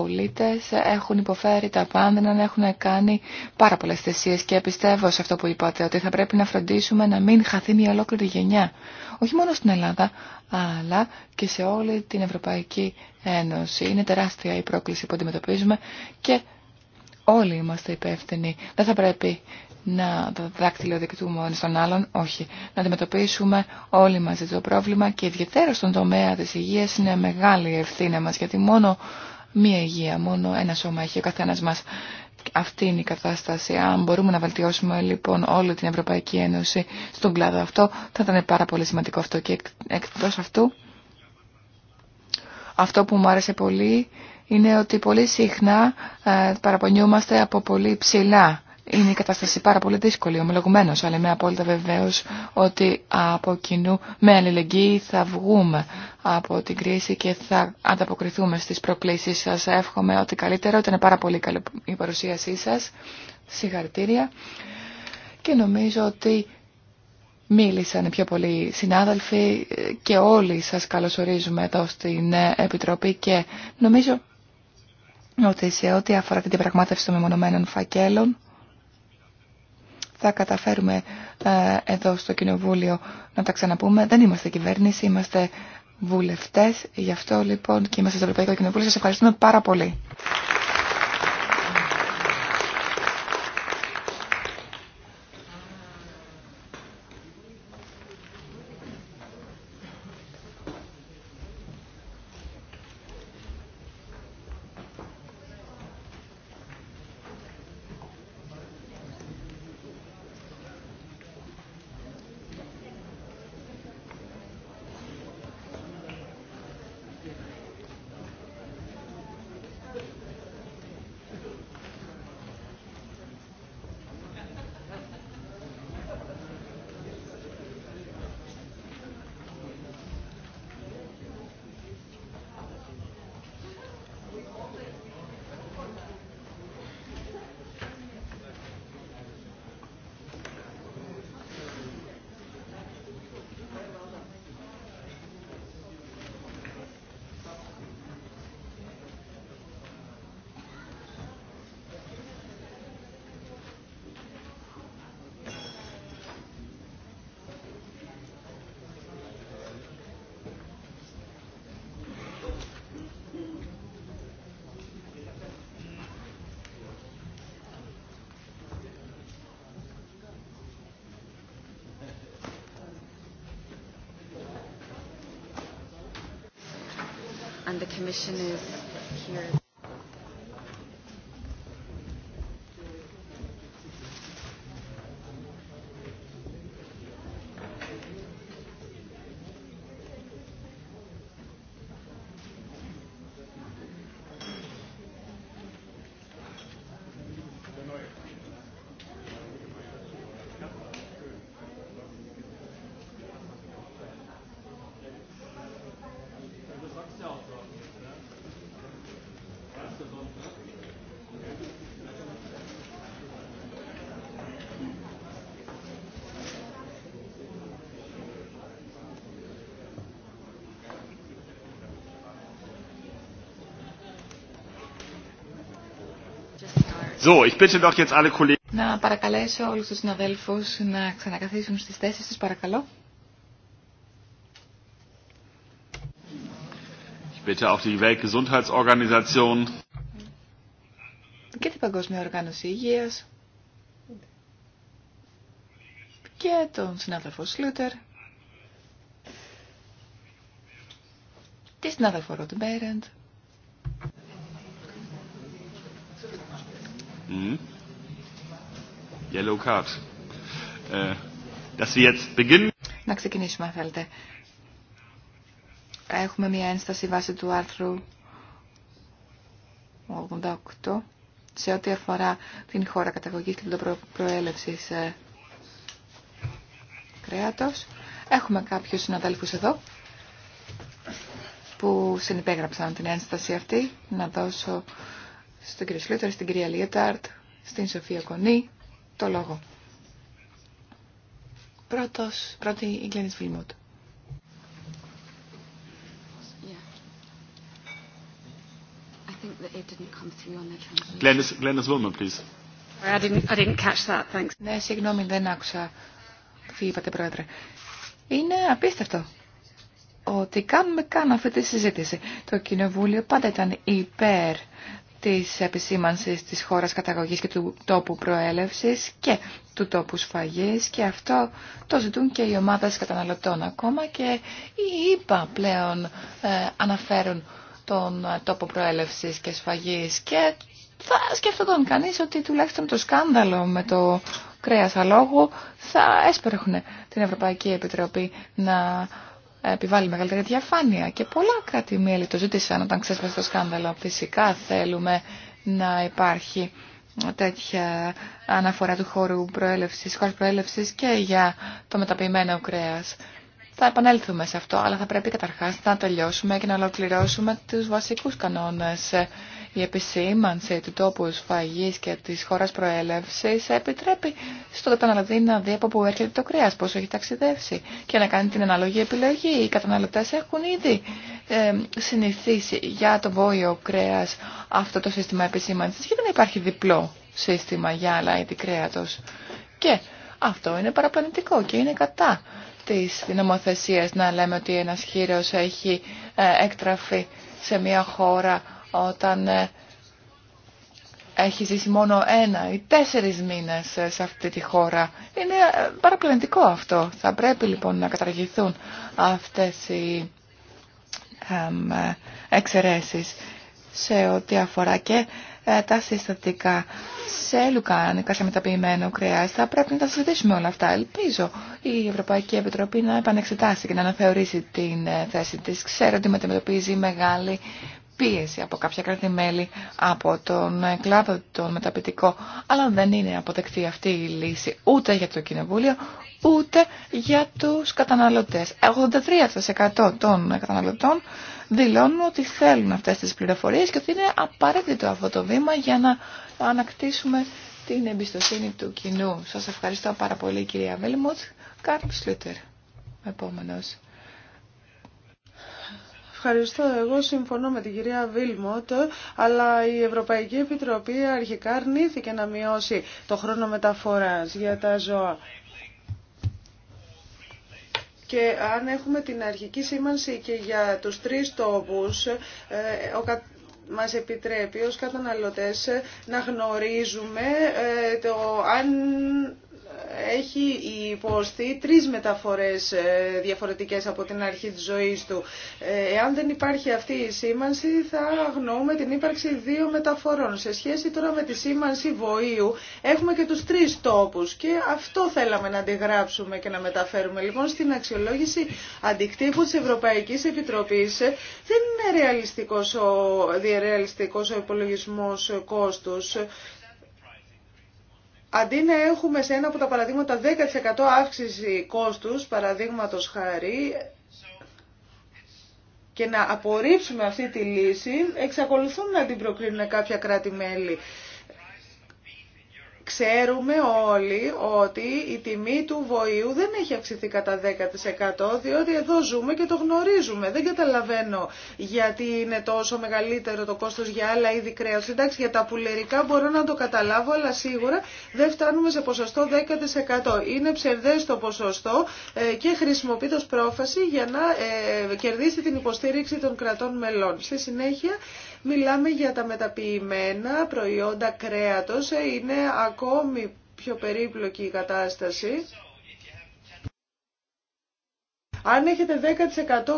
πολίτες έχουν υποφέρει τα πάντα, να έχουν κάνει πάρα πολλές θυσίες και πιστεύω σε αυτό που είπατε, ότι θα πρέπει να φροντίσουμε να μην χαθεί μια ολόκληρη γενιά. Όχι μόνο στην Ελλάδα, αλλά και σε όλη την Ευρωπαϊκή Ένωση. Είναι τεράστια η πρόκληση που αντιμετωπίζουμε και όλοι είμαστε υπεύθυνοι. Δεν θα πρέπει να το δάκτυλο δικτούμε ο στον άλλον, όχι. Να αντιμετωπίσουμε όλοι μαζί το πρόβλημα και ιδιαίτερα στον τομέα της υγείας είναι μεγάλη η ευθύνη μας, γιατί μόνο μία υγεία, μόνο ένα σώμα έχει ο καθένας μας. Αυτή είναι η κατάσταση. Αν μπορούμε να βελτιώσουμε λοιπόν όλη την Ευρωπαϊκή Ένωση στον κλάδο αυτό, θα ήταν πάρα πολύ σημαντικό αυτό. Και εκτός αυτού, αυτό που μου άρεσε πολύ είναι ότι πολύ συχνά ε, παραπονιούμαστε από πολύ ψηλά είναι η κατάσταση πάρα πολύ δύσκολη, ομολογουμένως, αλλά είμαι απόλυτα βεβαίως ότι από κοινού με αλληλεγγύη θα βγούμε από την κρίση και θα ανταποκριθούμε στις προκλήσεις σας. Εύχομαι ότι καλύτερο, ήταν πάρα πολύ καλή η παρουσίασή σας. Συγχαρητήρια. Και νομίζω ότι μίλησαν πιο πολλοί συνάδελφοι και όλοι σας καλωσορίζουμε εδώ στην Επιτροπή και νομίζω ότι σε ό,τι αφορά την διαπραγμάτευση των μεμονωμένων φακέλων θα καταφέρουμε ε, εδώ στο Κοινοβούλιο να τα ξαναπούμε. Δεν είμαστε κυβέρνηση, είμαστε βουλευτές. Γι' αυτό λοιπόν και είμαστε στο Ευρωπαϊκό Κοινοβούλιο. Σας ευχαριστούμε πάρα πολύ. Commission is Να παρακαλέσω όλους τους συναδέλφους να ξανακαθίσουν στις θέσεις τους, παρακαλώ. Και την Παγκόσμια Οργάνωση Υγείας. Και τον συνάδελφο Σλούτερ. Τη συνάδελφο Ροντ Μπέρεντ. Mhm. Yellow card. Äh, dass wir jetzt beginnen. Να ξεκινήσουμε, αν θέλετε. Έχουμε μια ένσταση βάσει του άρθρου 88 σε ό,τι αφορά την χώρα καταγωγής και την προ προέλευσης ε, κρέατος. Έχουμε κάποιους συναδέλφου εδώ που συνυπέγραψαν την ένσταση αυτή. Να δώσω στον κύριο Σλούτερ, στην κυρία Λιετάρτ, στην Σοφία Κονή, το λόγο. Πρώτος, πρώτη η Γκλένις Βιλμούτ. I didn't, I didn't Ναι, συγγνώμη, δεν άκουσα τι είπατε, Πρόεδρε. Είναι απίστευτο ότι κάνουμε καν αυτή τη συζήτηση. Το Κοινοβούλιο πάντα ήταν υπέρ της επισήμανσης της χώρας καταγωγής και του τόπου προέλευσης και του τόπου σφαγής και αυτό το ζητούν και οι ομάδες καταναλωτών ακόμα και οι ΙΠΑ πλέον ε, αναφέρουν τον ε, τόπο προέλευσης και σφαγής και θα σκεφτόταν κανείς ότι τουλάχιστον το σκάνδαλο με το κρέας αλόγου θα έσπερχνε την Ευρωπαϊκή Επιτροπή να επιβάλλει μεγαλύτερη διαφάνεια. Και πολλά κράτη-μέλη το ζήτησαν όταν ξέσπασε το σκάνδαλο. Φυσικά θέλουμε να υπάρχει τέτοια αναφορά του χώρου προέλευσης, χώρου προέλευσης και για το μεταποιημένο κρέας. Θα επανέλθουμε σε αυτό, αλλά θα πρέπει καταρχάς να τελειώσουμε και να ολοκληρώσουμε τους βασικούς κανόνες η επισήμανση του τόπου σφαγής και της χώρας προέλευσης επιτρέπει στον καταναλωτή να δει από πού έρχεται το κρέας, πόσο έχει ταξιδεύσει και να κάνει την αναλογή επιλογή. Οι καταναλωτές έχουν ήδη ε, συνηθίσει για το βόλιο κρέας αυτό το σύστημα επισήμανσης γιατί δεν υπάρχει διπλό σύστημα για άλλα είδη κρέατος. Και αυτό είναι παραπλανητικό και είναι κατά της νομοθεσίας να λέμε ότι ένας χείρος έχει έκτραφει ε, σε μια χώρα όταν ε, έχει ζήσει μόνο ένα ή τέσσερις μήνες ε, σε αυτή τη χώρα. Είναι ε, παραπλανητικό αυτό. Θα πρέπει λοιπόν να καταργηθούν αυτές οι εξαιρέσεις σε ό,τι αφορά και τα συστατικά σε λουκάνικα, σε μεταποιημένο κρέα. Θα πρέπει να τα συζητήσουμε όλα αυτά. Ελπίζω η Ευρωπαϊκή Επιτροπή να επανεξετάσει και να αναθεωρήσει την θέση της. Ξέρω ότι μεταμετωπίζει μεγάλη πίεση από κάποια κράτη-μέλη, από τον κλάδο τον μεταπητικό, αλλά δεν είναι αποδεκτή αυτή η λύση ούτε για το Κοινοβούλιο, ούτε για τους καταναλωτές. 83% των καταναλωτών δηλώνουν ότι θέλουν αυτές τις πληροφορίες και ότι είναι απαραίτητο αυτό το βήμα για να ανακτήσουμε την εμπιστοσύνη του κοινού. Σας ευχαριστώ πάρα πολύ κυρία Βέλμουτ. Καρμ Σλούτερ, επόμενος. Ευχαριστώ. Εγώ συμφωνώ με την κυρία Βίλμοτ, αλλά η Ευρωπαϊκή Επιτροπή αρχικά αρνήθηκε να μειώσει το χρόνο μεταφοράς για τα ζώα. Και αν έχουμε την αρχική σήμανση και για τους τρεις τόπους, ε, ο μας επιτρέπει ως καταναλωτές να γνωρίζουμε ε, το αν έχει υποστεί τρεις μεταφορές ε, διαφορετικές από την αρχή της ζωής του. Ε, εάν δεν υπάρχει αυτή η σήμανση θα αγνοούμε την ύπαρξη δύο μεταφορών. Σε σχέση τώρα με τη σήμανση βοήου έχουμε και τους τρεις τόπους και αυτό θέλαμε να αντιγράψουμε και να μεταφέρουμε. Λοιπόν στην αξιολόγηση αντικτύπου της Ευρωπαϊκής Επιτροπής ε, δεν είναι ρεαλιστικός ο, ο υπολογισμό κόστους. Αντί να έχουμε σε ένα από τα παραδείγματα 10% αύξηση κόστους, παραδείγματος χάρη, και να απορρίψουμε αυτή τη λύση, εξακολουθούν να την προκρίνουν κάποια κράτη-μέλη. Ξέρουμε όλοι ότι η τιμή του βοηού δεν έχει αυξηθεί κατά 10% διότι εδώ ζούμε και το γνωρίζουμε. Δεν καταλαβαίνω γιατί είναι τόσο μεγαλύτερο το κόστος για άλλα είδη κρέας. Εντάξει, για τα πουλερικά μπορώ να το καταλάβω, αλλά σίγουρα δεν φτάνουμε σε ποσοστό 10%. Είναι ψευδές το ποσοστό ε, και χρησιμοποιείται ως πρόφαση για να ε, κερδίσει την υποστήριξη των κρατών μελών. Στη συνέχεια μιλάμε για τα μεταποιημένα προϊόντα κρέατος. Ε, είναι ακόμη πιο περίπλοκη η κατάσταση. Αν έχετε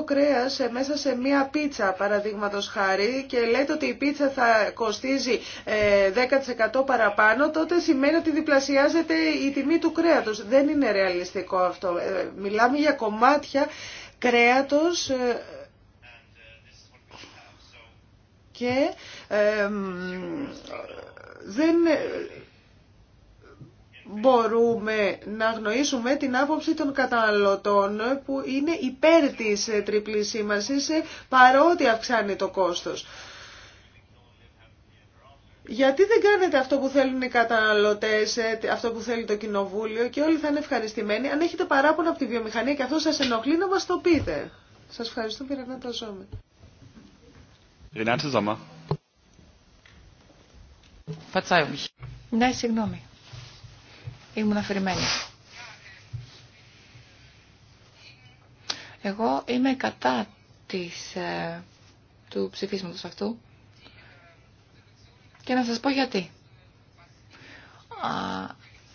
10% κρέας μέσα σε μία πίτσα, παραδείγματος χάρη, και λέτε ότι η πίτσα θα κοστίζει 10% ε, παραπάνω, τότε σημαίνει ότι διπλασιάζεται η τιμή του κρέατος. Δεν είναι ρεαλιστικό αυτό. Ε, μιλάμε για κομμάτια κρέατος ε, και δεν μπορούμε να γνωρίσουμε την άποψη των καταναλωτών που είναι υπέρ της τριπλής σήμανσης ε, παρότι αυξάνει το κόστος. Γιατί δεν κάνετε αυτό που θέλουν οι καταναλωτές, ε, αυτό που θέλει το κοινοβούλιο και όλοι θα είναι ευχαριστημένοι. Αν έχετε παράπονα από τη βιομηχανία και αυτό σας ενοχλεί να μας το πείτε. Σας ευχαριστώ πήρα να τα Ναι, συγγνώμη ήμουν αφηρημένη. Εγώ είμαι κατά της, ε, του ψηφίσματος αυτού και να σας πω γιατί.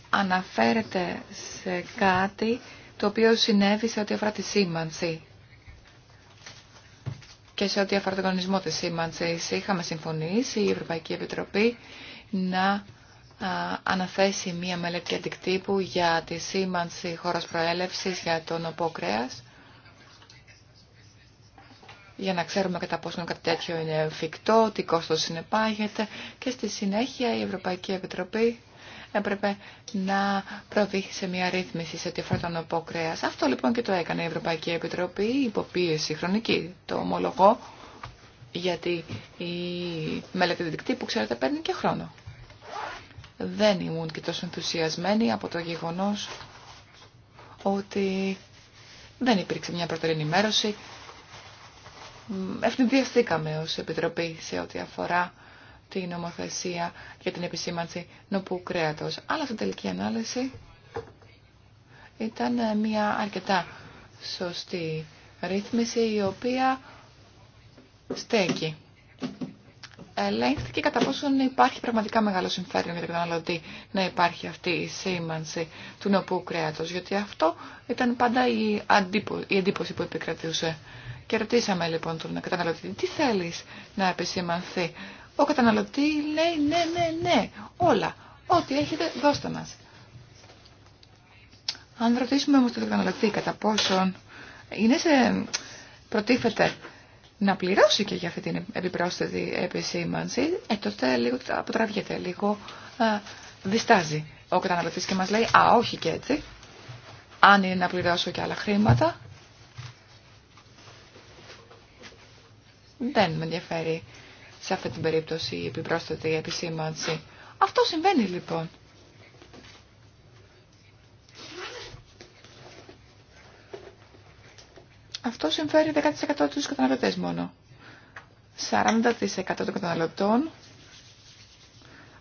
αναφέρεται σε κάτι το οποίο συνέβη σε ό,τι αφορά τη σήμανση και σε ό,τι αφορά τον κανονισμό της σήμανσης. Είχαμε συμφωνήσει η Ευρωπαϊκή Επιτροπή να αναθέσει μία μελέτη αντικτύπου για τη σήμανση χώρας προέλευσης για τον οπόκρεας για να ξέρουμε κατά πόσο κάτι τέτοιο είναι εφικτό, τι κόστος συνεπάγεται και στη συνέχεια η Ευρωπαϊκή Επιτροπή έπρεπε να προβεί σε μια ρύθμιση σε ό,τι αφορά τον Αυτό λοιπόν και το έκανε η Ευρωπαϊκή Επιτροπή, υποπίεση χρονική, το ομολογώ, γιατί η μελέτη που ξέρετε παίρνει και χρόνο δεν ήμουν και τόσο ενθουσιασμένη από το γεγονός ότι δεν υπήρξε μια πρώτερη ενημέρωση. Ευνηδιαστήκαμε ως Επιτροπή σε ό,τι αφορά την νομοθεσία για την επισήμανση νοπού κρέατος. Αλλά στην τελική ανάλυση ήταν μια αρκετά σωστή ρύθμιση η οποία στέκει ελέγχθηκε κατά πόσον υπάρχει πραγματικά μεγάλο συμφέρον για τον καταναλωτή να υπάρχει αυτή η σήμανση του νοπού κρέατος, γιατί αυτό ήταν πάντα η, αντίπο, η εντύπωση που επικρατούσε. Και ρωτήσαμε λοιπόν τον καταναλωτή, τι θέλεις να επισημανθεί. Ο καταναλωτή λέει ναι, ναι, ναι, όλα, ό,τι έχετε δώστε μας. Αν ρωτήσουμε όμως τον καταναλωτή κατά πόσον είναι σε... προτίθεται να πληρώσει και για αυτή την επιπρόσθετη επισήμανση, ε, τότε λίγο αποτραβιέται, λίγο ε, διστάζει ο καταναλωτής και μας λέει «Α, όχι και έτσι, αν είναι να πληρώσω και άλλα χρήματα, δεν με ενδιαφέρει σε αυτή την περίπτωση η επιπρόσθετη επισήμανση». Αυτό συμβαίνει λοιπόν. Αυτό συμφέρει 10% τους καταναλωτές μόνο. 40% των καταναλωτών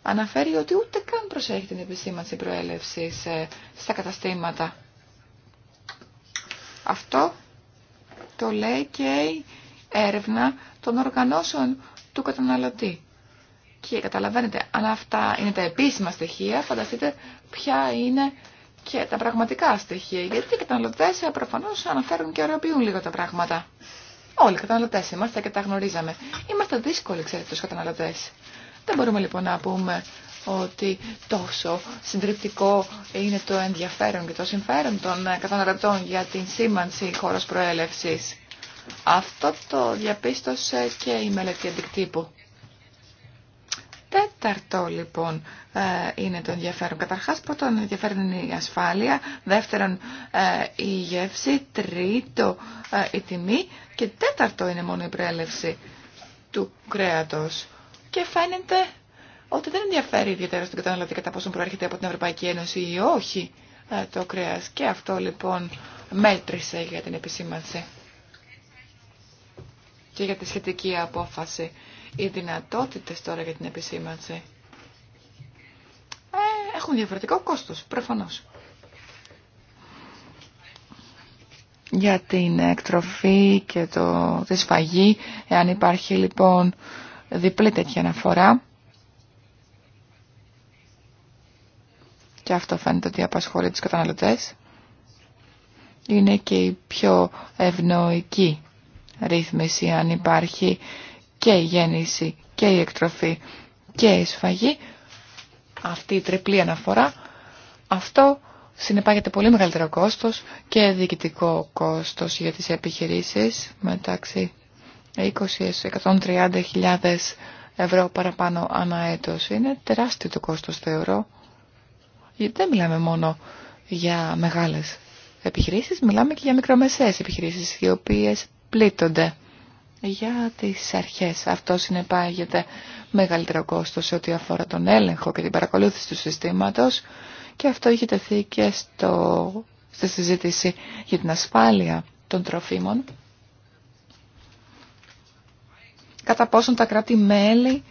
αναφέρει ότι ούτε καν προσέχει την επισήμανση προέλευσης ε, στα καταστήματα. Αυτό το λέει και η έρευνα των οργανώσεων του καταναλωτή. Και καταλαβαίνετε, αν αυτά είναι τα επίσημα στοιχεία, φανταστείτε ποια είναι και τα πραγματικά στοιχεία. Γιατί οι καταναλωτέ ε, προφανώ αναφέρουν και ωραιοποιούν λίγο τα πράγματα. Όλοι οι καταναλωτέ είμαστε και τα γνωρίζαμε. Είμαστε δύσκολοι, ξέρετε, του καταναλωτέ. Δεν μπορούμε λοιπόν να πούμε ότι τόσο συντριπτικό είναι το ενδιαφέρον και το συμφέρον των ε, καταναλωτών για την σήμανση χώρος προέλευσης. Αυτό το διαπίστωσε και η μελέτη αντικτύπου. Τέταρτο λοιπόν ε, είναι το ενδιαφέρον. Καταρχάς πρώτον ενδιαφέρον είναι η ασφάλεια, δεύτερον ε, η γεύση, τρίτο ε, η τιμή και τέταρτο είναι μόνο η προέλευση του κρέατος. Και φαίνεται ότι δεν ενδιαφέρει ιδιαίτερα στον καταναλωτή κατά πόσο προέρχεται από την Ευρωπαϊκή Ένωση ή όχι το κρέας. Και αυτό λοιπόν μέτρησε για την επισήμανση και για τη σχετική απόφαση. Οι δυνατότητες τώρα για την επισήμανση ε, έχουν διαφορετικό κόστος, προφανώς. Για την εκτροφή και το, τη σφαγή, εάν υπάρχει λοιπόν διπλή τέτοια αναφορά, και αυτό φαίνεται ότι απασχολεί τους καταναλωτές, είναι και η πιο ευνοϊκή ρύθμιση αν υπάρχει και η γέννηση και η εκτροφή και η σφαγή, αυτή η τριπλή αναφορά, αυτό συνεπάγεται πολύ μεγαλύτερο κόστος και διοικητικό κόστος για τις επιχειρήσεις μεταξύ 20-130.000 ευρώ παραπάνω ανά έτος. Είναι τεράστιο το κόστος θεωρώ. Γιατί δεν μιλάμε μόνο για μεγάλες επιχειρήσεις, μιλάμε και για μικρομεσαίες επιχειρήσεις οι οποίες πλήττονται για τις αρχές. Αυτό συνεπάγεται μεγαλύτερο κόστος σε ό,τι αφορά τον έλεγχο και την παρακολούθηση του συστήματος και αυτό έχει τεθεί και στο, στη συζήτηση για την ασφάλεια των τροφίμων. Κατά πόσον τα κράτη-μέλη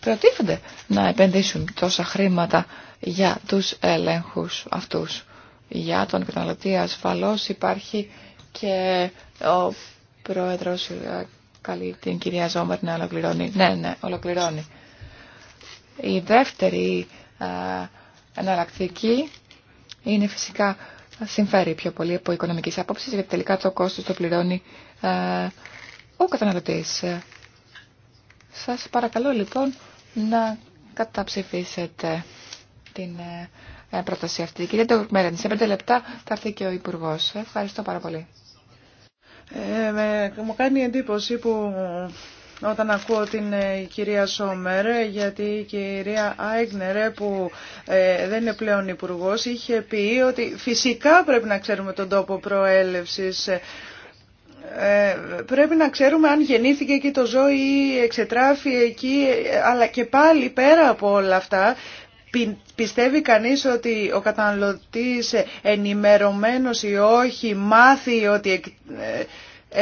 προτίθενται να επενδύσουν τόσα χρήματα για τους έλεγχους αυτούς. Για τον καταναλωτή ασφαλώς υπάρχει και ο Πρόεδρος ε, καλεί την κυρία Ζόμερ να ολοκληρώνει. Ναι, ναι, ολοκληρώνει. Η δεύτερη ε, εναλλακτική είναι φυσικά συμφέρει πιο πολύ από οικονομικής άποψης γιατί τελικά το κόστος το πληρώνει ε, ο καταναλωτής. Σας παρακαλώ λοιπόν να καταψηφίσετε την πρόταση αυτή. Κύριε Ντοκμέρεν, σε πέντε λεπτά θα έρθει και ο Υπουργός. Ευχαριστώ πάρα πολύ. Ε, μου κάνει εντύπωση που όταν ακούω την ε, κυρία Σόμερ, γιατί η κυρία Άιγνερε που ε, δεν είναι πλέον υπουργό, είχε πει ότι φυσικά πρέπει να ξέρουμε τον τόπο προέλευσης ε, πρέπει να ξέρουμε αν γεννήθηκε εκεί το ζώο ή εξετράφει εκεί, αλλά και πάλι πέρα από όλα αυτά Πιστεύει κανείς ότι ο καταναλωτής ενημερωμένος ή όχι μάθει ότι ε,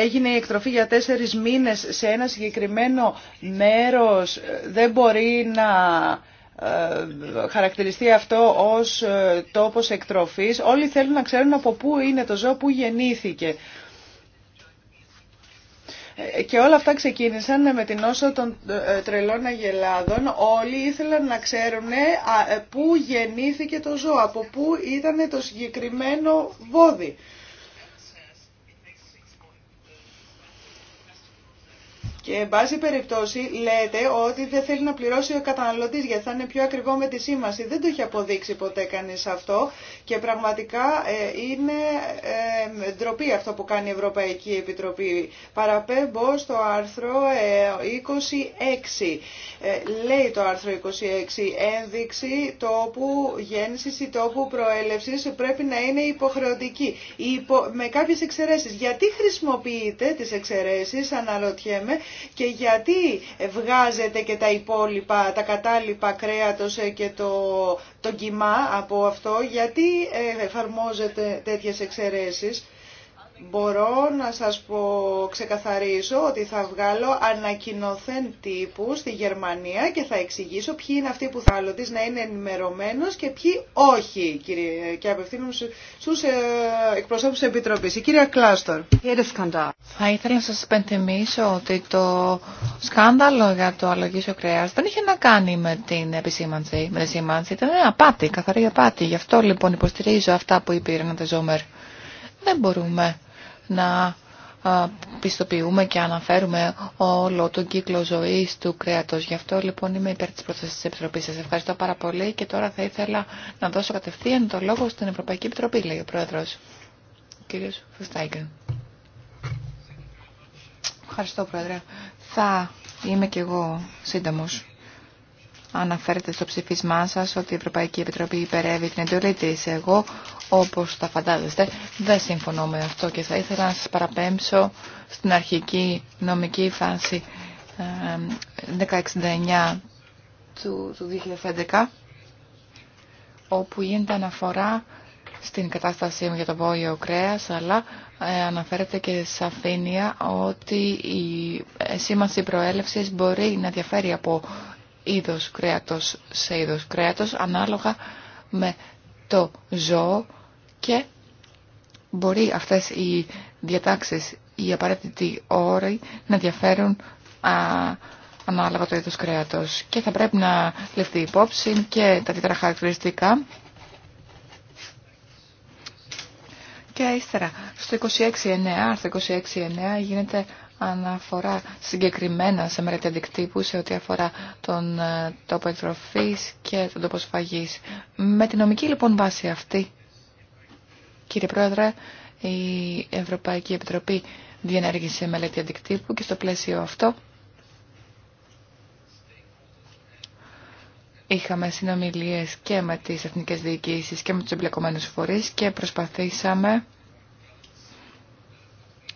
έγινε η εκτροφή για τέσσερις μήνες σε ένα συγκεκριμένο μέρος, ε, δεν μπορεί να ε, χαρακτηριστεί αυτό ως τόπος εκτροφής. Όλοι θέλουν να ξέρουν από πού είναι το ζώο, πού γεννήθηκε. Και όλα αυτά ξεκίνησαν με την όσο των ε, τρελών αγελάδων. Όλοι ήθελαν να ξέρουν ε, ε, πού γεννήθηκε το ζώο, από πού ήταν το συγκεκριμένο βόδι. Και εν πάση περιπτώσει λέτε ότι δεν θέλει να πληρώσει ο καταναλωτής γιατί θα είναι πιο ακριβό με τη σήμαση. Δεν το έχει αποδείξει ποτέ κανείς αυτό και πραγματικά ε, είναι ε, ντροπή αυτό που κάνει η Ευρωπαϊκή Επιτροπή. Παραπέμπω στο άρθρο 26. Ε, λέει το άρθρο 26 ένδειξη τόπου γέννησης ή τόπου προέλευσης πρέπει να είναι υποχρεωτική. Με κάποιες εξαιρέσεις. Γιατί χρησιμοποιείτε τις εξαιρέσεις αναρωτιέμαι και γιατί βγάζετε και τα υπόλοιπα, τα κατάλοιπα κρέατος ε, και το, το κοιμά από αυτό, γιατί ε, εφαρμόζετε τέτοιες εξαιρέσεις. Μπορώ να σας πω, ξεκαθαρίσω ότι θα βγάλω ανακοινωθέν τύπου στη Γερμανία και θα εξηγήσω ποιοι είναι αυτοί που θα της να είναι ενημερωμένος και ποιοι όχι κύριε, και απευθύνουν στους ε, εκπροσώπους της Επιτροπής. Η κυρία Κλάστορ. Θα ήθελα να σας πενθυμίσω ότι το σκάνδαλο για το αλογίσιο κρέας δεν είχε να κάνει με την επισήμανση. Με την σήμανση. Ήταν μια απάτη, καθαρή απάτη. Γι' αυτό λοιπόν υποστηρίζω αυτά που είπε η Ρένα Ζόμερ. Δεν μπορούμε να πιστοποιούμε και αναφέρουμε όλο τον κύκλο ζωής του κρέατος. Γι' αυτό λοιπόν είμαι υπέρ της πρόθεσης της Επιτροπής. Σας ευχαριστώ πάρα πολύ και τώρα θα ήθελα να δώσω κατευθείαν το λόγο στην Ευρωπαϊκή Επιτροπή, λέει ο Πρόεδρος. Ο κύριος Φουστάγκεν. Ευχαριστώ Πρόεδρε. Θα είμαι κι εγώ σύντομος. Αναφέρετε στο ψηφισμά σας ότι η Ευρωπαϊκή Επιτροπή υπερεύει την εντολή της. Εγώ όπως τα φαντάζεστε, δεν συμφωνώ με αυτό και θα ήθελα να σας παραπέμψω στην αρχική νομική φάση 1069 του 2011, όπου γίνεται αναφορά στην κατάστασή μου για το βόλιο κρέας, αλλά ε, αναφέρεται και σαφήνεια ότι η ε, σήμανση προέλευσης μπορεί να διαφέρει από είδος κρέατος σε είδος κρέατος, ανάλογα με το ζώο και μπορεί αυτές οι διατάξεις, οι απαραίτητοι όροι να διαφέρουν α, ανάλογα το είδος κρέατος. Και θα πρέπει να λεφτεί υπόψη και τα τίτρα χαρακτηριστικά. Και ύστερα, στο 26.9, άρθρο 26.9 γίνεται αναφορά συγκεκριμένα σε μελέτη αντικτύπου σε ό,τι αφορά τον ε, τόπο εκτροφής και τον τόπο σφαγής. Με την νομική λοιπόν βάση αυτή, κύριε Πρόεδρε, η Ευρωπαϊκή Επιτροπή διενέργησε μελέτη αντικτύπου και στο πλαίσιο αυτό είχαμε συνομιλίες και με τις εθνικές διοικήσεις και με τους εμπλεκομένους φορείς και προσπαθήσαμε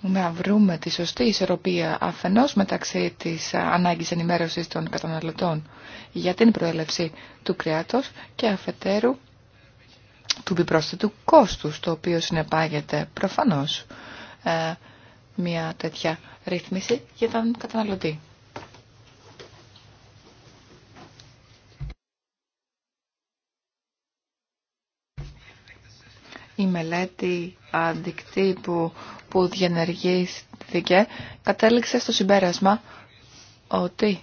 να βρούμε τη σωστή ισορροπία αφενός μεταξύ της ανάγκης ενημέρωσης των καταναλωτών για την προέλευση του κρέατος και αφετέρου του επιπρόσθετου κόστους, το οποίο συνεπάγεται προφανώς ε, μια τέτοια ρύθμιση για τον καταναλωτή. η μελέτη αντικτύπου που διενεργήθηκε κατέληξε στο συμπέρασμα ότι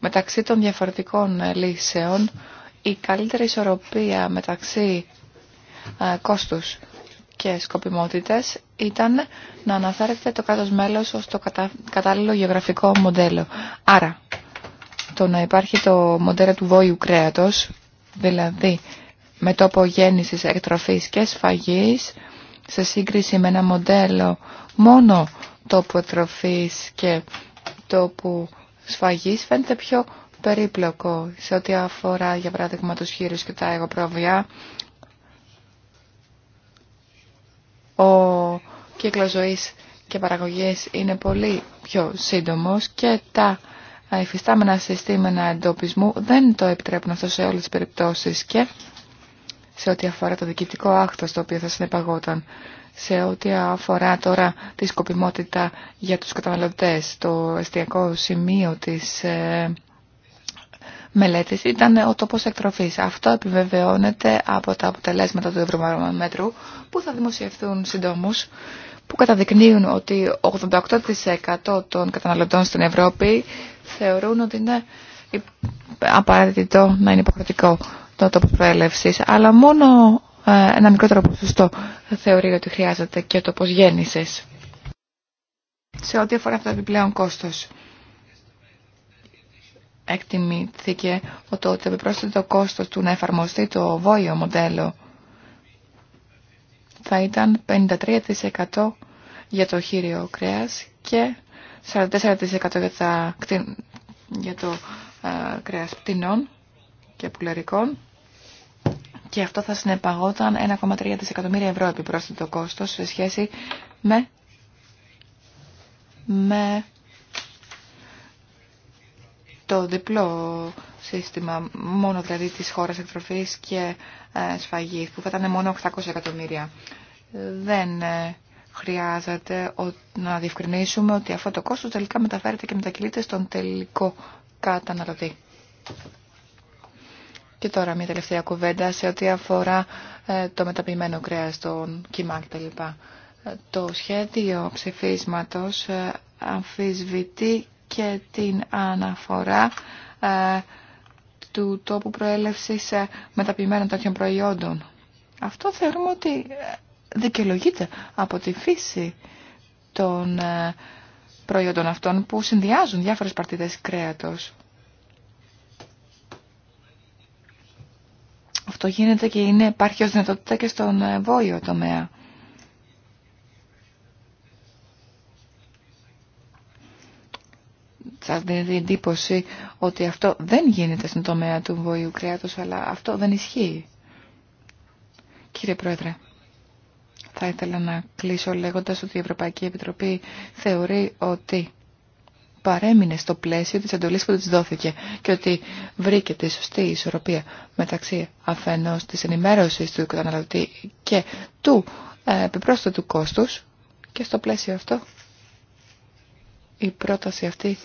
μεταξύ των διαφορετικών λύσεων η καλύτερη ισορροπία μεταξύ ε, κόστους και σκοπιμότητες ήταν να αναφέρεται το κάτω μέλος ως το κατάλληλο γεωγραφικό μοντέλο. Άρα, το να υπάρχει το μοντέλο του βόηου κρέατος, δηλαδή με τοπο γέννηση εκτροφής και σφαγής σε σύγκριση με ένα μοντέλο μόνο τόπου εκτροφής και τόπου σφαγής φαίνεται πιο περίπλοκο σε ό,τι αφορά για παράδειγμα τους χείρους και τα εγωπρόβια. Ο κύκλος ζωής και παραγωγή είναι πολύ πιο σύντομος και τα υφιστάμενα συστήματα εντοπισμού δεν το επιτρέπουν αυτό σε όλες τις περιπτώσεις και σε ό,τι αφορά το διοικητικό άκτο το οποίο θα συνεπαγόταν, σε ό,τι αφορά τώρα τη σκοπιμότητα για τους καταναλωτές. Το εστιακό σημείο της ε, μελέτης ήταν ο τόπος εκτροφής. Αυτό επιβεβαιώνεται από τα αποτελέσματα του Ευρωμαρομέτρου που θα δημοσιευθούν συντόμως που καταδεικνύουν ότι 88% των καταναλωτών στην Ευρώπη θεωρούν ότι είναι απαραίτητο να είναι υποχρεωτικό ποσοστό αλλά μόνο ε, ένα μικρότερο ποσοστό θεωρεί ότι χρειάζεται και το πως Σε ό,τι αφορά αυτό το επιπλέον κόστο, εκτιμήθηκε ότι το επιπρόσθετο κόστος του να εφαρμοστεί το βόλιο μοντέλο θα ήταν 53% για το χείριο κρέας και 44% για, το ε, κρέας πτηνών και πουλερικών και αυτό θα συνεπαγόταν 1,3 δισεκατομμύρια ευρώ επιπρόσθετο κόστος σε σχέση με, με το διπλό σύστημα, μόνο δηλαδή της χώρας εκτροφής και ε, σφαγής, που θα ήταν μόνο 800 εκατομμύρια. Δεν ε, χρειάζεται να διευκρινίσουμε ότι αυτό το κόστος τελικά μεταφέρεται και μετακυλείται στον τελικό καταναλωτή. Και τώρα μια τελευταία κουβέντα σε ό,τι αφορά ε, το μεταποιημένο κρέας, τον κοιμά ε, Το σχέδιο ψηφίσματος ε, αμφισβητεί και την αναφορά του τόπου προέλευσης μεταποιημένων τέτοιων προϊόντων. Αυτό θεωρούμε ότι δικαιολογείται από τη φύση των προϊόντων αυτών που συνδυάζουν διάφορες παρτίδες κρέατος. Αυτό γίνεται και είναι, υπάρχει ω δυνατότητα και στον ε, βόλιο τομέα. Σα δίνεται εντύπωση ότι αυτό δεν γίνεται στον τομέα του βόλου κρέατος, αλλά αυτό δεν ισχύει. Κύριε Πρόεδρε, θα ήθελα να κλείσω λέγοντας ότι η Ευρωπαϊκή Επιτροπή θεωρεί ότι παρέμεινε στο πλαίσιο της εντολής που της δόθηκε και ότι βρήκε τη σωστή ισορροπία μεταξύ αφενός της ενημέρωσης του καταναλωτή και του ε, επιπρόσθετου κόστους και στο πλαίσιο αυτό η πρόταση αυτή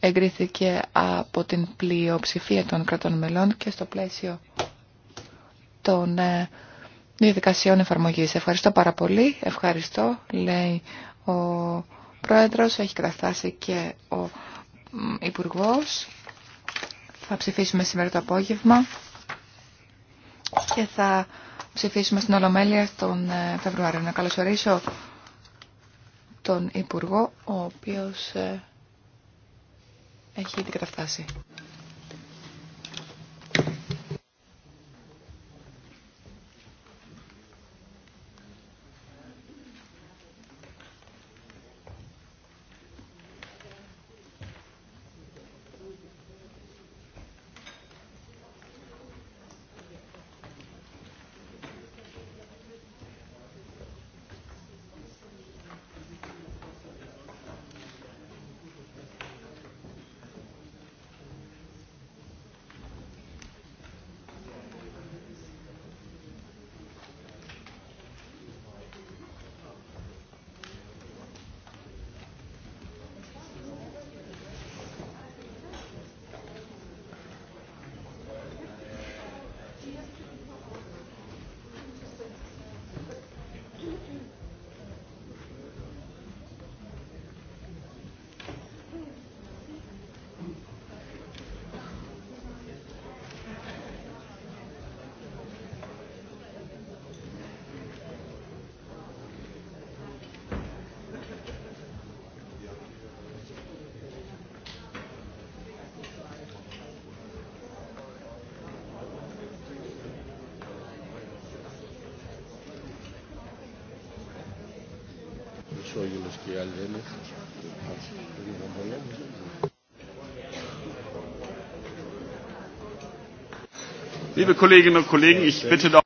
εγκρίθηκε από την πλειοψηφία των κρατών μελών και στο πλαίσιο των ε, διαδικασιών εφαρμογής. Ευχαριστώ πάρα πολύ. Ευχαριστώ, λέει ο πρόεδρος, έχει καταφτάσει και ο υπουργός. Θα ψηφίσουμε σήμερα το απόγευμα και θα ψηφίσουμε στην Ολομέλεια τον ε, Φεβρουάριο. Να καλωσορίσω τον Υπουργό, ο οποίος ε, έχει ήδη καταφτάσει.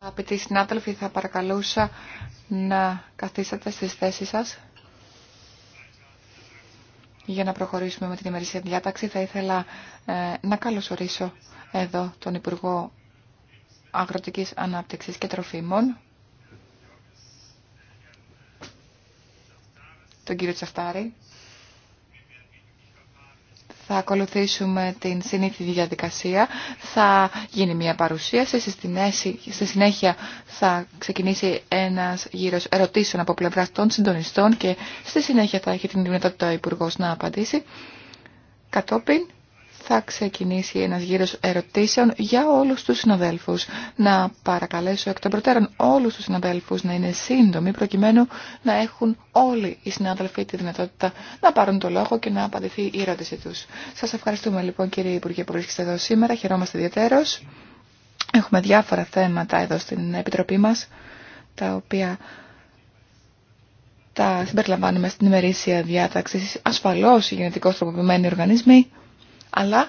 Αγαπητοί συνάδελφοι, θα παρακαλούσα να καθίσετε στις θέσεις σας. Για να προχωρήσουμε με την ημερήσια διάταξη, θα ήθελα ε, να καλωσορίσω εδώ τον Υπουργό Αγροτικής Ανάπτυξης και Τροφίμων, τον κύριο Τσαφτάρη. Θα ακολουθήσουμε την συνήθη διαδικασία. Θα γίνει μια παρουσίαση. Στη συνέχεια θα ξεκινήσει ένας γύρος ερωτήσεων από πλευρά των συντονιστών και στη συνέχεια θα έχει την δυνατότητα ο Υπουργός να απαντήσει. Κατόπιν θα ξεκινήσει ένας γύρος ερωτήσεων για όλους τους συναδέλφους. Να παρακαλέσω εκ των προτέρων όλους τους συναδέλφους να είναι σύντομοι προκειμένου να έχουν όλοι οι συνάδελφοι τη δυνατότητα να πάρουν το λόγο και να απαντηθεί η ερώτηση τους. Σας ευχαριστούμε λοιπόν κύριε Υπουργέ που βρίσκεστε εδώ σήμερα. Χαιρόμαστε ιδιαίτερως. Έχουμε διάφορα θέματα εδώ στην Επιτροπή μας τα οποία τα συμπεριλαμβάνουμε στην ημερήσια διάταξη ασφαλώς οι γενετικώς τροποποιημένοι οργανισμοί αλλά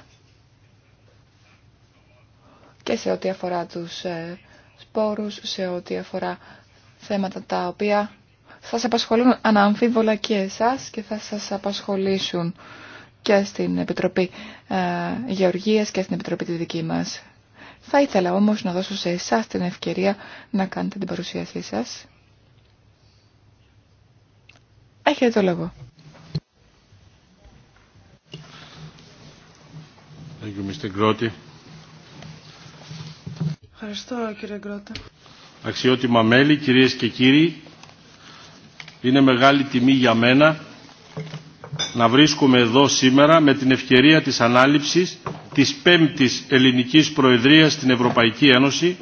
και σε ό,τι αφορά τους ε, σπόρους, σε ό,τι αφορά θέματα τα οποία θα σας απασχολούν αναμφίβολα και εσάς και θα σας απασχολήσουν και στην Επιτροπή ε, Γεωργίας και στην Επιτροπή τη δική μας. Θα ήθελα όμως να δώσω σε εσάς την ευκαιρία να κάνετε την παρουσίασή σας. Έχετε το λόγο. Ευχαριστώ κύριε Αξιότιμα μέλη, κυρίες και κύριοι, είναι μεγάλη τιμή για μένα να βρίσκομαι εδώ σήμερα με την ευκαιρία της ανάληψης της πέμπτης ελληνικής προεδρίας στην Ευρωπαϊκή Ένωση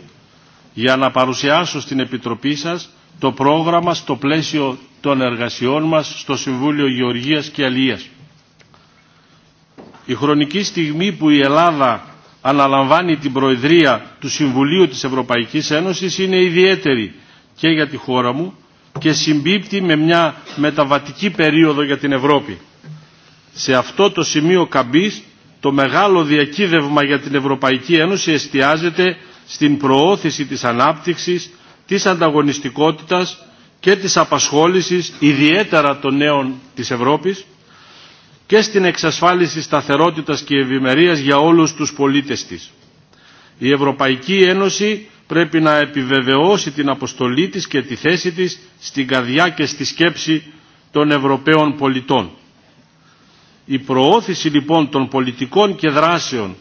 για να παρουσιάσω στην Επιτροπή σας το πρόγραμμα στο πλαίσιο των εργασιών μας στο Συμβούλιο Γεωργίας και Αλίας η χρονική στιγμή που η Ελλάδα αναλαμβάνει την Προεδρία του Συμβουλίου της Ευρωπαϊκής Ένωσης είναι ιδιαίτερη και για τη χώρα μου και συμπίπτει με μια μεταβατική περίοδο για την Ευρώπη. Σε αυτό το σημείο καμπής το μεγάλο διακύβευμα για την Ευρωπαϊκή Ένωση εστιάζεται στην προώθηση της ανάπτυξης, της ανταγωνιστικότητας και της απασχόλησης ιδιαίτερα των νέων της Ευρώπης και στην εξασφάλιση σταθερότητας και ευημερίας για όλους τους πολίτες της. Η Ευρωπαϊκή Ένωση πρέπει να επιβεβαιώσει την αποστολή της και τη θέση της στην καρδιά και στη σκέψη των Ευρωπαίων πολιτών. Η προώθηση λοιπόν των πολιτικών και δράσεων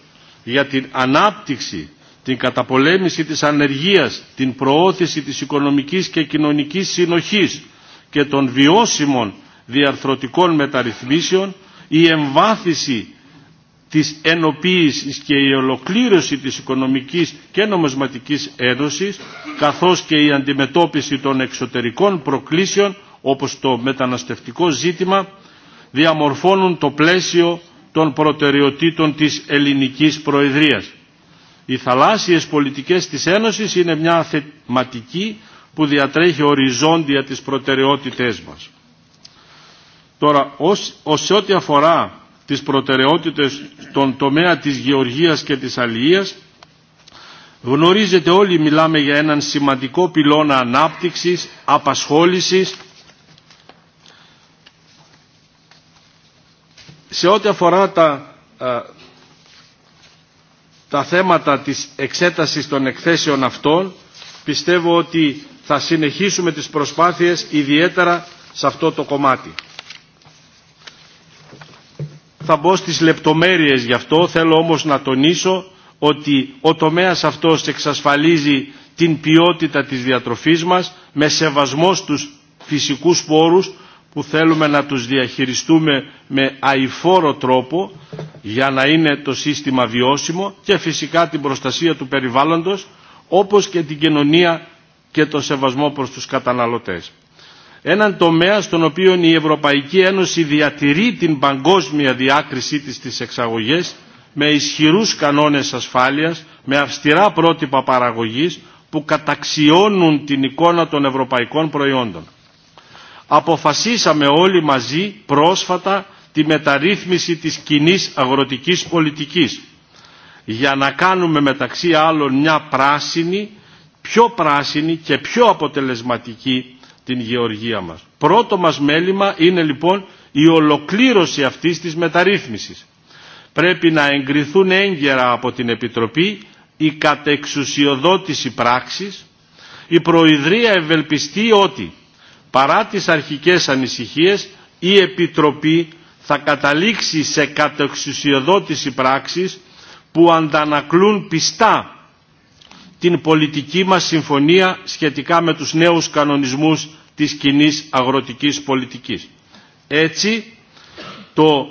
για την ανάπτυξη, την καταπολέμηση της ανεργίας, την προώθηση της οικονομικής και κοινωνικής συνοχής και των βιώσιμων διαρθρωτικών μεταρρυθμίσεων η εμβάθυνση της ενοποίησης και η ολοκλήρωση της οικονομικής και νομισματικής ένωσης καθώς και η αντιμετώπιση των εξωτερικών προκλήσεων όπως το μεταναστευτικό ζήτημα διαμορφώνουν το πλαίσιο των προτεραιοτήτων της ελληνικής προεδρίας. Οι θαλάσσιες πολιτικές της Ένωσης είναι μια θεματική που διατρέχει οριζόντια τις προτεραιότητές μας. Τώρα, ως, σε ό,τι αφορά τις προτεραιότητες στον τομέα της γεωργίας και της αλληλείας, γνωρίζετε όλοι μιλάμε για έναν σημαντικό πυλώνα ανάπτυξης, απασχόλησης, σε ό,τι αφορά τα, ε, τα θέματα της εξέτασης των εκθέσεων αυτών, πιστεύω ότι θα συνεχίσουμε τις προσπάθειες ιδιαίτερα σε αυτό το κομμάτι θα μπω στις λεπτομέρειες γι' αυτό, θέλω όμως να τονίσω ότι ο τομέας αυτός εξασφαλίζει την ποιότητα της διατροφής μας με σεβασμό στους φυσικούς πόρους που θέλουμε να τους διαχειριστούμε με αηφόρο τρόπο για να είναι το σύστημα βιώσιμο και φυσικά την προστασία του περιβάλλοντος όπως και την κοινωνία και το σεβασμό προς τους καταναλωτές έναν τομέα στον οποίο η Ευρωπαϊκή Ένωση διατηρεί την παγκόσμια διάκρισή της στις εξαγωγές με ισχυρούς κανόνες ασφάλειας, με αυστηρά πρότυπα παραγωγής που καταξιώνουν την εικόνα των ευρωπαϊκών προϊόντων. Αποφασίσαμε όλοι μαζί πρόσφατα τη μεταρρύθμιση της κοινή αγροτικής πολιτικής για να κάνουμε μεταξύ άλλων μια πράσινη, πιο πράσινη και πιο αποτελεσματική την γεωργία μας. Πρώτο μας μέλημα είναι λοιπόν η ολοκλήρωση αυτής της μεταρρύθμισης. Πρέπει να εγκριθούν έγκαιρα από την Επιτροπή η κατεξουσιοδότηση πράξης. Η Προεδρία ευελπιστεί ότι παρά τις αρχικές ανησυχίες η Επιτροπή θα καταλήξει σε κατεξουσιοδότηση πράξης που αντανακλούν πιστά την πολιτική μας συμφωνία σχετικά με τους νέους κανονισμούς της κοινή αγροτικής πολιτικής. Έτσι, το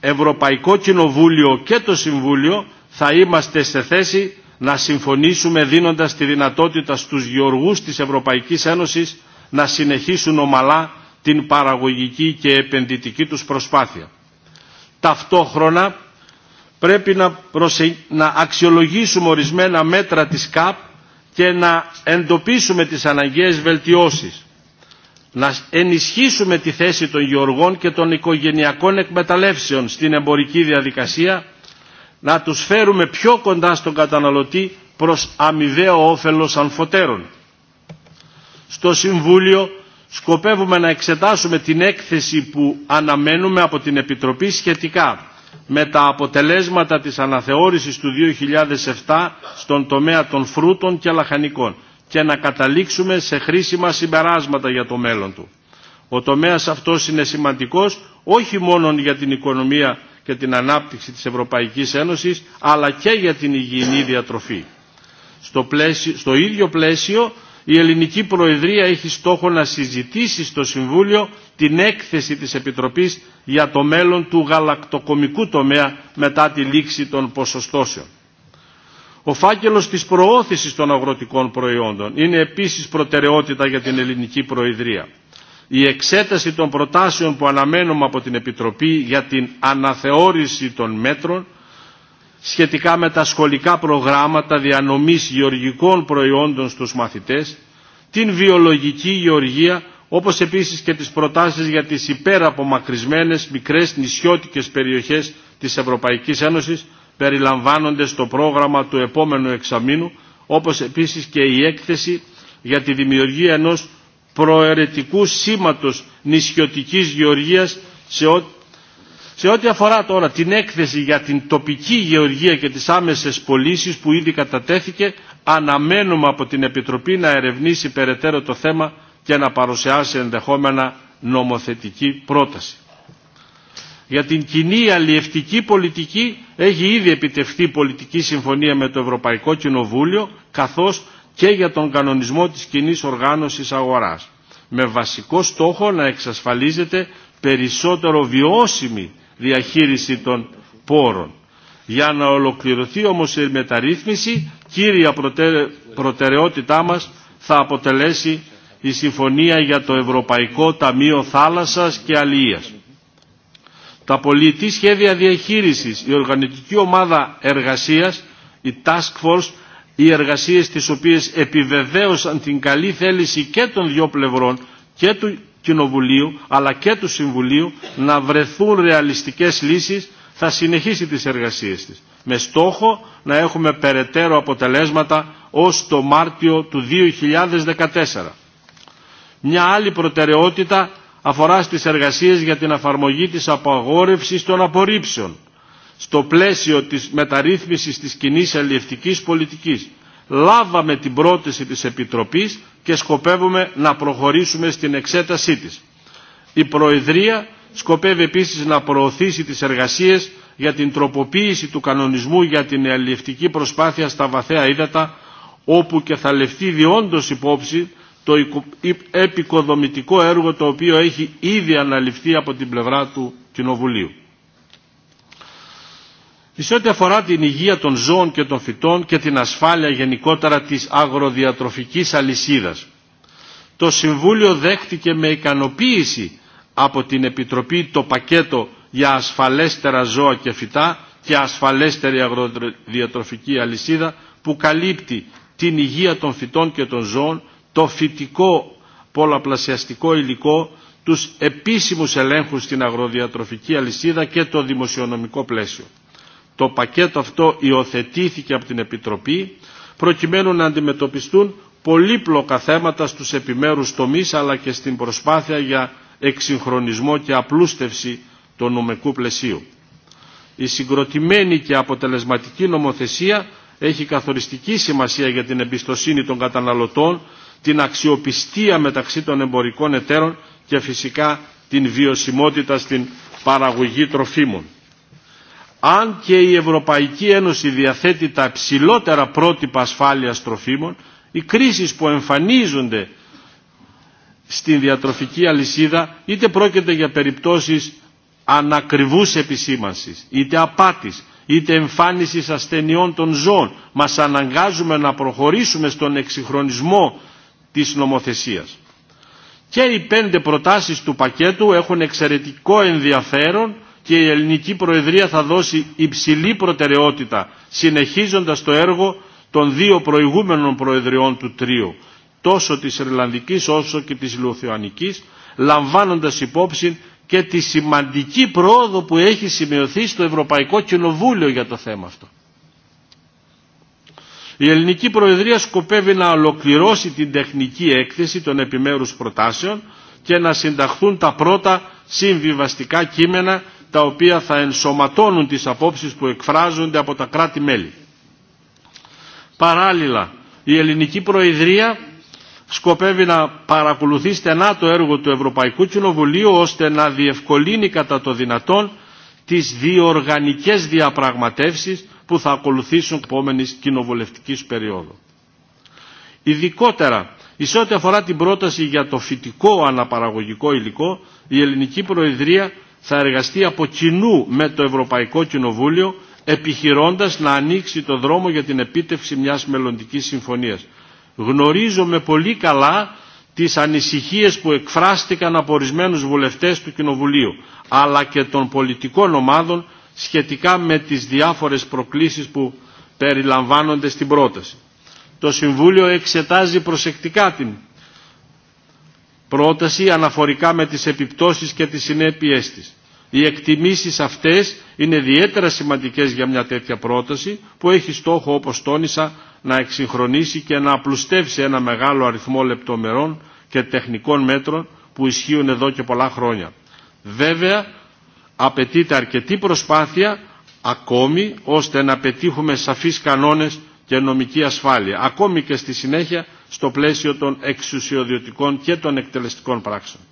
Ευρωπαϊκό Κοινοβούλιο και το Συμβούλιο θα είμαστε σε θέση να συμφωνήσουμε δίνοντας τη δυνατότητα στους γεωργούς της Ευρωπαϊκής Ένωσης να συνεχίσουν ομαλά την παραγωγική και επενδυτική τους προσπάθεια. Ταυτόχρονα πρέπει να, αξιολογήσουμε ορισμένα μέτρα της ΚΑΠ και να εντοπίσουμε τις αναγκαίες βελτιώσεις. Να ενισχύσουμε τη θέση των γεωργών και των οικογενειακών εκμεταλλεύσεων στην εμπορική διαδικασία, να τους φέρουμε πιο κοντά στον καταναλωτή προς αμοιβαίο όφελος ανφωτέρων. Στο Συμβούλιο σκοπεύουμε να εξετάσουμε την έκθεση που αναμένουμε από την Επιτροπή σχετικά με τα αποτελέσματα της αναθεώρησης του 2007 στον τομέα των φρούτων και λαχανικών και να καταλήξουμε σε χρήσιμα συμπεράσματα για το μέλλον του. Ο τομέας αυτός είναι σημαντικός όχι μόνο για την οικονομία και την ανάπτυξη της Ευρωπαϊκής Ένωσης αλλά και για την υγιεινή διατροφή. Στο, στο ίδιο πλαίσιο η ελληνική προεδρία έχει στόχο να συζητήσει στο Συμβούλιο την έκθεση της Επιτροπής για το μέλλον του γαλακτοκομικού τομέα μετά τη λήξη των ποσοστώσεων. Ο φάκελος της προώθησης των αγροτικών προϊόντων είναι επίσης προτεραιότητα για την ελληνική προεδρία. Η εξέταση των προτάσεων που αναμένουμε από την Επιτροπή για την αναθεώρηση των μέτρων σχετικά με τα σχολικά προγράμματα διανομής γεωργικών προϊόντων στους μαθητές, την βιολογική γεωργία, όπως επίσης και τις προτάσεις για τις υπεραπομακρυσμένες μικρές νησιώτικες περιοχές της Ευρωπαϊκής Ένωσης περιλαμβάνονται στο πρόγραμμα του επόμενου εξαμήνου, όπως επίσης και η έκθεση για τη δημιουργία ενός προαιρετικού σήματος νησιωτικής γεωργίας σε σε ό,τι αφορά τώρα την έκθεση για την τοπική γεωργία και τις άμεσες πωλήσει που ήδη κατατέθηκε, αναμένουμε από την Επιτροπή να ερευνήσει περαιτέρω το θέμα και να παρουσιάσει ενδεχόμενα νομοθετική πρόταση. Για την κοινή αλλιευτική πολιτική έχει ήδη επιτευχθεί πολιτική συμφωνία με το Ευρωπαϊκό Κοινοβούλιο, καθώς και για τον κανονισμό της κοινή οργάνωσης αγοράς, με βασικό στόχο να εξασφαλίζεται περισσότερο βιώσιμη διαχείριση των πόρων. Για να ολοκληρωθεί όμως η μεταρρύθμιση, κύρια προτεραιότητά μας θα αποτελέσει η Συμφωνία για το Ευρωπαϊκό Ταμείο Θάλασσας και Αλίας. Τα πολιτή σχέδια διαχείρισης, η Οργανωτική Ομάδα Εργασίας, η Task Force, οι εργασίες τις οποίες επιβεβαίωσαν την καλή θέληση και των δύο πλευρών και του Κοινοβουλίου αλλά και του Συμβουλίου να βρεθούν ρεαλιστικές λύσεις θα συνεχίσει τις εργασίες της με στόχο να έχουμε περαιτέρω αποτελέσματα ως το Μάρτιο του 2014. Μια άλλη προτεραιότητα αφορά στις εργασίες για την αφαρμογή της απαγόρευσης των απορρίψεων στο πλαίσιο της μεταρρύθμισης της κοινή αλληλευτικής πολιτικής λάβαμε την πρόταση της Επιτροπής και σκοπεύουμε να προχωρήσουμε στην εξέτασή της. Η Προεδρία σκοπεύει επίσης να προωθήσει τις εργασίες για την τροποποίηση του κανονισμού για την αλληλευτική προσπάθεια στα βαθέα ύδατα, όπου και θα λεφτεί διόντως υπόψη το επικοδομητικό έργο το οποίο έχει ήδη αναλυφθεί από την πλευρά του Κοινοβουλίου σε ό,τι αφορά την υγεία των ζώων και των φυτών και την ασφάλεια γενικότερα της αγροδιατροφικής αλυσίδας. Το Συμβούλιο δέχτηκε με ικανοποίηση από την Επιτροπή το πακέτο για ασφαλέστερα ζώα και φυτά και ασφαλέστερη αγροδιατροφική αλυσίδα που καλύπτει την υγεία των φυτών και των ζώων, το φυτικό πολλαπλασιαστικό υλικό, τους επίσημους ελέγχους στην αγροδιατροφική αλυσίδα και το δημοσιονομικό πλαίσιο. Το πακέτο αυτό υιοθετήθηκε από την Επιτροπή προκειμένου να αντιμετωπιστούν πολύπλοκα θέματα στους επιμέρους τομείς αλλά και στην προσπάθεια για εξυγχρονισμό και απλούστευση του νομικού πλαισίου. Η συγκροτημένη και αποτελεσματική νομοθεσία έχει καθοριστική σημασία για την εμπιστοσύνη των καταναλωτών, την αξιοπιστία μεταξύ των εμπορικών εταίρων και φυσικά την βιωσιμότητα στην παραγωγή τροφίμων αν και η Ευρωπαϊκή Ένωση διαθέτει τα ψηλότερα πρότυπα ασφάλειας τροφίμων, οι κρίσεις που εμφανίζονται στην διατροφική αλυσίδα είτε πρόκειται για περιπτώσεις ανακριβούς επισήμανσης, είτε απάτης, είτε εμφάνισης ασθενειών των ζώων, μας αναγκάζουμε να προχωρήσουμε στον εξυγχρονισμό της νομοθεσίας. Και οι πέντε προτάσεις του πακέτου έχουν εξαιρετικό ενδιαφέρον και η ελληνική προεδρία θα δώσει υψηλή προτεραιότητα συνεχίζοντας το έργο των δύο προηγούμενων προεδριών του τρίου, τόσο της Ιρλανδικής όσο και της Λουθιανικής, λαμβάνοντας υπόψη και τη σημαντική πρόοδο που έχει σημειωθεί στο Ευρωπαϊκό Κοινοβούλιο για το θέμα αυτό. Η Ελληνική Προεδρία σκοπεύει να ολοκληρώσει την τεχνική έκθεση των επιμέρους προτάσεων και να συνταχθούν τα πρώτα συμβιβαστικά κείμενα τα οποία θα ενσωματώνουν τις απόψεις που εκφράζονται από τα κράτη-μέλη. Παράλληλα, η ελληνική Προεδρία σκοπεύει να παρακολουθεί στενά το έργο του Ευρωπαϊκού Κοινοβουλίου ώστε να διευκολύνει κατά το δυνατόν τις διοργανικές διαπραγματεύσεις που θα ακολουθήσουν επόμενη κοινοβουλευτική περιόδο. Ειδικότερα, ισότι ό,τι αφορά την πρόταση για το φυτικό αναπαραγωγικό υλικό, η Ελληνική Προεδρία θα εργαστεί από κοινού με το Ευρωπαϊκό Κοινοβούλιο επιχειρώντας να ανοίξει το δρόμο για την επίτευξη μιας μελλοντικής συμφωνίας. Γνωρίζομαι πολύ καλά τις ανησυχίες που εκφράστηκαν από ορισμένους βουλευτές του Κοινοβουλίου αλλά και των πολιτικών ομάδων σχετικά με τις διάφορες προκλήσεις που περιλαμβάνονται στην πρόταση. Το Συμβούλιο εξετάζει προσεκτικά την πρόταση αναφορικά με τις επιπτώσεις και τις συνέπειές της. Οι εκτιμήσεις αυτές είναι ιδιαίτερα σημαντικές για μια τέτοια πρόταση που έχει στόχο όπως τόνισα να εξυγχρονίσει και να απλουστεύσει ένα μεγάλο αριθμό λεπτομερών και τεχνικών μέτρων που ισχύουν εδώ και πολλά χρόνια. Βέβαια, απαιτείται αρκετή προσπάθεια ακόμη ώστε να πετύχουμε σαφείς κανόνες και νομική ασφάλεια, ακόμη και στη συνέχεια στο πλαίσιο των εξουσιοδιωτικών και των εκτελεστικών πράξεων.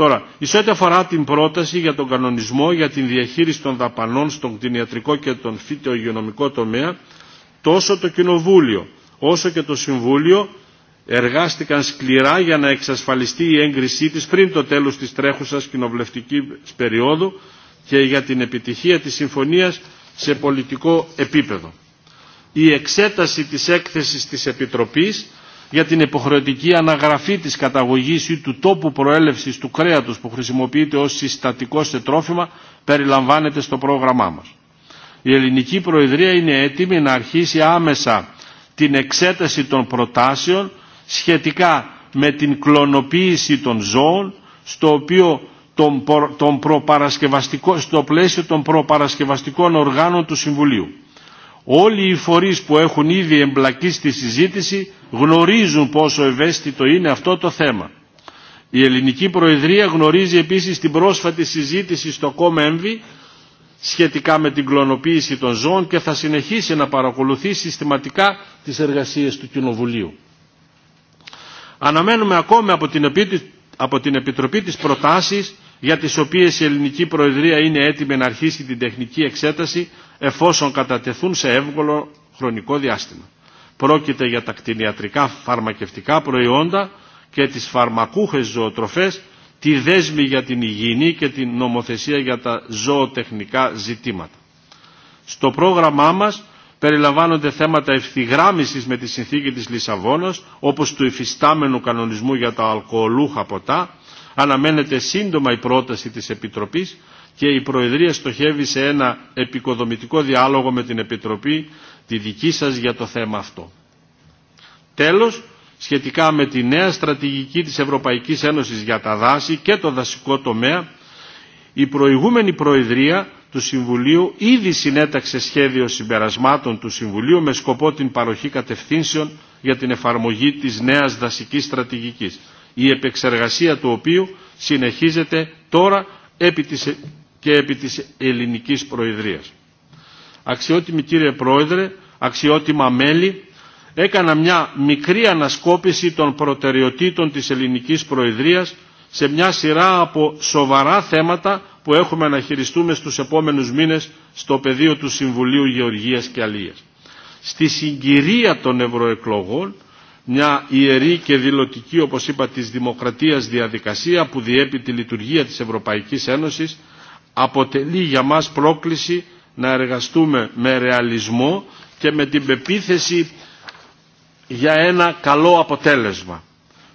Τώρα, εις ό,τι αφορά την πρόταση για τον κανονισμό για την διαχείριση των δαπανών στον κτηνιατρικό και τον φυτο-υγειονομικό τομέα, τόσο το Κοινοβούλιο όσο και το Συμβούλιο εργάστηκαν σκληρά για να εξασφαλιστεί η έγκρισή της πριν το τέλος της τρέχουσας κοινοβουλευτικής περίοδου και για την επιτυχία της συμφωνίας σε πολιτικό επίπεδο. Η εξέταση της έκθεσης της Επιτροπής για την υποχρεωτική αναγραφή της καταγωγής ή του τόπου προέλευσης του κρέατος που χρησιμοποιείται ως συστατικό σε τρόφιμα περιλαμβάνεται στο πρόγραμμά μας. Η Ελληνική Προεδρία είναι έτοιμη να αρχίσει άμεσα την εξέταση των προτάσεων σχετικά με την κλωνοποίηση των ζώων στο οποίο τον προ, τον στο πλαίσιο των προπαρασκευαστικών οργάνων του Συμβουλίου. Όλοι οι φορείς που έχουν ήδη εμπλακεί στη συζήτηση γνωρίζουν πόσο ευαίσθητο είναι αυτό το θέμα. Η ελληνική προεδρία γνωρίζει επίσης την πρόσφατη συζήτηση στο ΚΟΜΕΜΒΗ σχετικά με την κλωνοποίηση των ζώων και θα συνεχίσει να παρακολουθεί συστηματικά τις εργασίες του Κοινοβουλίου. Αναμένουμε ακόμη από την Επιτροπή της προτάσεις για τις οποίες η Ελληνική Προεδρία είναι έτοιμη να αρχίσει την τεχνική εξέταση εφόσον κατατεθούν σε εύκολο χρονικό διάστημα. Πρόκειται για τα κτηνιατρικά φαρμακευτικά προϊόντα και τις φαρμακούχες ζωοτροφές, τη δέσμη για την υγιεινή και την νομοθεσία για τα ζωοτεχνικά ζητήματα. Στο πρόγραμμά μας περιλαμβάνονται θέματα ευθυγράμμισης με τη συνθήκη της Λισαβόνας, όπως του υφιστάμενου κανονισμού για τα αλκοολούχα ποτά. Αναμένεται σύντομα η πρόταση της Επιτροπής και η Προεδρία στοχεύει σε ένα επικοδομητικό διάλογο με την Επιτροπή τη δική σας για το θέμα αυτό. Τέλος, σχετικά με τη νέα στρατηγική της Ευρωπαϊκής Ένωσης για τα δάση και το δασικό τομέα, η προηγούμενη Προεδρία του Συμβουλίου ήδη συνέταξε σχέδιο συμπερασμάτων του Συμβουλίου με σκοπό την παροχή κατευθύνσεων για την εφαρμογή της νέας δασικής στρατηγικής, η επεξεργασία του οποίου συνεχίζεται τώρα επί της και επί της ελληνικής προεδρίας. Αξιότιμη κύριε Πρόεδρε, αξιότιμα μέλη, έκανα μια μικρή ανασκόπηση των προτεραιοτήτων της ελληνικής προεδρίας σε μια σειρά από σοβαρά θέματα που έχουμε να χειριστούμε στους επόμενους μήνες στο πεδίο του Συμβουλίου Γεωργίας και Αλίας. Στη συγκυρία των ευρωεκλογών, μια ιερή και δηλωτική, όπως είπα, της δημοκρατίας διαδικασία που διέπει τη λειτουργία της Ευρωπαϊκής Ένωσης, αποτελεί για μας πρόκληση να εργαστούμε με ρεαλισμό και με την πεποίθηση για ένα καλό αποτέλεσμα.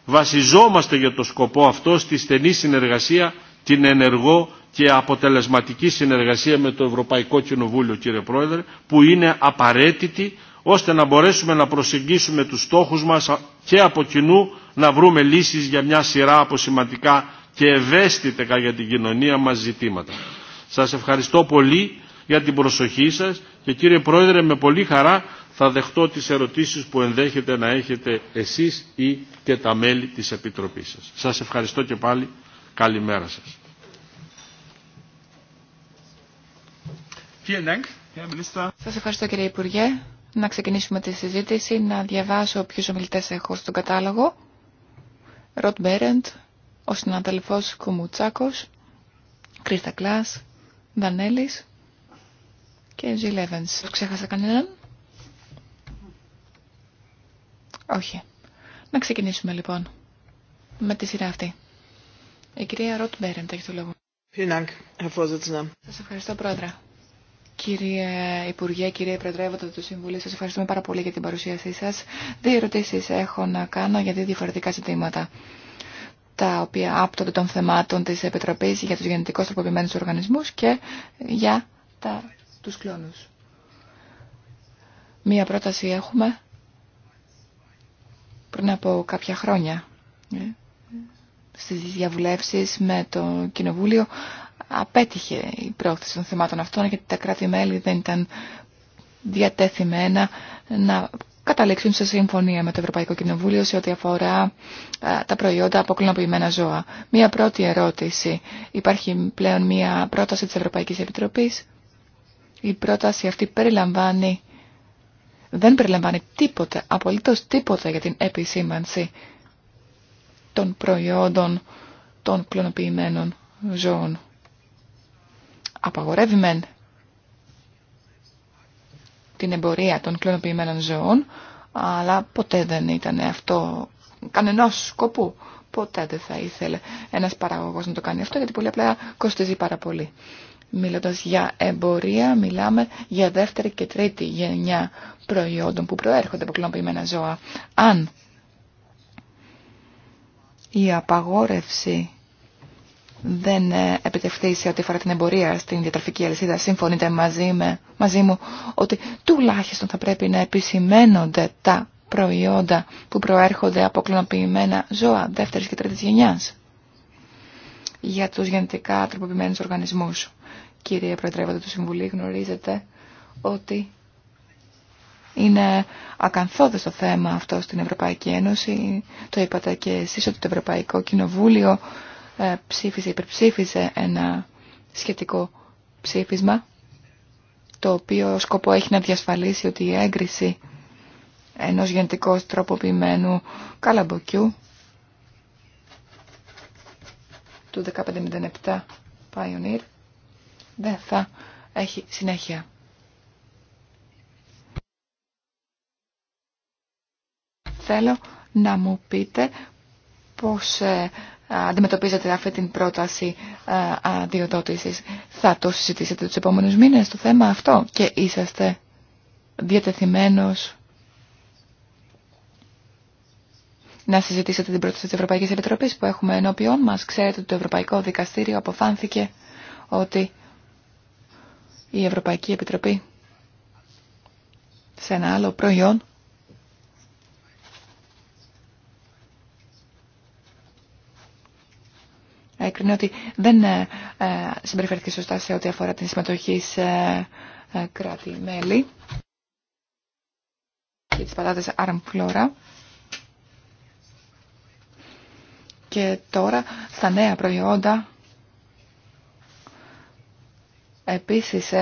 Βασιζόμαστε για το σκοπό αυτό στη στενή συνεργασία, την ενεργό και αποτελεσματική συνεργασία με το Ευρωπαϊκό Κοινοβούλιο, κύριε Πρόεδρε, που είναι απαραίτητη ώστε να μπορέσουμε να προσεγγίσουμε τους στόχους μας και από κοινού να βρούμε λύσεις για μια σειρά από σημαντικά και ευαίσθητε για την κοινωνία μας ζητήματα. Σας ευχαριστώ πολύ για την προσοχή σας και κύριε Πρόεδρε με πολύ χαρά θα δεχτώ τις ερωτήσεις που ενδέχεται να έχετε εσείς ή και τα μέλη της Επιτροπής σας. Σας ευχαριστώ και πάλι. Καλημέρα σας. Σας ευχαριστώ κύριε Υπουργέ. Να ξεκινήσουμε τη συζήτηση, να διαβάσω ποιους ομιλητές έχω στον κατάλογο. Ροτ Μπέρεντ, ο συναδελφός Κουμουτσάκος, Κρίστα Κλάς, Δανέλης και Ζι Λέβενς. Ξέχασα κανέναν? Όχι. Να ξεκινήσουμε λοιπόν με τη σειρά αυτή. Η κυρία Ροτ Μπέρεντ έχει το λόγο. Σας ευχαριστώ πρόεδρε. Κύριε Υπουργέ, κύριε Προεδρεύοντα του Συμβουλίου, σας ευχαριστούμε πάρα πολύ για την παρουσίασή σας. Δύο ερωτήσεις έχω να κάνω για δύο διαφορετικά ζητήματα τα οποία άπτονται των θεμάτων της Επιτροπής για τους γενετικώς τροποποιημένους οργανισμούς και για τα, τους κλόνους. Μία πρόταση έχουμε πριν από κάποια χρόνια ε, στις διαβουλεύσεις με το Κοινοβούλιο απέτυχε η πρόθεση των θεμάτων αυτών γιατί τα κράτη-μέλη δεν ήταν διατέθημενα να καταλήξουν σε συμφωνία με το Ευρωπαϊκό Κοινοβούλιο σε ό,τι αφορά ε, τα προϊόντα από κλωνοποιημένα ζώα. Μία πρώτη ερώτηση. Υπάρχει πλέον μία πρόταση της Ευρωπαϊκής Επιτροπής. Η πρόταση αυτή περιλαμβάνει, δεν περιλαμβάνει τίποτα, απολύτως τίποτα για την επισήμανση των προϊόντων των κλωνοποιημένων ζώων. Απαγορεύει μεν την εμπορία των κλωνοποιημένων ζώων, αλλά ποτέ δεν ήταν αυτό κανενός σκοπού. Ποτέ δεν θα ήθελε ένας παραγωγός να το κάνει αυτό, γιατί πολύ απλά κοστίζει πάρα πολύ. Μιλώντας για εμπορία, μιλάμε για δεύτερη και τρίτη γενιά προϊόντων που προέρχονται από κλωνοποιημένα ζώα. Αν η απαγόρευση δεν ε, επιτευχθεί σε ό,τι αφορά την εμπορία στην διατροφική αλυσίδα. Συμφωνείτε μαζί, με, μαζί μου ότι τουλάχιστον θα πρέπει να επισημένονται τα προϊόντα που προέρχονται από κλωνοποιημένα ζώα δεύτερης και τρίτης γενιάς για τους γενετικά τροποποιημένους οργανισμούς. Κύριε Προεδρεύοντα του Συμβουλίου, γνωρίζετε ότι είναι ακαθόδες το θέμα αυτό στην Ευρωπαϊκή Ένωση. Το είπατε και εσείς ότι το Ευρωπαϊκό Κοινοβούλιο ε, ψήφισε, υπερψήφισε ένα σχετικό ψήφισμα το οποίο σκοπό έχει να διασφαλίσει ότι η έγκριση ενός γενετικώς τροποποιημένου καλαμποκιού του 1507 Pioneer δεν θα έχει συνέχεια. Θέλω να μου πείτε πώς ε, αντιμετωπίζετε αυτή την πρόταση αδειοδότησης. Θα το συζητήσετε τους επόμενους μήνες το θέμα αυτό και είσαστε διατεθειμένος να συζητήσετε την πρόταση της Ευρωπαϊκής Επιτροπής που έχουμε ενώπιόν μας. Ξέρετε ότι το Ευρωπαϊκό Δικαστήριο αποφάνθηκε ότι η Ευρωπαϊκή Επιτροπή σε ένα άλλο προϊόν έκρινε ότι δεν ε, ε, συμπεριφέρθηκε σωστά σε ό,τι αφορά την συμμετοχή σε ε, κράτη-μέλη και τις πατάτες Armflora. Και τώρα στα νέα προϊόντα επίσης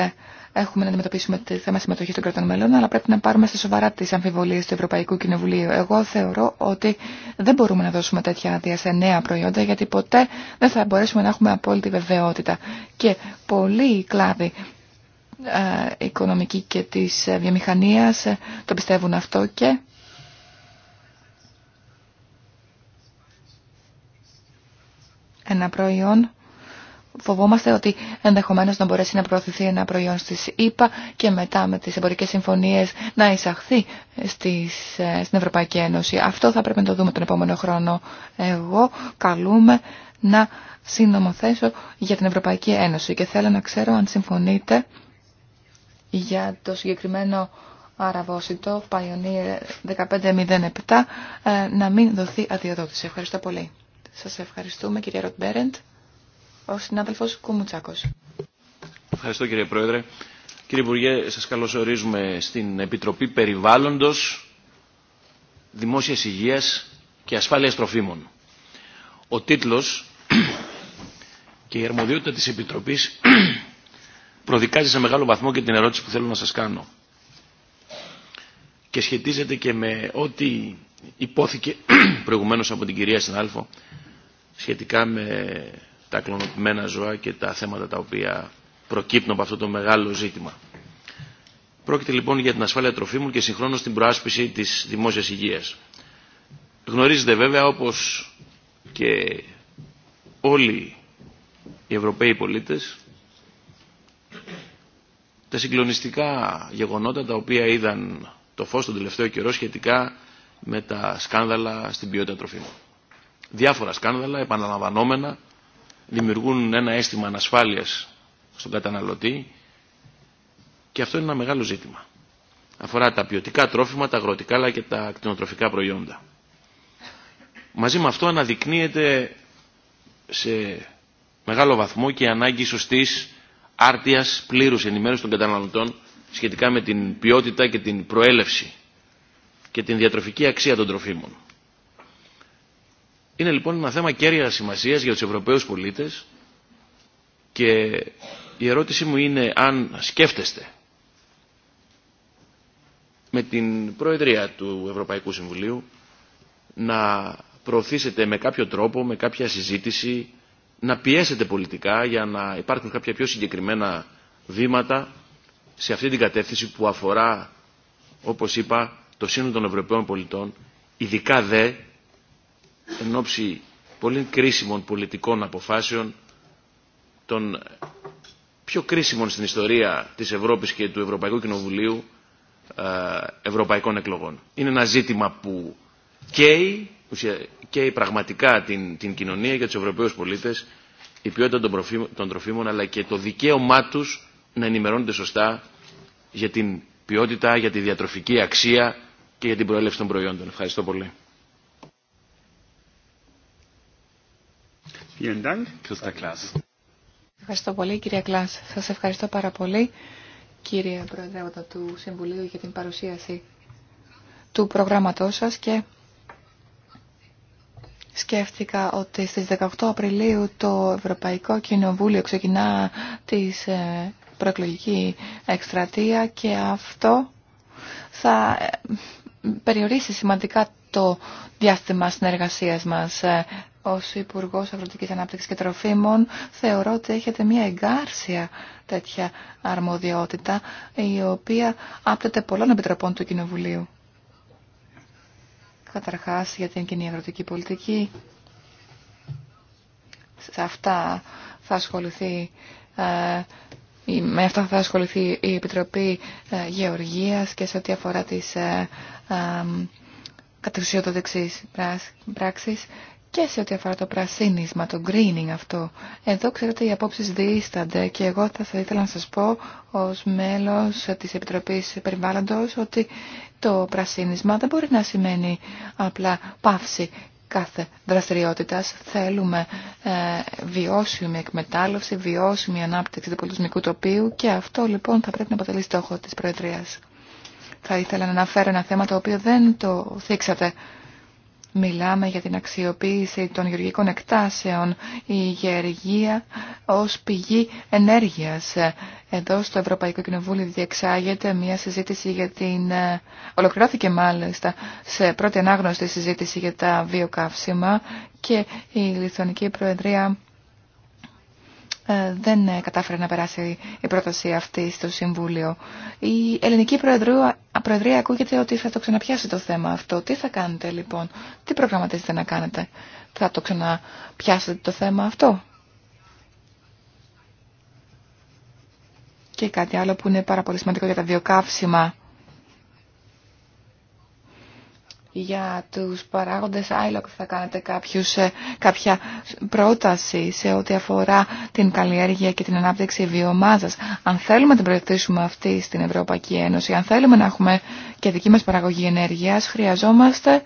έχουμε να αντιμετωπίσουμε τη θέμα συμμετοχή των κρατών μελών, αλλά πρέπει να πάρουμε στα σοβαρά τι αμφιβολίε του Ευρωπαϊκού Κοινοβουλίου. Εγώ θεωρώ ότι δεν μπορούμε να δώσουμε τέτοια άδεια σε νέα προϊόντα, γιατί ποτέ δεν θα μπορέσουμε να έχουμε απόλυτη βεβαιότητα. Και πολλοί κλάδοι ε, οικονομική και της ε, βιομηχανίας ε, το πιστεύουν αυτό και ένα προϊόν φοβόμαστε ότι ενδεχομένως να μπορέσει να προωθηθεί ένα προϊόν στις ΗΠΑ και μετά με τις εμπορικές συμφωνίες να εισαχθεί στις, ε, στην Ευρωπαϊκή Ένωση. Αυτό θα πρέπει να το δούμε τον επόμενο χρόνο. Εγώ καλούμε να συνομοθέσω για την Ευρωπαϊκή Ένωση και θέλω να ξέρω αν συμφωνείτε για το συγκεκριμένο αραβόσιτο Pioneer 1507 ε, να μην δοθεί αδειοδότηση. Ευχαριστώ πολύ. Σας ευχαριστούμε κυρία Ροτμπέρεντ ο συνάδελφος Κουμουτσάκος. Ευχαριστώ κύριε Πρόεδρε. Κύριε Υπουργέ, σας καλωσορίζουμε στην Επιτροπή Περιβάλλοντος, Δημόσιας Υγείας και Ασφάλειας Τροφίμων. Ο τίτλος και η αρμοδιότητα της Επιτροπής προδικάζει σε μεγάλο βαθμό και την ερώτηση που θέλω να σας κάνω. Και σχετίζεται και με ό,τι υπόθηκε προηγουμένως από την κυρία Συνάλφο σχετικά με τα κλωνοποιημένα ζώα και τα θέματα τα οποία προκύπτουν από αυτό το μεγάλο ζήτημα. Πρόκειται λοιπόν για την ασφάλεια τροφίμων και συγχρόνω την προάσπιση τη δημόσια υγεία. Γνωρίζετε βέβαια όπω και όλοι οι Ευρωπαίοι πολίτες τα συγκλονιστικά γεγονότα τα οποία είδαν το φως τον τελευταίο καιρό σχετικά με τα σκάνδαλα στην ποιότητα τροφίμων. Διάφορα σκάνδαλα επαναλαμβανόμενα δημιουργούν ένα αίσθημα ανασφάλειας στον καταναλωτή και αυτό είναι ένα μεγάλο ζήτημα. Αφορά τα ποιοτικά τρόφιμα, τα αγροτικά αλλά και τα κτηνοτροφικά προϊόντα. Μαζί με αυτό αναδεικνύεται σε μεγάλο βαθμό και η ανάγκη σωστής άρτιας πλήρους ενημέρωση των καταναλωτών σχετικά με την ποιότητα και την προέλευση και την διατροφική αξία των τροφίμων. Είναι λοιπόν ένα θέμα κέρια σημασία για του Ευρωπαίου πολίτε και η ερώτησή μου είναι αν σκέφτεστε με την Προεδρία του Ευρωπαϊκού Συμβουλίου να προωθήσετε με κάποιο τρόπο, με κάποια συζήτηση, να πιέσετε πολιτικά για να υπάρχουν κάποια πιο συγκεκριμένα βήματα σε αυτή την κατεύθυνση που αφορά, όπως είπα, το σύνολο των Ευρωπαίων πολιτών, ειδικά δε εν ώψη πολύ κρίσιμων πολιτικών αποφάσεων των πιο κρίσιμων στην ιστορία της Ευρώπης και του Ευρωπαϊκού Κοινοβουλίου ε, ευρωπαϊκών εκλογών. Είναι ένα ζήτημα που καίει, καίει πραγματικά την, κοινωνία για τους Ευρωπαίους πολίτες η ποιότητα των, προφή, τροφίμων αλλά και το δικαίωμά τους να ενημερώνονται σωστά για την ποιότητα, για τη διατροφική αξία και για την προέλευση των προϊόντων. Ευχαριστώ πολύ. Ευχαριστώ πολύ, κυρία Κλάς. Σας ευχαριστώ πάρα πολύ, κύριε Προεδρεύοντα του Συμβουλίου, για την παρουσίαση του προγράμματός σας και σκέφτηκα ότι στις 18 Απριλίου το Ευρωπαϊκό Κοινοβούλιο ξεκινά της ε, προεκλογική εκστρατεία και αυτό θα ε, περιορίσει σημαντικά το διάστημα συνεργασίας μας. Ε, ως Υπουργό Αγροτικής Ανάπτυξης και Τροφίμων θεωρώ ότι έχετε μια εγκάρσια τέτοια αρμοδιότητα η οποία άπτεται πολλών επιτροπών του Κοινοβουλίου. Καταρχάς για την κοινή αγροτική πολιτική. Σε αυτά θα ασχοληθεί ε, με αυτά θα ασχοληθεί η Επιτροπή ε, Γεωργίας και σε ό,τι αφορά τις ε, ε, πράξεις και σε ό,τι αφορά το πρασίνισμα, το greening αυτό. Εδώ ξέρετε οι απόψεις διήστανται και εγώ θα ήθελα να σας πω ως μέλος της Επιτροπής Περιβάλλοντος ότι το πρασίνισμα δεν μπορεί να σημαίνει απλά πάυση κάθε δραστηριότητας. Θέλουμε ε, βιώσιμη εκμετάλλευση, βιώσιμη ανάπτυξη του πολιτισμικού τοπίου και αυτό λοιπόν θα πρέπει να αποτελεί στόχο της Προεδρίας. Θα ήθελα να αναφέρω ένα θέμα το οποίο δεν το θίξατε Μιλάμε για την αξιοποίηση των γεωργικών εκτάσεων, η γεωργία ως πηγή ενέργειας. Εδώ στο Ευρωπαϊκό Κοινοβούλιο διεξάγεται μια συζήτηση για την... Ε, ολοκληρώθηκε μάλιστα σε πρώτη ανάγνωστη συζήτηση για τα βιοκαύσιμα και η Λιθωνική Προεδρία ε, δεν ε, κατάφερε να περάσει η πρόταση αυτή στο Συμβούλιο. Η ελληνική προεδρία, ακούγεται ότι θα το ξαναπιάσει το θέμα αυτό. Τι θα κάνετε λοιπόν, τι προγραμματίζετε να κάνετε, θα το ξαναπιάσετε το θέμα αυτό. Και κάτι άλλο που είναι πάρα πολύ σημαντικό για τα βιοκαύσιμα. για τους παράγοντες ILOC θα κάνετε κάποιους, ε, κάποια πρόταση σε ό,τι αφορά την καλλιέργεια και την ανάπτυξη βιομάζας. Αν θέλουμε να την προεκτήσουμε αυτή στην Ευρωπαϊκή Ένωση, αν θέλουμε να έχουμε και δική μας παραγωγή ενέργειας, χρειαζόμαστε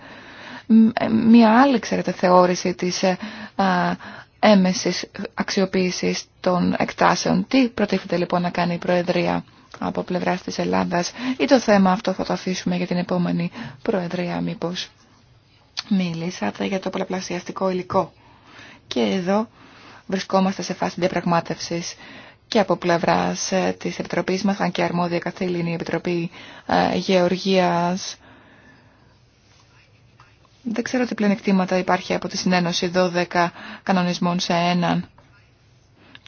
ε, μια άλλη, ξέρετε, θεώρηση της ε, έμεσης αξιοποίησης των εκτάσεων. Τι προτίθεται λοιπόν να κάνει η Προεδρία από πλευρά της Ελλάδας ή το θέμα αυτό θα το αφήσουμε για την επόμενη Προεδρία μήπως. Μιλήσατε για το πολλαπλασιαστικό υλικό και εδώ βρισκόμαστε σε φάση διαπραγμάτευσης και από πλευρά ε, τη Επιτροπή μα, αν και αρμόδια καθήλυνη η Επιτροπή ε, Γεωργίας. Δεν ξέρω τι πλεονεκτήματα υπάρχει από τη συνένωση 12 κανονισμών σε έναν.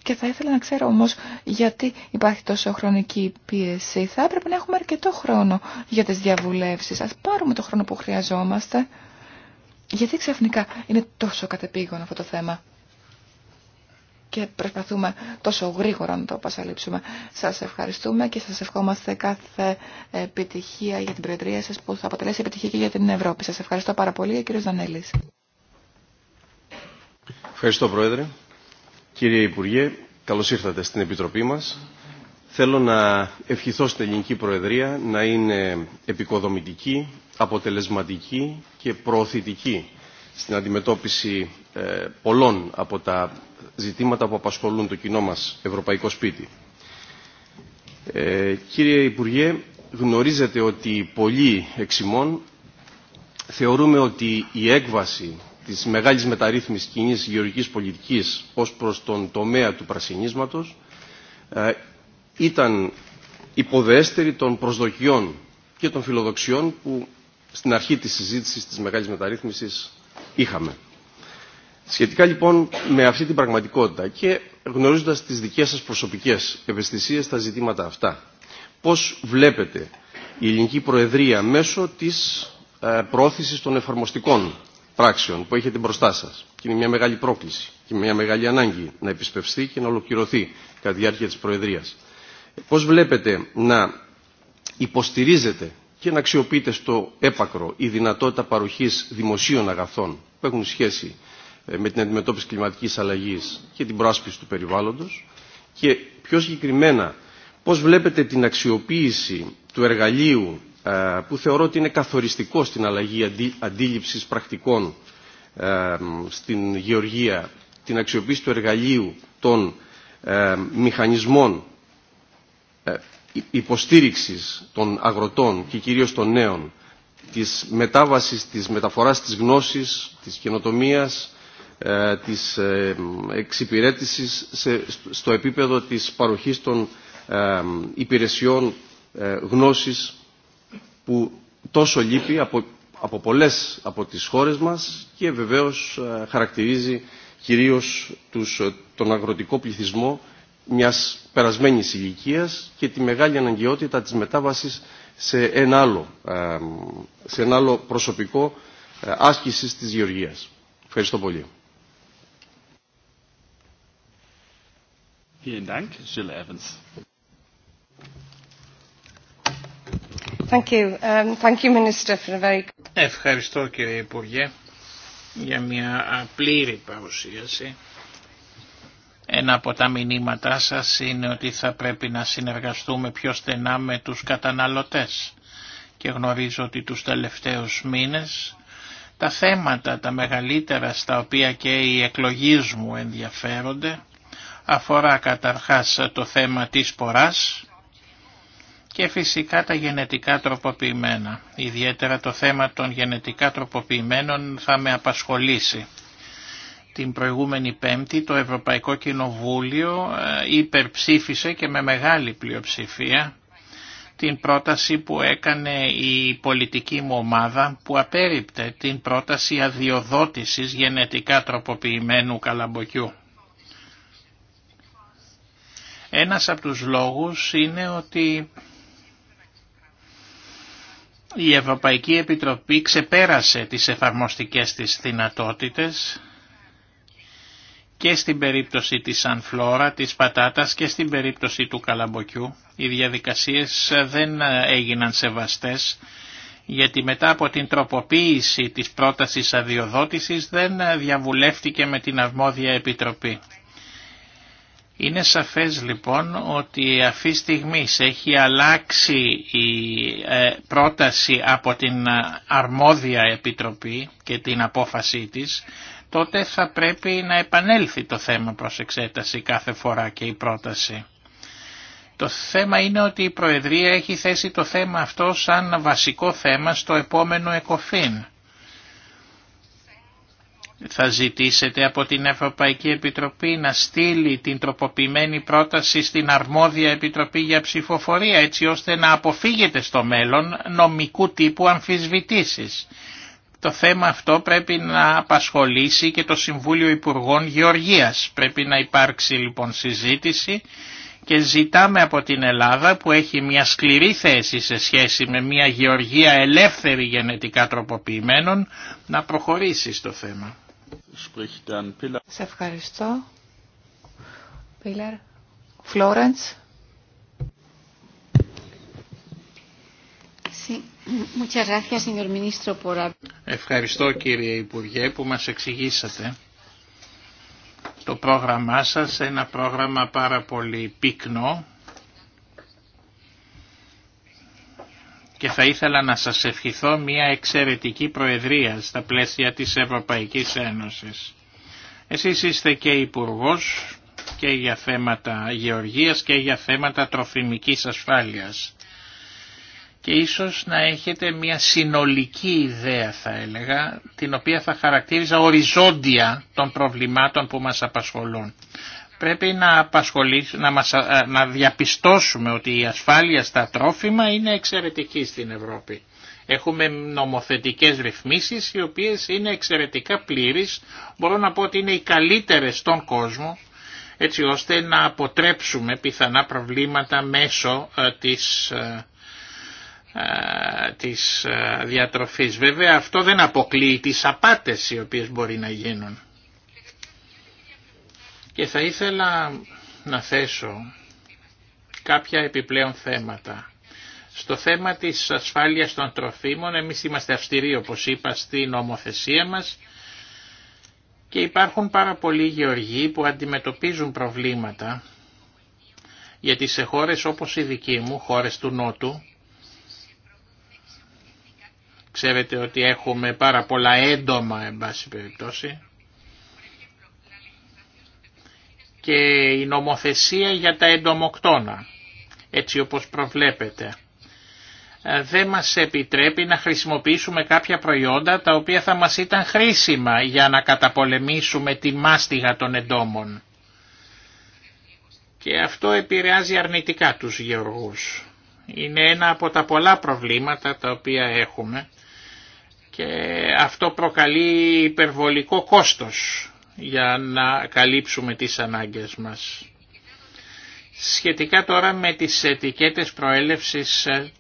Και θα ήθελα να ξέρω όμως γιατί υπάρχει τόσο χρονική πίεση. Θα έπρεπε να έχουμε αρκετό χρόνο για τις διαβουλεύσεις. Ας πάρουμε το χρόνο που χρειαζόμαστε. Γιατί ξαφνικά είναι τόσο κατεπήγον αυτό το θέμα. Και προσπαθούμε τόσο γρήγορα να το πασαλείψουμε. Σας ευχαριστούμε και σας ευχόμαστε κάθε επιτυχία για την Προεδρία σας που θα αποτελέσει επιτυχία και για την Ευρώπη. Σας ευχαριστώ πάρα πολύ, κύριος Δανέλης. Ευχαριστώ, Πρόεδρε. Κύριε Υπουργέ, καλώς ήρθατε στην Επιτροπή μας. Θέλω να ευχηθώ στην Ελληνική Προεδρία να είναι επικοδομητική, αποτελεσματική και προωθητική στην αντιμετώπιση ε, πολλών από τα ζητήματα που απασχολούν το κοινό μας ευρωπαϊκό σπίτι. Ε, κύριε Υπουργέ, γνωρίζετε ότι πολλοί εξημών θεωρούμε ότι η έκβαση της μεγάλης μεταρρύθμισης κοινή γεωργικής πολιτικής ως προς τον τομέα του πρασινίσματος ε, ήταν υποδέστερη των προσδοκιών και των φιλοδοξιών που στην αρχή της συζήτησης της μεγάλης μεταρρύθμισης είχαμε. Σχετικά λοιπόν με αυτή την πραγματικότητα και γνωρίζοντας τις δικές σας προσωπικές ευαισθησίες στα ζητήματα αυτά, πώς βλέπετε η ελληνική προεδρία μέσω της ε, πρόθεσης των εφαρμοστικών πράξεων που έχετε μπροστά σα. Και είναι μια μεγάλη πρόκληση και μια μεγάλη ανάγκη να επισπευστεί και να ολοκληρωθεί κατά τη διάρκεια τη Προεδρία. Πώ βλέπετε να υποστηρίζετε και να αξιοποιείτε στο έπακρο η δυνατότητα παροχή δημοσίων αγαθών που έχουν σχέση ε, με την αντιμετώπιση κλιματική αλλαγή και την προάσπιση του περιβάλλοντο και πιο συγκεκριμένα πώς βλέπετε την αξιοποίηση του εργαλείου ε, που θεωρώ ότι είναι καθοριστικό στην αλλαγή αντίληψης πρακτικών ε, στην γεωργία, την αξιοποίηση του εργαλείου των ε, μηχανισμών υποστήριξης των αγροτών και κυρίως των νέων, της μετάβασης, της μεταφοράς της γνώσης, της καινοτομίας, της εξυπηρέτησης στο επίπεδο της παροχής των υπηρεσιών γνώσης που τόσο λείπει από, από πολλές από τις χώρες μας και βεβαίως ε, χαρακτηρίζει κυρίως τους, ε, τον αγροτικό πληθυσμό μιας περασμένης ηλικία και τη μεγάλη αναγκαιότητα της μετάβασης σε ένα άλλο, ε, σε ένα άλλο προσωπικό άσκησης της γεωργίας. Ευχαριστώ πολύ. Vielen Dank, Um, Ευχαριστώ κύριε Υπουργέ για μια πλήρη παρουσίαση. Ένα από τα μηνύματά σας είναι ότι θα πρέπει να συνεργαστούμε πιο στενά με τους καταναλωτές και γνωρίζω ότι τους τελευταίους μήνες τα θέματα τα μεγαλύτερα στα οποία και οι εκλογείς μου ενδιαφέρονται αφορά καταρχάς το θέμα της ποράς και φυσικά τα γενετικά τροποποιημένα. Ιδιαίτερα το θέμα των γενετικά τροποποιημένων θα με απασχολήσει. Την προηγούμενη Πέμπτη το Ευρωπαϊκό Κοινοβούλιο ε, υπερψήφισε και με μεγάλη πλειοψηφία την πρόταση που έκανε η πολιτική μου ομάδα που απέριπτε την πρόταση αδειοδότησης γενετικά τροποποιημένου καλαμποκιού. Ένας από τους λόγους είναι ότι η Ευρωπαϊκή Επιτροπή ξεπέρασε τις εφαρμοστικές της δυνατότητες και στην περίπτωση της ανφλόρα, της πατάτας και στην περίπτωση του καλαμποκιού. Οι διαδικασίες δεν έγιναν σεβαστές γιατί μετά από την τροποποίηση της πρότασης αδειοδότησης δεν διαβουλεύτηκε με την αρμόδια επιτροπή. Είναι σαφές λοιπόν ότι αυτή στιγμή έχει αλλάξει η ε, πρόταση από την αρμόδια επιτροπή και την απόφασή της, τότε θα πρέπει να επανέλθει το θέμα προς εξέταση κάθε φορά και η πρόταση. Το θέμα είναι ότι η Προεδρία έχει θέσει το θέμα αυτό σαν βασικό θέμα στο επόμενο ΕΚΟΦΗΝ θα ζητήσετε από την Ευρωπαϊκή Επιτροπή να στείλει την τροποποιημένη πρόταση στην αρμόδια Επιτροπή για ψηφοφορία έτσι ώστε να αποφύγετε στο μέλλον νομικού τύπου αμφισβητήσεις. Το θέμα αυτό πρέπει να απασχολήσει και το Συμβούλιο Υπουργών Γεωργίας. Πρέπει να υπάρξει λοιπόν συζήτηση και ζητάμε από την Ελλάδα που έχει μια σκληρή θέση σε σχέση με μια γεωργία ελεύθερη γενετικά τροποποιημένων να προχωρήσει στο θέμα. Σε ευχαριστώ. Πίλαρ. Φλόρεντς. Ευχαριστώ κύριε Υπουργέ που μας εξηγήσατε το πρόγραμμά σας, ένα πρόγραμμα πάρα πολύ πυκνό και θα ήθελα να σας ευχηθώ μια εξαιρετική προεδρία στα πλαίσια της Ευρωπαϊκής Ένωσης. Εσείς είστε και υπουργό και για θέματα γεωργίας και για θέματα τροφιμικής ασφάλειας. Και ίσως να έχετε μια συνολική ιδέα θα έλεγα, την οποία θα χαρακτήριζα οριζόντια των προβλημάτων που μας απασχολούν πρέπει να, απασχολήσουμε, να, ε, να διαπιστώσουμε ότι η ασφάλεια στα τρόφιμα είναι εξαιρετική στην Ευρώπη. Έχουμε νομοθετικές ρυθμίσεις οι οποίες είναι εξαιρετικά πλήρεις, μπορώ να πω ότι είναι οι καλύτερες στον κόσμο, έτσι ώστε να αποτρέψουμε πιθανά προβλήματα μέσω ε, της, ε, της διατροφής. Βέβαια αυτό δεν αποκλείει τις απάτες οι οποίες μπορεί να γίνουν. Και θα ήθελα να θέσω κάποια επιπλέον θέματα. Στο θέμα της ασφάλειας των τροφίμων, εμείς είμαστε αυστηροί όπως είπα στην νομοθεσία μας και υπάρχουν πάρα πολλοί γεωργοί που αντιμετωπίζουν προβλήματα γιατί σε χώρες όπως η δική μου, χώρες του Νότου, ξέρετε ότι έχουμε πάρα πολλά έντομα εν πάση περιπτώσει, και η νομοθεσία για τα εντομοκτώνα, έτσι όπως προβλέπετε. Ε, δεν μας επιτρέπει να χρησιμοποιήσουμε κάποια προϊόντα τα οποία θα μας ήταν χρήσιμα για να καταπολεμήσουμε τη μάστιγα των εντόμων. Και αυτό επηρεάζει αρνητικά τους γεωργούς. Είναι ένα από τα πολλά προβλήματα τα οποία έχουμε και αυτό προκαλεί υπερβολικό κόστος για να καλύψουμε τις ανάγκες μας. Σχετικά τώρα με τις ετικέτες προέλευσης ε,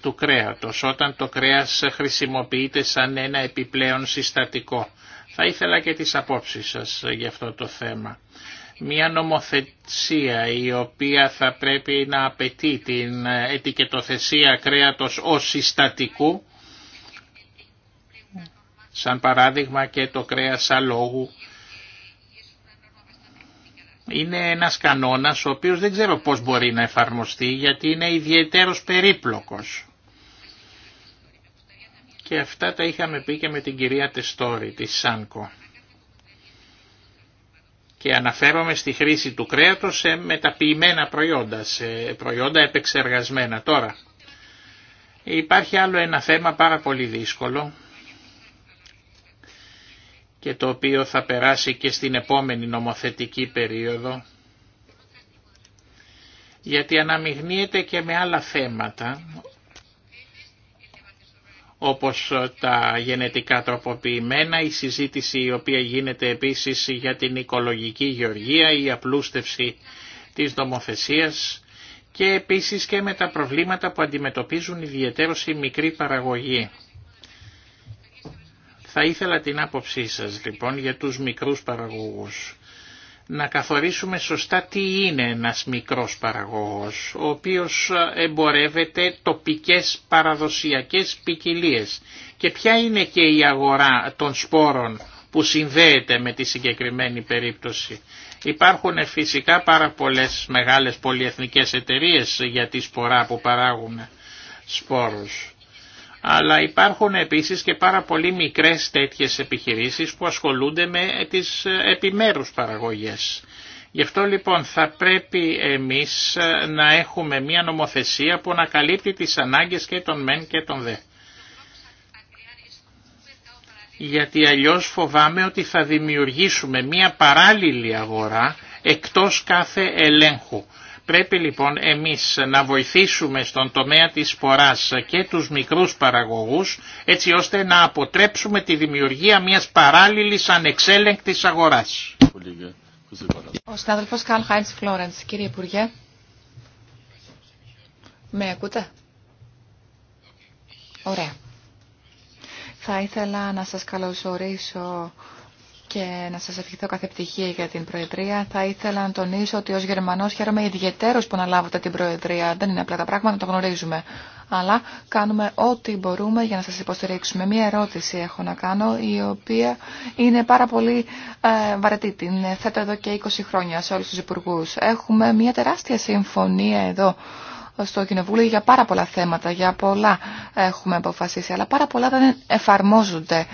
του κρέατος, όταν το κρέας χρησιμοποιείται σαν ένα επιπλέον συστατικό. Θα ήθελα και τις απόψεις σας για αυτό το θέμα. Μια νομοθεσία η οποία θα πρέπει να απαιτεί την ετικετοθεσία κρέατος ως συστατικού, σαν παράδειγμα και το κρέας αλόγου είναι ένας κανόνας ο οποίος δεν ξέρω πώς μπορεί να εφαρμοστεί γιατί είναι ιδιαίτερος περίπλοκος. Και αυτά τα είχαμε πει και με την κυρία Τεστόρη της ΣΑΝΚΟ. Και αναφέρομαι στη χρήση του κρέατος σε μεταποιημένα προϊόντα, σε προϊόντα επεξεργασμένα. Τώρα, υπάρχει άλλο ένα θέμα πάρα πολύ δύσκολο και το οποίο θα περάσει και στην επόμενη νομοθετική περίοδο γιατί αναμειγνύεται και με άλλα θέματα όπως τα γενετικά τροποποιημένα, η συζήτηση η οποία γίνεται επίσης για την οικολογική γεωργία, η απλούστευση της νομοθεσίας και επίσης και με τα προβλήματα που αντιμετωπίζουν ιδιαίτερως οι μικρή παραγωγή. Θα ήθελα την άποψή σας λοιπόν για τους μικρούς παραγωγούς. Να καθορίσουμε σωστά τι είναι ένας μικρός παραγωγός, ο οποίος ε, εμπορεύεται τοπικές παραδοσιακές ποικιλίε και ποια είναι και η αγορά των σπόρων που συνδέεται με τη συγκεκριμένη περίπτωση. Υπάρχουν ε, φυσικά πάρα πολλές μεγάλες πολυεθνικές εταιρείες για τη σπορά που παράγουν σπόρους αλλά υπάρχουν επίσης και πάρα πολύ μικρές τέτοιες επιχειρήσεις που ασχολούνται με τις επιμέρους παραγωγές. Γι' αυτό λοιπόν θα πρέπει εμείς ε, να έχουμε μια νομοθεσία που να καλύπτει τις ανάγκες και των μεν και των δε. Γιατί αλλιώς φοβάμαι ότι θα δημιουργήσουμε μια παράλληλη αγορά εκτός κάθε ελέγχου Πρέπει λοιπόν εμείς να βοηθήσουμε στον τομέα της σποράς και τους μικρούς παραγωγούς έτσι ώστε να αποτρέψουμε τη δημιουργία μιας παράλληλης ανεξέλεγκτης αγοράς. Ο συνάδελφος Καλ Χάιντς Φλόρεντς, κύριε Υπουργέ, με ακούτε? Ωραία. Θα ήθελα να σας καλωσορίσω και να σας ευχηθώ κάθε επιτυχία για την Προεδρία. Θα ήθελα να τονίσω ότι ως Γερμανός χαίρομαι ιδιαιτέρως που αναλάβετε την Προεδρία. Δεν είναι απλά τα πράγματα, το γνωρίζουμε. Αλλά κάνουμε ό,τι μπορούμε για να σας υποστηρίξουμε. Μία ερώτηση έχω να κάνω, η οποία είναι πάρα πολύ ε, βαρετή. Την θέτω εδώ και 20 χρόνια σε όλους τους υπουργού. Έχουμε μία τεράστια συμφωνία εδώ στο Κοινοβούλιο για πάρα πολλά θέματα, για πολλά έχουμε αποφασίσει, αλλά πάρα πολλά δεν εφαρμόζονται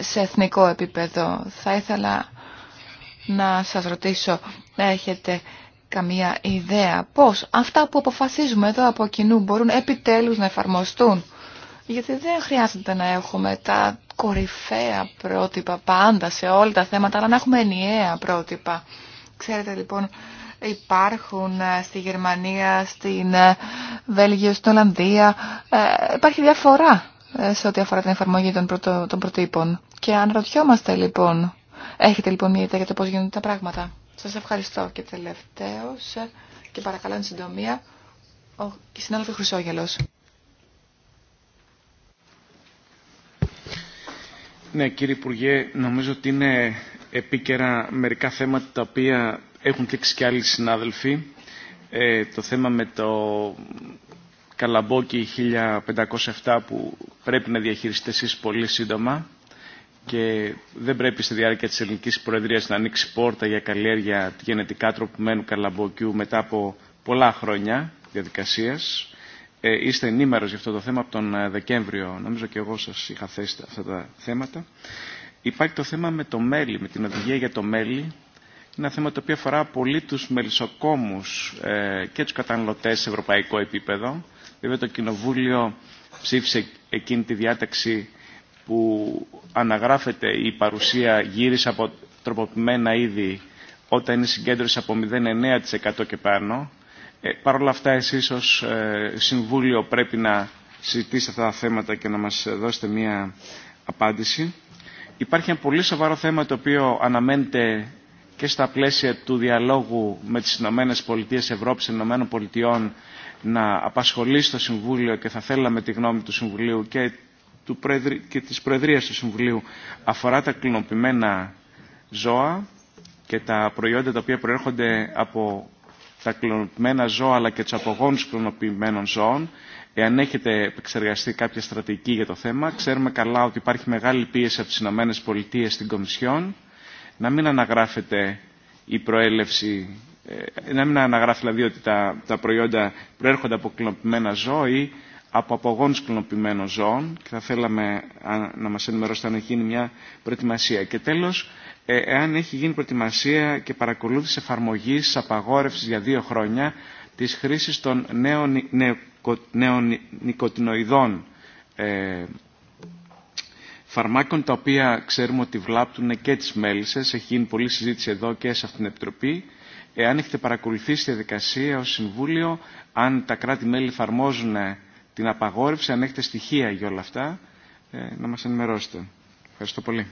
σε εθνικό επίπεδο. Θα ήθελα να σας ρωτήσω, έχετε καμία ιδέα πώς αυτά που αποφασίζουμε εδώ από κοινού μπορούν επιτέλους να εφαρμοστούν. Γιατί δεν χρειάζεται να έχουμε τα κορυφαία πρότυπα πάντα σε όλα τα θέματα, αλλά να έχουμε ενιαία πρότυπα. Ξέρετε λοιπόν, υπάρχουν ε, στη Γερμανία, στην ε, Βέλγιο, στην Ολλανδία, ε, υπάρχει διαφορά ε, σε ό,τι αφορά την εφαρμογή των, πρωτο, των προτύπων. Και αν ρωτιόμαστε λοιπόν, έχετε λοιπόν μια ιδέα για το πώς γίνονται τα πράγματα. Σας ευχαριστώ και τελευταίος ε, και παρακαλώ την συντομία ο συνάδελφος Χρυσόγελος. Ναι κύριε Υπουργέ, νομίζω ότι είναι επίκαιρα μερικά θέματα τα οποία έχουν δείξει και άλλοι συνάδελφοι. Ε, το θέμα με το Καλαμπόκι 1507 που πρέπει να διαχειριστείτε εσεί πολύ σύντομα και δεν πρέπει στη διάρκεια της ελληνικής προεδρίας να ανοίξει πόρτα για καλλιέργεια γενετικά τροπημένου καλαμπόκιου μετά από πολλά χρόνια διαδικασίας. Ε, είστε ενήμερος για αυτό το θέμα από τον ε, Δεκέμβριο. Νομίζω και εγώ σας είχα θέσει αυτά τα θέματα. Υπάρχει το θέμα με το μέλι, με την οδηγία για το μέλι. Ένα θέμα το οποίο αφορά πολύ τους μελισσοκόμους ε, και τους καταναλωτές σε ευρωπαϊκό επίπεδο. Βέβαια το Κοινοβούλιο ψήφισε εκείνη τη διάταξη που αναγράφεται η παρουσία γυρισε από τροποποιημένα είδη όταν είναι συγκέντρωση από 0,9% και πάνω. Ε, Παρ' όλα αυτά εσείς ως ε, Συμβούλιο πρέπει να συζητήσετε αυτά τα θέματα και να μας δώσετε μία απάντηση. Υπάρχει ένα πολύ σοβαρό θέμα το οποίο αναμένεται και στα πλαίσια του διαλόγου με τις ΗΠΑ να απασχολεί στο Συμβούλιο και θα θέλαμε τη γνώμη του Συμβουλίου και, του Προεδρία και της Προεδρίας του Συμβουλίου αφορά τα κλωνοποιημένα ζώα και τα προϊόντα τα οποία προέρχονται από τα κλωνοποιημένα ζώα αλλά και του απογόνους κλωνοποιημένων ζώων. Εάν έχετε επεξεργαστεί κάποια στρατηγική για το θέμα, ξέρουμε καλά ότι υπάρχει μεγάλη πίεση από τις ΗΠΑ στην Κομισιόν να μην αναγράφεται η προέλευση ε, να μην αναγράφει δηλαδή ότι τα, τα προϊόντα προέρχονται από κλωνοποιημένα ή από απογόνους κλωνοποιημένων ζώων και θα θέλαμε να μας ενημερώσετε αν έχει γίνει μια προετοιμασία. Και τέλος, ε, εάν έχει γίνει προετοιμασία και παρακολούθηση εφαρμογή απαγόρευσης για δύο χρόνια της χρήσης των νέων, νοικοτινοειδών ε, φαρμάκων τα οποία ξέρουμε ότι βλάπτουν και τις μέλισσες. Έχει γίνει πολλή συζήτηση εδώ και σε αυτήν την Επιτροπή εάν έχετε παρακολουθήσει τη διαδικασία ως Συμβούλιο, αν τα κράτη-μέλη εφαρμόζουν ε, την απαγόρευση, αν έχετε στοιχεία για όλα αυτά, ε, να μας ενημερώσετε. Ευχαριστώ πολύ.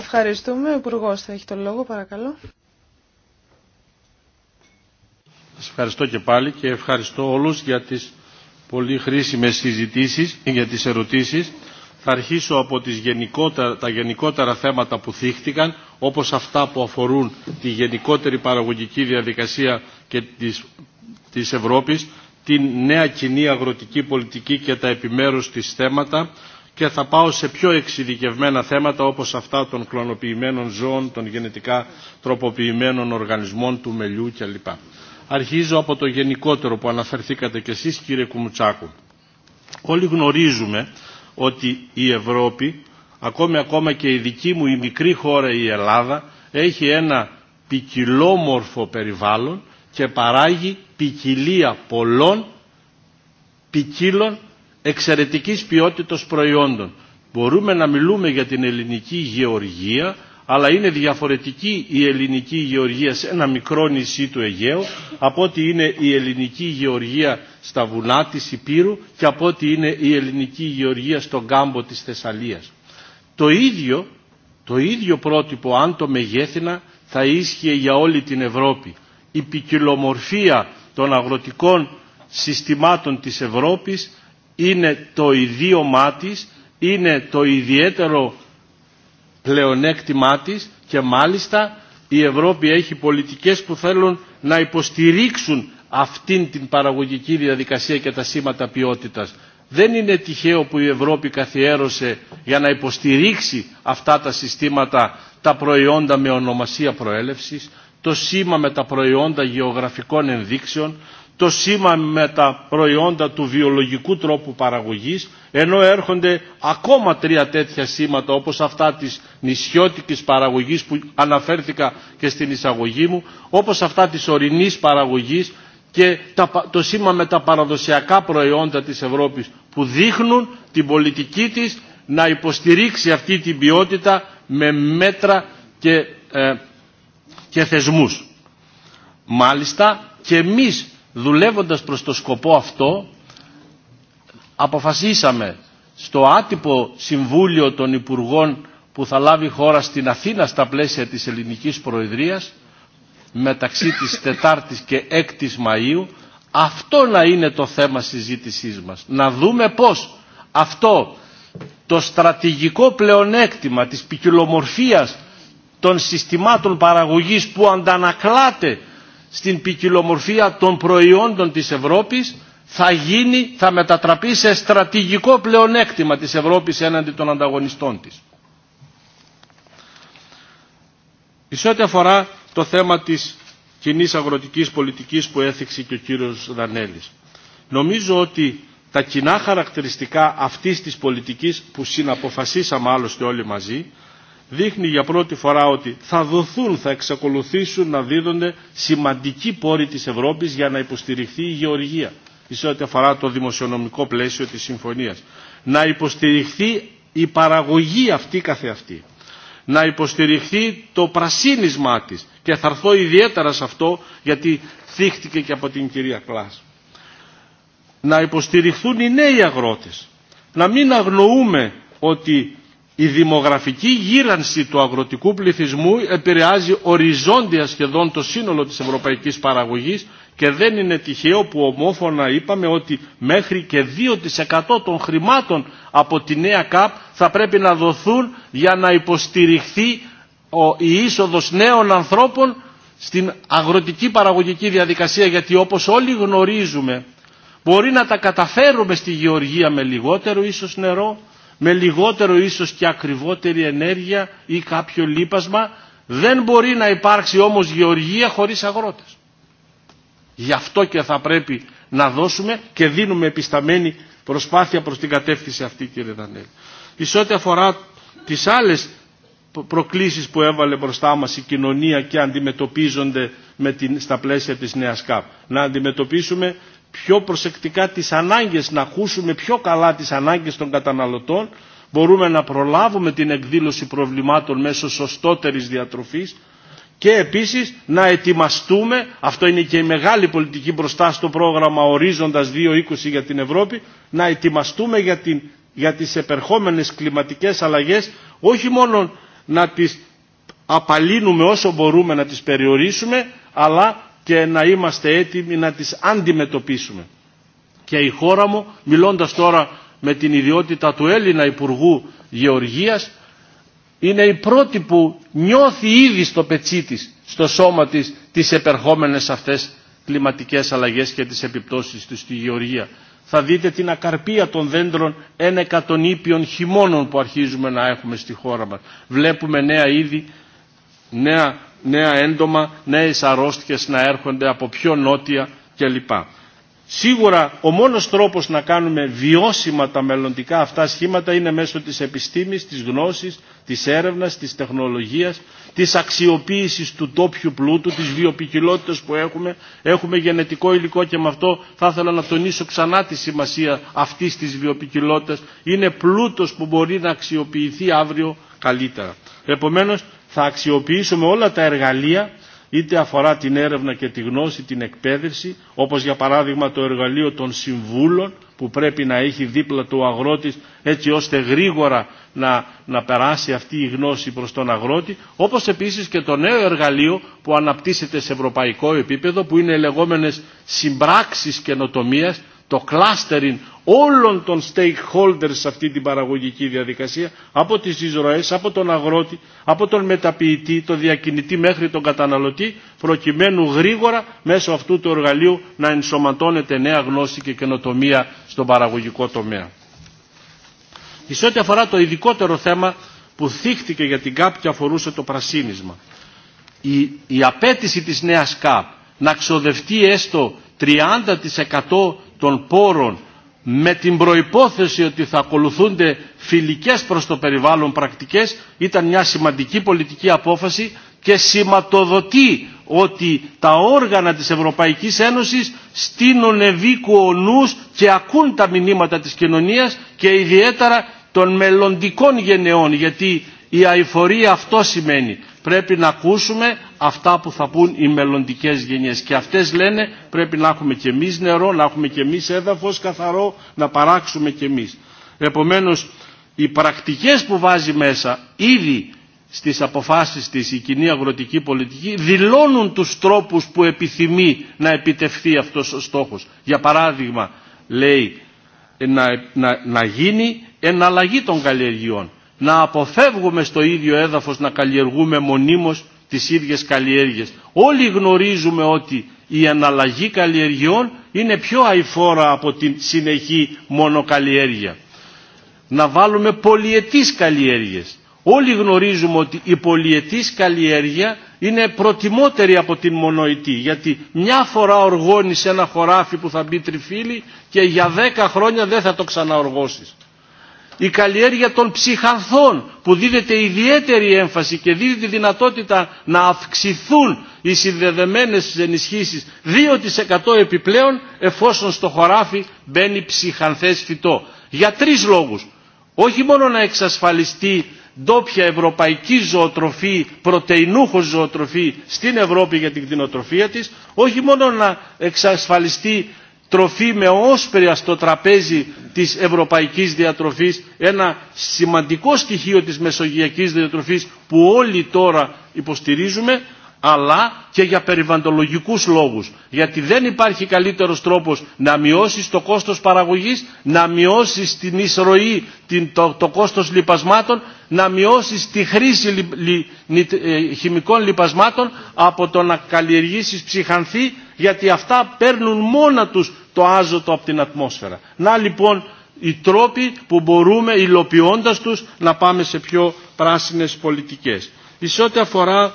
Ευχαριστούμε. Ο Υπουργό θα έχει τον λόγο, παρακαλώ. Σας ευχαριστώ και πάλι και ευχαριστώ όλους για τις πολύ χρήσιμες συζητήσεις, για τις ερωτήσεις θα αρχίσω από τις τα γενικότερα θέματα που θίχτηκαν, όπως αυτά που αφορούν τη γενικότερη παραγωγική διαδικασία και της, της Ευρώπης, την νέα κοινή αγροτική πολιτική και τα επιμέρους της θέματα και θα πάω σε πιο εξειδικευμένα θέματα όπως αυτά των κλωνοποιημένων ζώων, των γενετικά τροποποιημένων οργανισμών, του μελιού κλπ. Αρχίζω από το γενικότερο που αναφερθήκατε κι εσείς κύριε Κουμουτσάκου. Όλοι γνωρίζουμε ότι η Ευρώπη, ακόμη ακόμα και η δική μου η μικρή χώρα η Ελλάδα, έχει ένα ποικιλόμορφο περιβάλλον και παράγει ποικιλία πολλών ποικίλων εξαιρετικής ποιότητος προϊόντων. Μπορούμε να μιλούμε για την ελληνική γεωργία αλλά είναι διαφορετική η ελληνική γεωργία σε ένα μικρό νησί του Αιγαίου από ότι είναι η ελληνική γεωργία στα βουνά της Υπήρου και από ότι είναι η ελληνική γεωργία στον κάμπο της Θεσσαλίας. Το ίδιο, το ίδιο πρότυπο αν το μεγέθυνα θα ίσχυε για όλη την Ευρώπη. Η ποικιλομορφία των αγροτικών συστημάτων της Ευρώπης είναι το ιδίωμά της, είναι το ιδιαίτερο πλεονέκτημά της και μάλιστα η Ευρώπη έχει πολιτικές που θέλουν να υποστηρίξουν αυτήν την παραγωγική διαδικασία και τα σήματα ποιότητας. Δεν είναι τυχαίο που η Ευρώπη καθιέρωσε για να υποστηρίξει αυτά τα συστήματα τα προϊόντα με ονομασία προέλευσης, το σήμα με τα προϊόντα γεωγραφικών ενδείξεων, το σήμα με τα προϊόντα του βιολογικού τρόπου παραγωγής, ενώ έρχονται ακόμα τρία τέτοια σήματα όπως αυτά της νησιώτικης παραγωγής που αναφέρθηκα και στην εισαγωγή μου, όπως αυτά της ορεινής παραγωγής και το σήμα με τα παραδοσιακά προϊόντα της Ευρώπης που δείχνουν την πολιτική της να υποστηρίξει αυτή την ποιότητα με μέτρα και, ε, και θεσμούς. Μάλιστα και εμείς δουλεύοντας προς το σκοπό αυτό αποφασίσαμε στο άτυπο Συμβούλιο των Υπουργών που θα λάβει χώρα στην Αθήνα στα πλαίσια της Ελληνικής Προεδρίας μεταξύ της 4ης και 6ης Μαΐου αυτό να είναι το θέμα συζήτησής μας. Να δούμε πώς αυτό το στρατηγικό πλεονέκτημα της ποικιλομορφία των συστημάτων παραγωγής που αντανακλάται στην ποικιλομορφία των προϊόντων της Ευρώπης θα, γίνει, θα μετατραπεί σε στρατηγικό πλεονέκτημα της Ευρώπης έναντι των ανταγωνιστών της. Σε ό,τι αφορά το θέμα της κοινή αγροτικής πολιτικής που έθιξε και ο κύριος Δανέλης. Νομίζω ότι τα κοινά χαρακτηριστικά αυτής της πολιτικής που συναποφασίσαμε άλλωστε όλοι μαζί δείχνει για πρώτη φορά ότι θα δοθούν, θα εξακολουθήσουν να δίδονται σημαντικοί πόροι της Ευρώπης για να υποστηριχθεί η γεωργία σε ό,τι αφορά το δημοσιονομικό πλαίσιο της συμφωνίας. Να υποστηριχθεί η παραγωγή αυτή καθεαυτή. Να υποστηριχθεί το πρασίνισμά της. Και θα έρθω ιδιαίτερα σε αυτό γιατί θύχτηκε και από την κυρία Κλάς. Να υποστηριχθούν οι νέοι αγρότες. Να μην αγνοούμε ότι η δημογραφική γύρανση του αγροτικού πληθυσμού επηρεάζει οριζόντια σχεδόν το σύνολο της ευρωπαϊκής παραγωγής και δεν είναι τυχαίο που ομόφωνα είπαμε ότι μέχρι και 2% των χρημάτων από τη νέα ΚΑΠ θα πρέπει να δοθούν για να υποστηριχθεί η είσοδος νέων ανθρώπων στην αγροτική παραγωγική διαδικασία γιατί όπως όλοι γνωρίζουμε μπορεί να τα καταφέρουμε στη γεωργία με λιγότερο ίσως νερό, με λιγότερο ίσως και ακριβότερη ενέργεια ή κάποιο λίπασμα. Δεν μπορεί να υπάρξει όμως γεωργία χωρίς αγρότες. Γι' αυτό και θα πρέπει να δώσουμε και δίνουμε επισταμένη προσπάθεια προς την κατεύθυνση αυτή κύριε Δανέλη. Εις ό,τι αφορά τις άλλες προκλήσεις που έβαλε μπροστά μας η κοινωνία και αντιμετωπίζονται με την, στα πλαίσια της νέας ΚΑΠ. Να αντιμετωπίσουμε πιο προσεκτικά τις ανάγκες, να ακούσουμε πιο καλά τις ανάγκες των καταναλωτών, μπορούμε να προλάβουμε την εκδήλωση προβλημάτων μέσω σωστότερης διατροφής και επίσης να ετοιμαστούμε, αυτό είναι και η μεγάλη πολιτική μπροστά στο πρόγραμμα Ορίζοντας 2.20 για την Ευρώπη, να ετοιμαστούμε για, την, για τις επερχόμενες κλιματικές αλλαγές, όχι μόνο να τις απαλύνουμε όσο μπορούμε να τις περιορίσουμε, αλλά και να είμαστε έτοιμοι να τις αντιμετωπίσουμε. Και η χώρα μου, μιλώντας τώρα με την ιδιότητα του Έλληνα Υπουργού Γεωργίας, είναι η πρώτη που νιώθει ήδη στο πετσί της, στο σώμα της, τις επερχόμενες αυτές κλιματικές αλλαγές και τις επιπτώσεις της στη γεωργία. Θα δείτε την ακαρπία των δέντρων ένα εκατονίπιων χειμώνων που αρχίζουμε να έχουμε στη χώρα μας. Βλέπουμε νέα είδη, νέα νέα έντομα, νέες αρρώστιες να έρχονται από πιο νότια κλπ. Σίγουρα ο μόνος τρόπος να κάνουμε βιώσιμα τα μελλοντικά αυτά σχήματα είναι μέσω της επιστήμης, της γνώσης, της έρευνας, της τεχνολογίας, της αξιοποίησης του τόπιου πλούτου, της βιοποικιλότητας που έχουμε. Έχουμε γενετικό υλικό και με αυτό θα ήθελα να τονίσω ξανά τη σημασία αυτής της βιοπικιλότητας. Είναι πλούτος που μπορεί να αξιοποιηθεί αύριο καλύτερα. Επομένως θα αξιοποιήσουμε όλα τα εργαλεία είτε αφορά την έρευνα και τη γνώση, την εκπαίδευση, όπως για παράδειγμα το εργαλείο των συμβούλων που πρέπει να έχει δίπλα του ο αγρότης έτσι ώστε γρήγορα να, να περάσει αυτή η γνώση προς τον αγρότη, όπως επίσης και το νέο εργαλείο που αναπτύσσεται σε ευρωπαϊκό επίπεδο που είναι οι λεγόμενες συμπράξεις καινοτομίας το clustering όλων των stakeholders σε αυτή την παραγωγική διαδικασία, από τις εισρωές, από τον αγρότη, από τον μεταποιητή, τον διακινητή μέχρι τον καταναλωτή, προκειμένου γρήγορα μέσω αυτού του εργαλείου να ενσωματώνεται νέα γνώση και καινοτομία στον παραγωγικό τομέα. Και σε ό,τι αφορά το ειδικότερο θέμα που θύχτηκε για την ΚΑΠ και αφορούσε το πρασίνισμα. Η, απέτηση της νέας ΚΑΠ να ξοδευτεί έστω 30% των πόρων με την προϋπόθεση ότι θα ακολουθούνται φιλικές προς το περιβάλλον πρακτικές ήταν μια σημαντική πολιτική απόφαση και σηματοδοτεί ότι τα όργανα της Ευρωπαϊκής Ένωσης στείνουν ο νους και ακούν τα μηνύματα της κοινωνίας και ιδιαίτερα των μελλοντικών γενεών γιατί η αηφορία αυτό σημαίνει πρέπει να ακούσουμε αυτά που θα πούν οι μελλοντικέ γενιές. Και αυτές λένε πρέπει να έχουμε και εμείς νερό, να έχουμε και εμείς έδαφος καθαρό, να παράξουμε και εμείς. Επομένως, οι πρακτικές που βάζει μέσα ήδη στις αποφάσεις της η κοινή αγροτική πολιτική δηλώνουν τους τρόπους που επιθυμεί να επιτευχθεί αυτός ο στόχος. Για παράδειγμα, λέει να, να, να γίνει εναλλαγή των καλλιεργειών να αποφεύγουμε στο ίδιο έδαφος να καλλιεργούμε μονίμως τις ίδιες καλλιέργειες. Όλοι γνωρίζουμε ότι η αναλλαγή καλλιεργειών είναι πιο αηφόρα από την συνεχή μονοκαλλιέργεια. Να βάλουμε πολιετής καλλιέργειες. Όλοι γνωρίζουμε ότι η πολιετής καλλιέργεια είναι προτιμότερη από την μονοητή γιατί μια φορά οργώνεις ένα χωράφι που θα μπει τριφύλι και για δέκα χρόνια δεν θα το ξαναοργώσεις η καλλιέργεια των ψυχανθών που δίδεται ιδιαίτερη έμφαση και δίδει τη δυνατότητα να αυξηθούν οι συνδεδεμένες ενισχύσεις 2% επιπλέον εφόσον στο χωράφι μπαίνει ψυχανθές φυτό. Για τρεις λόγους. Όχι μόνο να εξασφαλιστεί ντόπια ευρωπαϊκή ζωοτροφή, πρωτεϊνούχος ζωοτροφή στην Ευρώπη για την κτηνοτροφία της, όχι μόνο να εξασφαλιστεί τροφή με όσπρια στο τραπέζι της ευρωπαϊκής διατροφής, ένα σημαντικό στοιχείο της μεσογειακής διατροφής που όλοι τώρα υποστηρίζουμε, αλλά και για περιβαντολογικούς λόγους. Γιατί δεν υπάρχει καλύτερος τρόπος να μειώσεις το κόστος παραγωγής, να μειώσεις την εισρωή, την, το, το κόστος λιπασμάτων, να μειώσεις τη χρήση ε, χημικών λιπασμάτων από το να καλλιεργήσεις ψυχανθή, γιατί αυτά παίρνουν μόνα τους το άζωτο από την ατμόσφαιρα. Να λοιπόν οι τρόποι που μπορούμε υλοποιώντας τους να πάμε σε πιο πράσινες πολιτικές. Σε ό,τι αφορά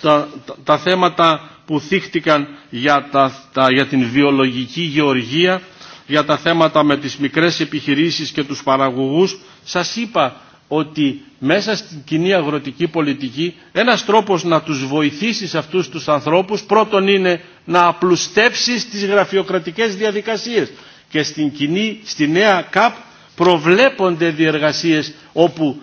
τα, τα, θέματα που θύχτηκαν για, τα, για την βιολογική γεωργία, για τα θέματα με τις μικρές επιχειρήσεις και τους παραγωγούς, σας είπα ότι μέσα στην κοινή αγροτική πολιτική ένας τρόπος να τους βοηθήσεις αυτούς τους ανθρώπους πρώτον είναι να απλουστέψεις τις γραφειοκρατικές διαδικασίες και στην κοινή, στη νέα ΚΑΠ προβλέπονται διεργασίες όπου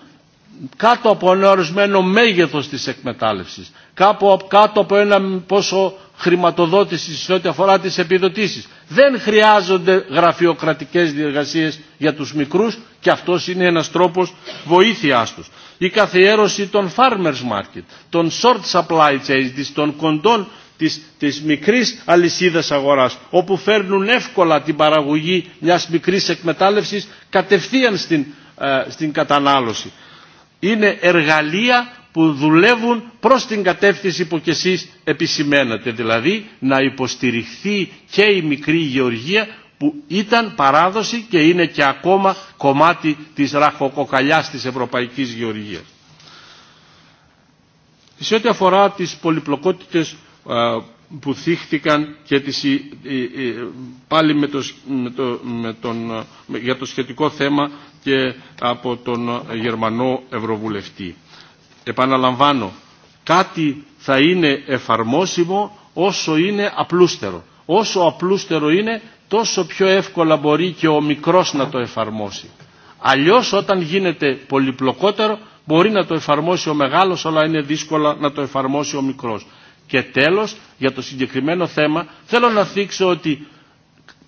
κάτω από ένα ορισμένο μέγεθος της εκμετάλλευσης κάτω από ένα πόσο χρηματοδότησης σε ό,τι αφορά τις επιδοτήσεις. Δεν χρειάζονται γραφειοκρατικές διεργασίες για τους μικρούς και αυτός είναι ένας τρόπος βοήθειάς τους. Η καθιέρωση των farmers market, των short supply chains, των κοντών της, της μικρής αλυσίδας αγοράς όπου φέρνουν εύκολα την παραγωγή μιας μικρής εκμετάλλευσης κατευθείαν στην, ε, στην κατανάλωση. Είναι εργαλεία που δουλεύουν προς την κατεύθυνση που κι εσείς επισημένατε, Δηλαδή να υποστηριχθεί και η μικρή γεωργία που ήταν παράδοση και είναι και ακόμα κομμάτι της ραχοκοκαλιάς της ευρωπαϊκής γεωργίας. Σε ό,τι αφορά τις πολυπλοκότητες ε, που θύχτηκαν και τις, ε, ε, πάλι με τον, για το σχετικό θέμα και από τον Γερμανό Ευρωβουλευτή επαναλαμβάνω, κάτι θα είναι εφαρμόσιμο όσο είναι απλούστερο. Όσο απλούστερο είναι, τόσο πιο εύκολα μπορεί και ο μικρός να το εφαρμόσει. Αλλιώς όταν γίνεται πολυπλοκότερο, μπορεί να το εφαρμόσει ο μεγάλος, αλλά είναι δύσκολα να το εφαρμόσει ο μικρός. Και τέλος, για το συγκεκριμένο θέμα, θέλω να θίξω ότι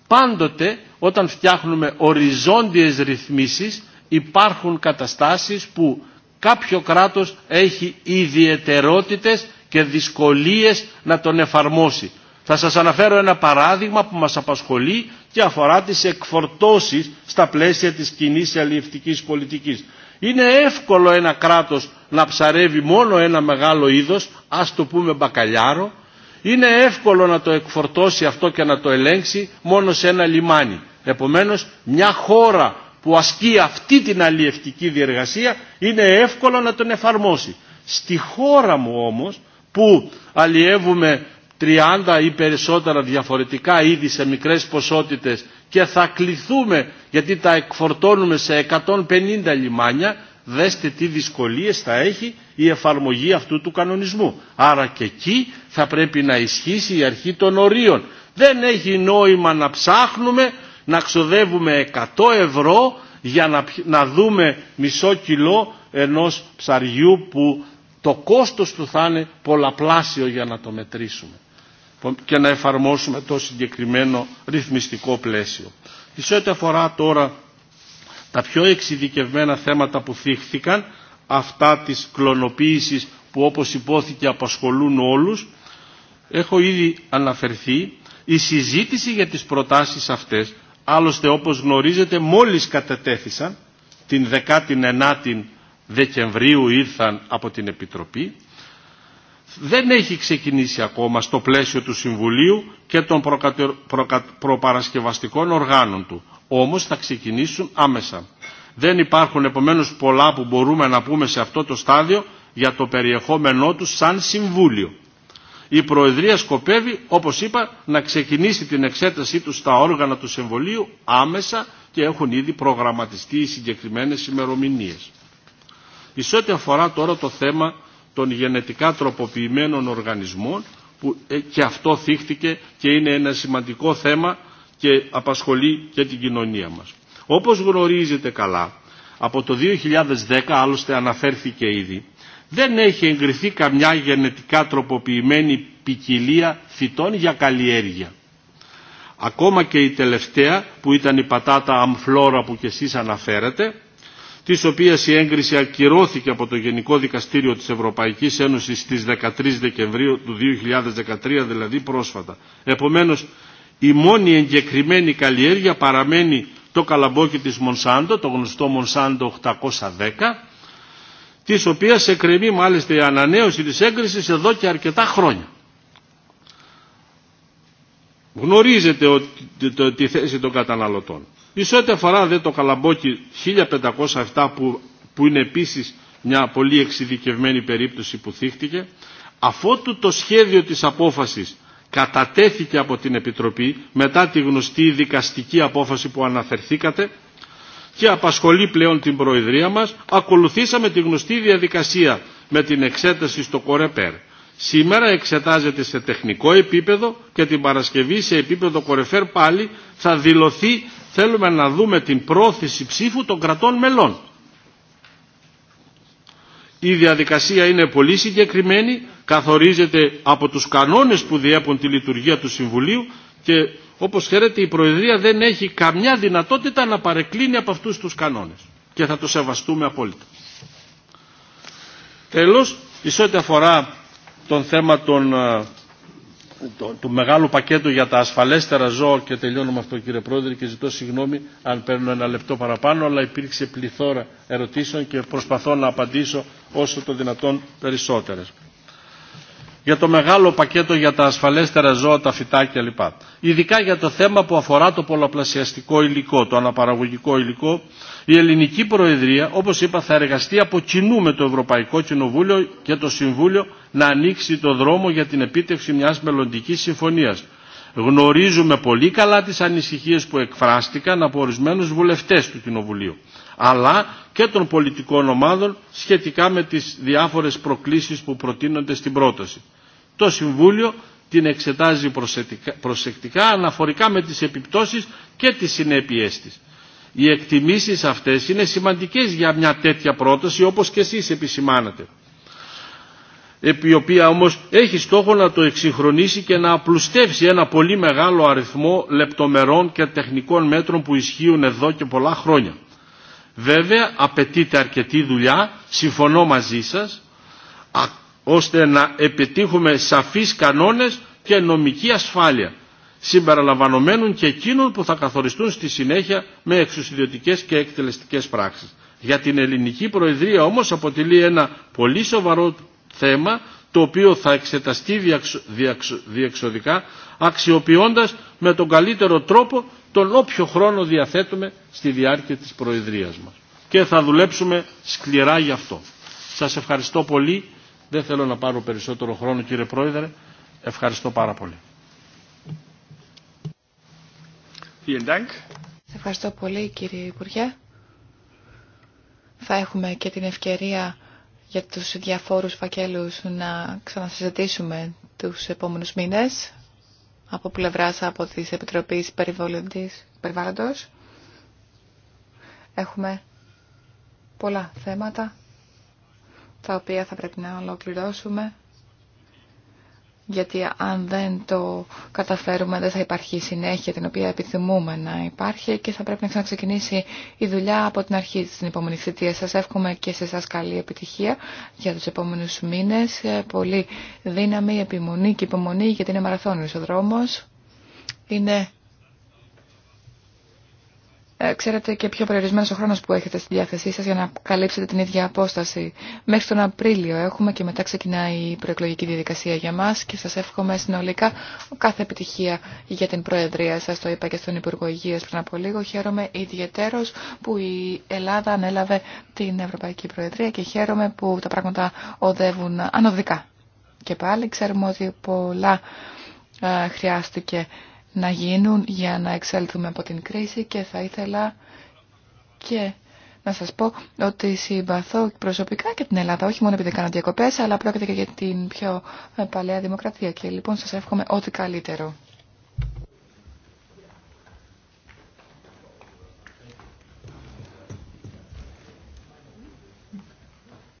πάντοτε όταν φτιάχνουμε οριζόντιες ρυθμίσεις, υπάρχουν καταστάσεις που κάποιο κράτος έχει ιδιαιτερότητες και δυσκολίες να τον εφαρμόσει. Θα σας αναφέρω ένα παράδειγμα που μας απασχολεί και αφορά τις εκφορτώσεις στα πλαίσια της κοινή αλληλευτικής πολιτικής. Είναι εύκολο ένα κράτος να ψαρεύει μόνο ένα μεγάλο είδος, ας το πούμε μπακαλιάρο, είναι εύκολο να το εκφορτώσει αυτό και να το ελέγξει μόνο σε ένα λιμάνι. Επομένως μια χώρα που ασκεί αυτή την αλλιευτική διεργασία είναι εύκολο να τον εφαρμόσει. Στη χώρα μου όμως που αλλιεύουμε 30 ή περισσότερα διαφορετικά είδη σε μικρές ποσότητες και θα κληθούμε γιατί τα εκφορτώνουμε σε 150 λιμάνια, δέστε τι δυσκολίες θα έχει η εφαρμογή αυτού του κανονισμού. Άρα και εκεί θα πρέπει να ισχύσει η αρχή των ορίων. Δεν έχει νόημα να ψάχνουμε να ξοδεύουμε 100 ευρώ για να δούμε μισό κιλό ενός ψαριού που το κόστος του θα είναι πολλαπλάσιο για να το μετρήσουμε και να εφαρμόσουμε το συγκεκριμένο ρυθμιστικό πλαίσιο. Σε ό,τι αφορά τώρα τα πιο εξειδικευμένα θέματα που θύχθηκαν, αυτά της κλωνοποίησης που όπως υπόθηκε απασχολούν όλους, έχω ήδη αναφερθεί, η συζήτηση για τις προτάσεις αυτές Άλλωστε όπως γνωρίζετε μόλις κατετέθησαν την 19η Δεκεμβρίου ήρθαν από την Επιτροπή δεν έχει ξεκινήσει ακόμα στο πλαίσιο του Συμβουλίου και των προκατε... προπαρασκευαστικών οργάνων του. Όμως θα ξεκινήσουν άμεσα. Δεν υπάρχουν επομένως πολλά που μπορούμε να πούμε σε αυτό το στάδιο για το περιεχόμενό του σαν Συμβούλιο. Η Προεδρία σκοπεύει, όπως είπα, να ξεκινήσει την εξέτασή του στα όργανα του Συμβολίου άμεσα και έχουν ήδη προγραμματιστεί οι συγκεκριμένες ημερομηνίες. Σε ό,τι αφορά τώρα το θέμα των γενετικά τροποποιημένων οργανισμών, που ε, και αυτό θύχτηκε και είναι ένα σημαντικό θέμα και απασχολεί και την κοινωνία μας. Όπως γνωρίζετε καλά, από το 2010 άλλωστε αναφέρθηκε ήδη, δεν έχει εγκριθεί καμιά γενετικά τροποποιημένη ποικιλία φυτών για καλλιέργεια. Ακόμα και η τελευταία που ήταν η πατάτα αμφλόρα που κι εσείς αναφέρετε, της οποίας η έγκριση ακυρώθηκε από το Γενικό Δικαστήριο της Ευρωπαϊκής Ένωσης στις 13 Δεκεμβρίου του 2013, δηλαδή πρόσφατα. Επομένως, η μόνη εγκεκριμένη καλλιέργεια παραμένει το καλαμπόκι της Μονσάντο, το γνωστό Μονσάντο 810, της σε εκκρεμεί μάλιστα η ανανέωση της έγκρισης εδώ και αρκετά χρόνια. Γνωρίζετε ότι, το, τη θέση των καταναλωτών. Ίσως ό,τι αφορά το καλαμπόκι 1507 που, που είναι επίσης μια πολύ εξειδικευμένη περίπτωση που θύχτηκε, αφότου το σχέδιο της απόφασης κατατέθηκε από την Επιτροπή μετά τη γνωστή δικαστική απόφαση που αναφερθήκατε, και απασχολεί πλέον την Προεδρία μας, ακολουθήσαμε τη γνωστή διαδικασία με την εξέταση στο Κορεπέρ. Σήμερα εξετάζεται σε τεχνικό επίπεδο και την Παρασκευή σε επίπεδο Κορεφέρ πάλι θα δηλωθεί θέλουμε να δούμε την πρόθεση ψήφου των κρατών μελών. Η διαδικασία είναι πολύ συγκεκριμένη, καθορίζεται από τους κανόνες που διέπουν τη λειτουργία του Συμβουλίου και όπως ξέρετε η Προεδρία δεν έχει καμιά δυνατότητα να παρεκκλίνει από αυτούς τους κανόνες και θα το σεβαστούμε απόλυτα. Τέλος, σε ό,τι αφορά τον θέμα των, ε, του μεγάλου πακέτου για τα ασφαλέστερα ζώα και τελειώνω με αυτό κύριε Πρόεδρε και ζητώ συγγνώμη αν παίρνω ένα λεπτό παραπάνω αλλά υπήρξε πληθώρα ερωτήσεων και προσπαθώ να απαντήσω όσο το δυνατόν περισσότερες για το μεγάλο πακέτο για τα ασφαλέστερα ζώα, τα φυτά κλπ. Ειδικά για το θέμα που αφορά το πολλαπλασιαστικό υλικό, το αναπαραγωγικό υλικό, η Ελληνική Προεδρία, όπως είπα, θα εργαστεί από κοινού με το Ευρωπαϊκό Κοινοβούλιο και το Συμβούλιο να ανοίξει το δρόμο για την επίτευξη μιας μελλοντική συμφωνίας. Γνωρίζουμε πολύ καλά τις ανησυχίες που εκφράστηκαν από ορισμένου βουλευτές του Κοινοβουλίου αλλά και των πολιτικών ομάδων σχετικά με τις διάφορες προκλήσεις που προτείνονται στην πρόταση. Το Συμβούλιο την εξετάζει προσεκτικά αναφορικά με τις επιπτώσεις και τις συνέπειές της. Οι εκτιμήσεις αυτές είναι σημαντικές για μια τέτοια πρόταση όπως και εσείς επισημάνατε Επι οποία όμως έχει στόχο να το εξυγχρονίσει και να απλουστεύσει ένα πολύ μεγάλο αριθμό λεπτομερών και τεχνικών μέτρων που ισχύουν εδώ και πολλά χρόνια. Βέβαια απαιτείται αρκετή δουλειά, συμφωνώ μαζί σας, ώστε να επιτύχουμε σαφείς κανόνες και νομική ασφάλεια, συμπεραλαμβανομένων και εκείνων που θα καθοριστούν στη συνέχεια με εξουσιδιωτικές και εκτελεστικές πράξεις. Για την ελληνική προεδρία όμως αποτελεί ένα πολύ σοβαρό θέμα το οποίο θα εξεταστεί διεξοδικά αξιοποιώντας με τον καλύτερο τρόπο τον όποιο χρόνο διαθέτουμε στη διάρκεια της Προεδρίας μας. Και θα δουλέψουμε σκληρά γι' αυτό. Σας ευχαριστώ πολύ. Δεν θέλω να πάρω περισσότερο χρόνο κύριε Πρόεδρε. Ευχαριστώ πάρα πολύ. Σας ευχαριστώ πολύ κύριε Υπουργέ. Θα έχουμε και την ευκαιρία για τους διαφόρους φακέλους να ξανασυζητήσουμε τους επόμενους μήνες από πλευράς από τις Επιτροπής Περιβάλλοντος. Έχουμε πολλά θέματα τα οποία θα πρέπει να ολοκληρώσουμε γιατί αν δεν το καταφέρουμε δεν θα υπάρχει συνέχεια την οποία επιθυμούμε να υπάρχει και θα πρέπει να ξαναξεκινήσει η δουλειά από την αρχή στην επόμενη θητεία. Σας εύχομαι και σε σας καλή επιτυχία για τους επόμενους μήνες. Ε, πολύ δύναμη, επιμονή και υπομονή γιατί είναι μαραθώνιος ο δρόμος. Είναι ε, ξέρετε και πιο περιορισμένο ο χρόνος που έχετε στη διάθεσή σα για να καλύψετε την ίδια απόσταση. Μέχρι τον Απρίλιο έχουμε και μετά ξεκινάει η προεκλογική διαδικασία για μα και σα εύχομαι συνολικά κάθε επιτυχία για την Προεδρία. σα το είπα και στον Υπουργό Υγεία πριν από λίγο. Χαίρομαι ιδιαίτερω που η Ελλάδα ανέλαβε την Ευρωπαϊκή Προεδρία και χαίρομαι που τα πράγματα οδεύουν ανωδικά. Και πάλι ξέρουμε ότι πολλά ε, χρειάστηκε να γίνουν για να εξέλθουμε από την κρίση και θα ήθελα και να σας πω ότι συμπαθώ προσωπικά και την Ελλάδα, όχι μόνο επειδή κάνω διακοπές, αλλά πρόκειται και για την πιο ε, παλαιά δημοκρατία και λοιπόν σας εύχομαι ό,τι καλύτερο.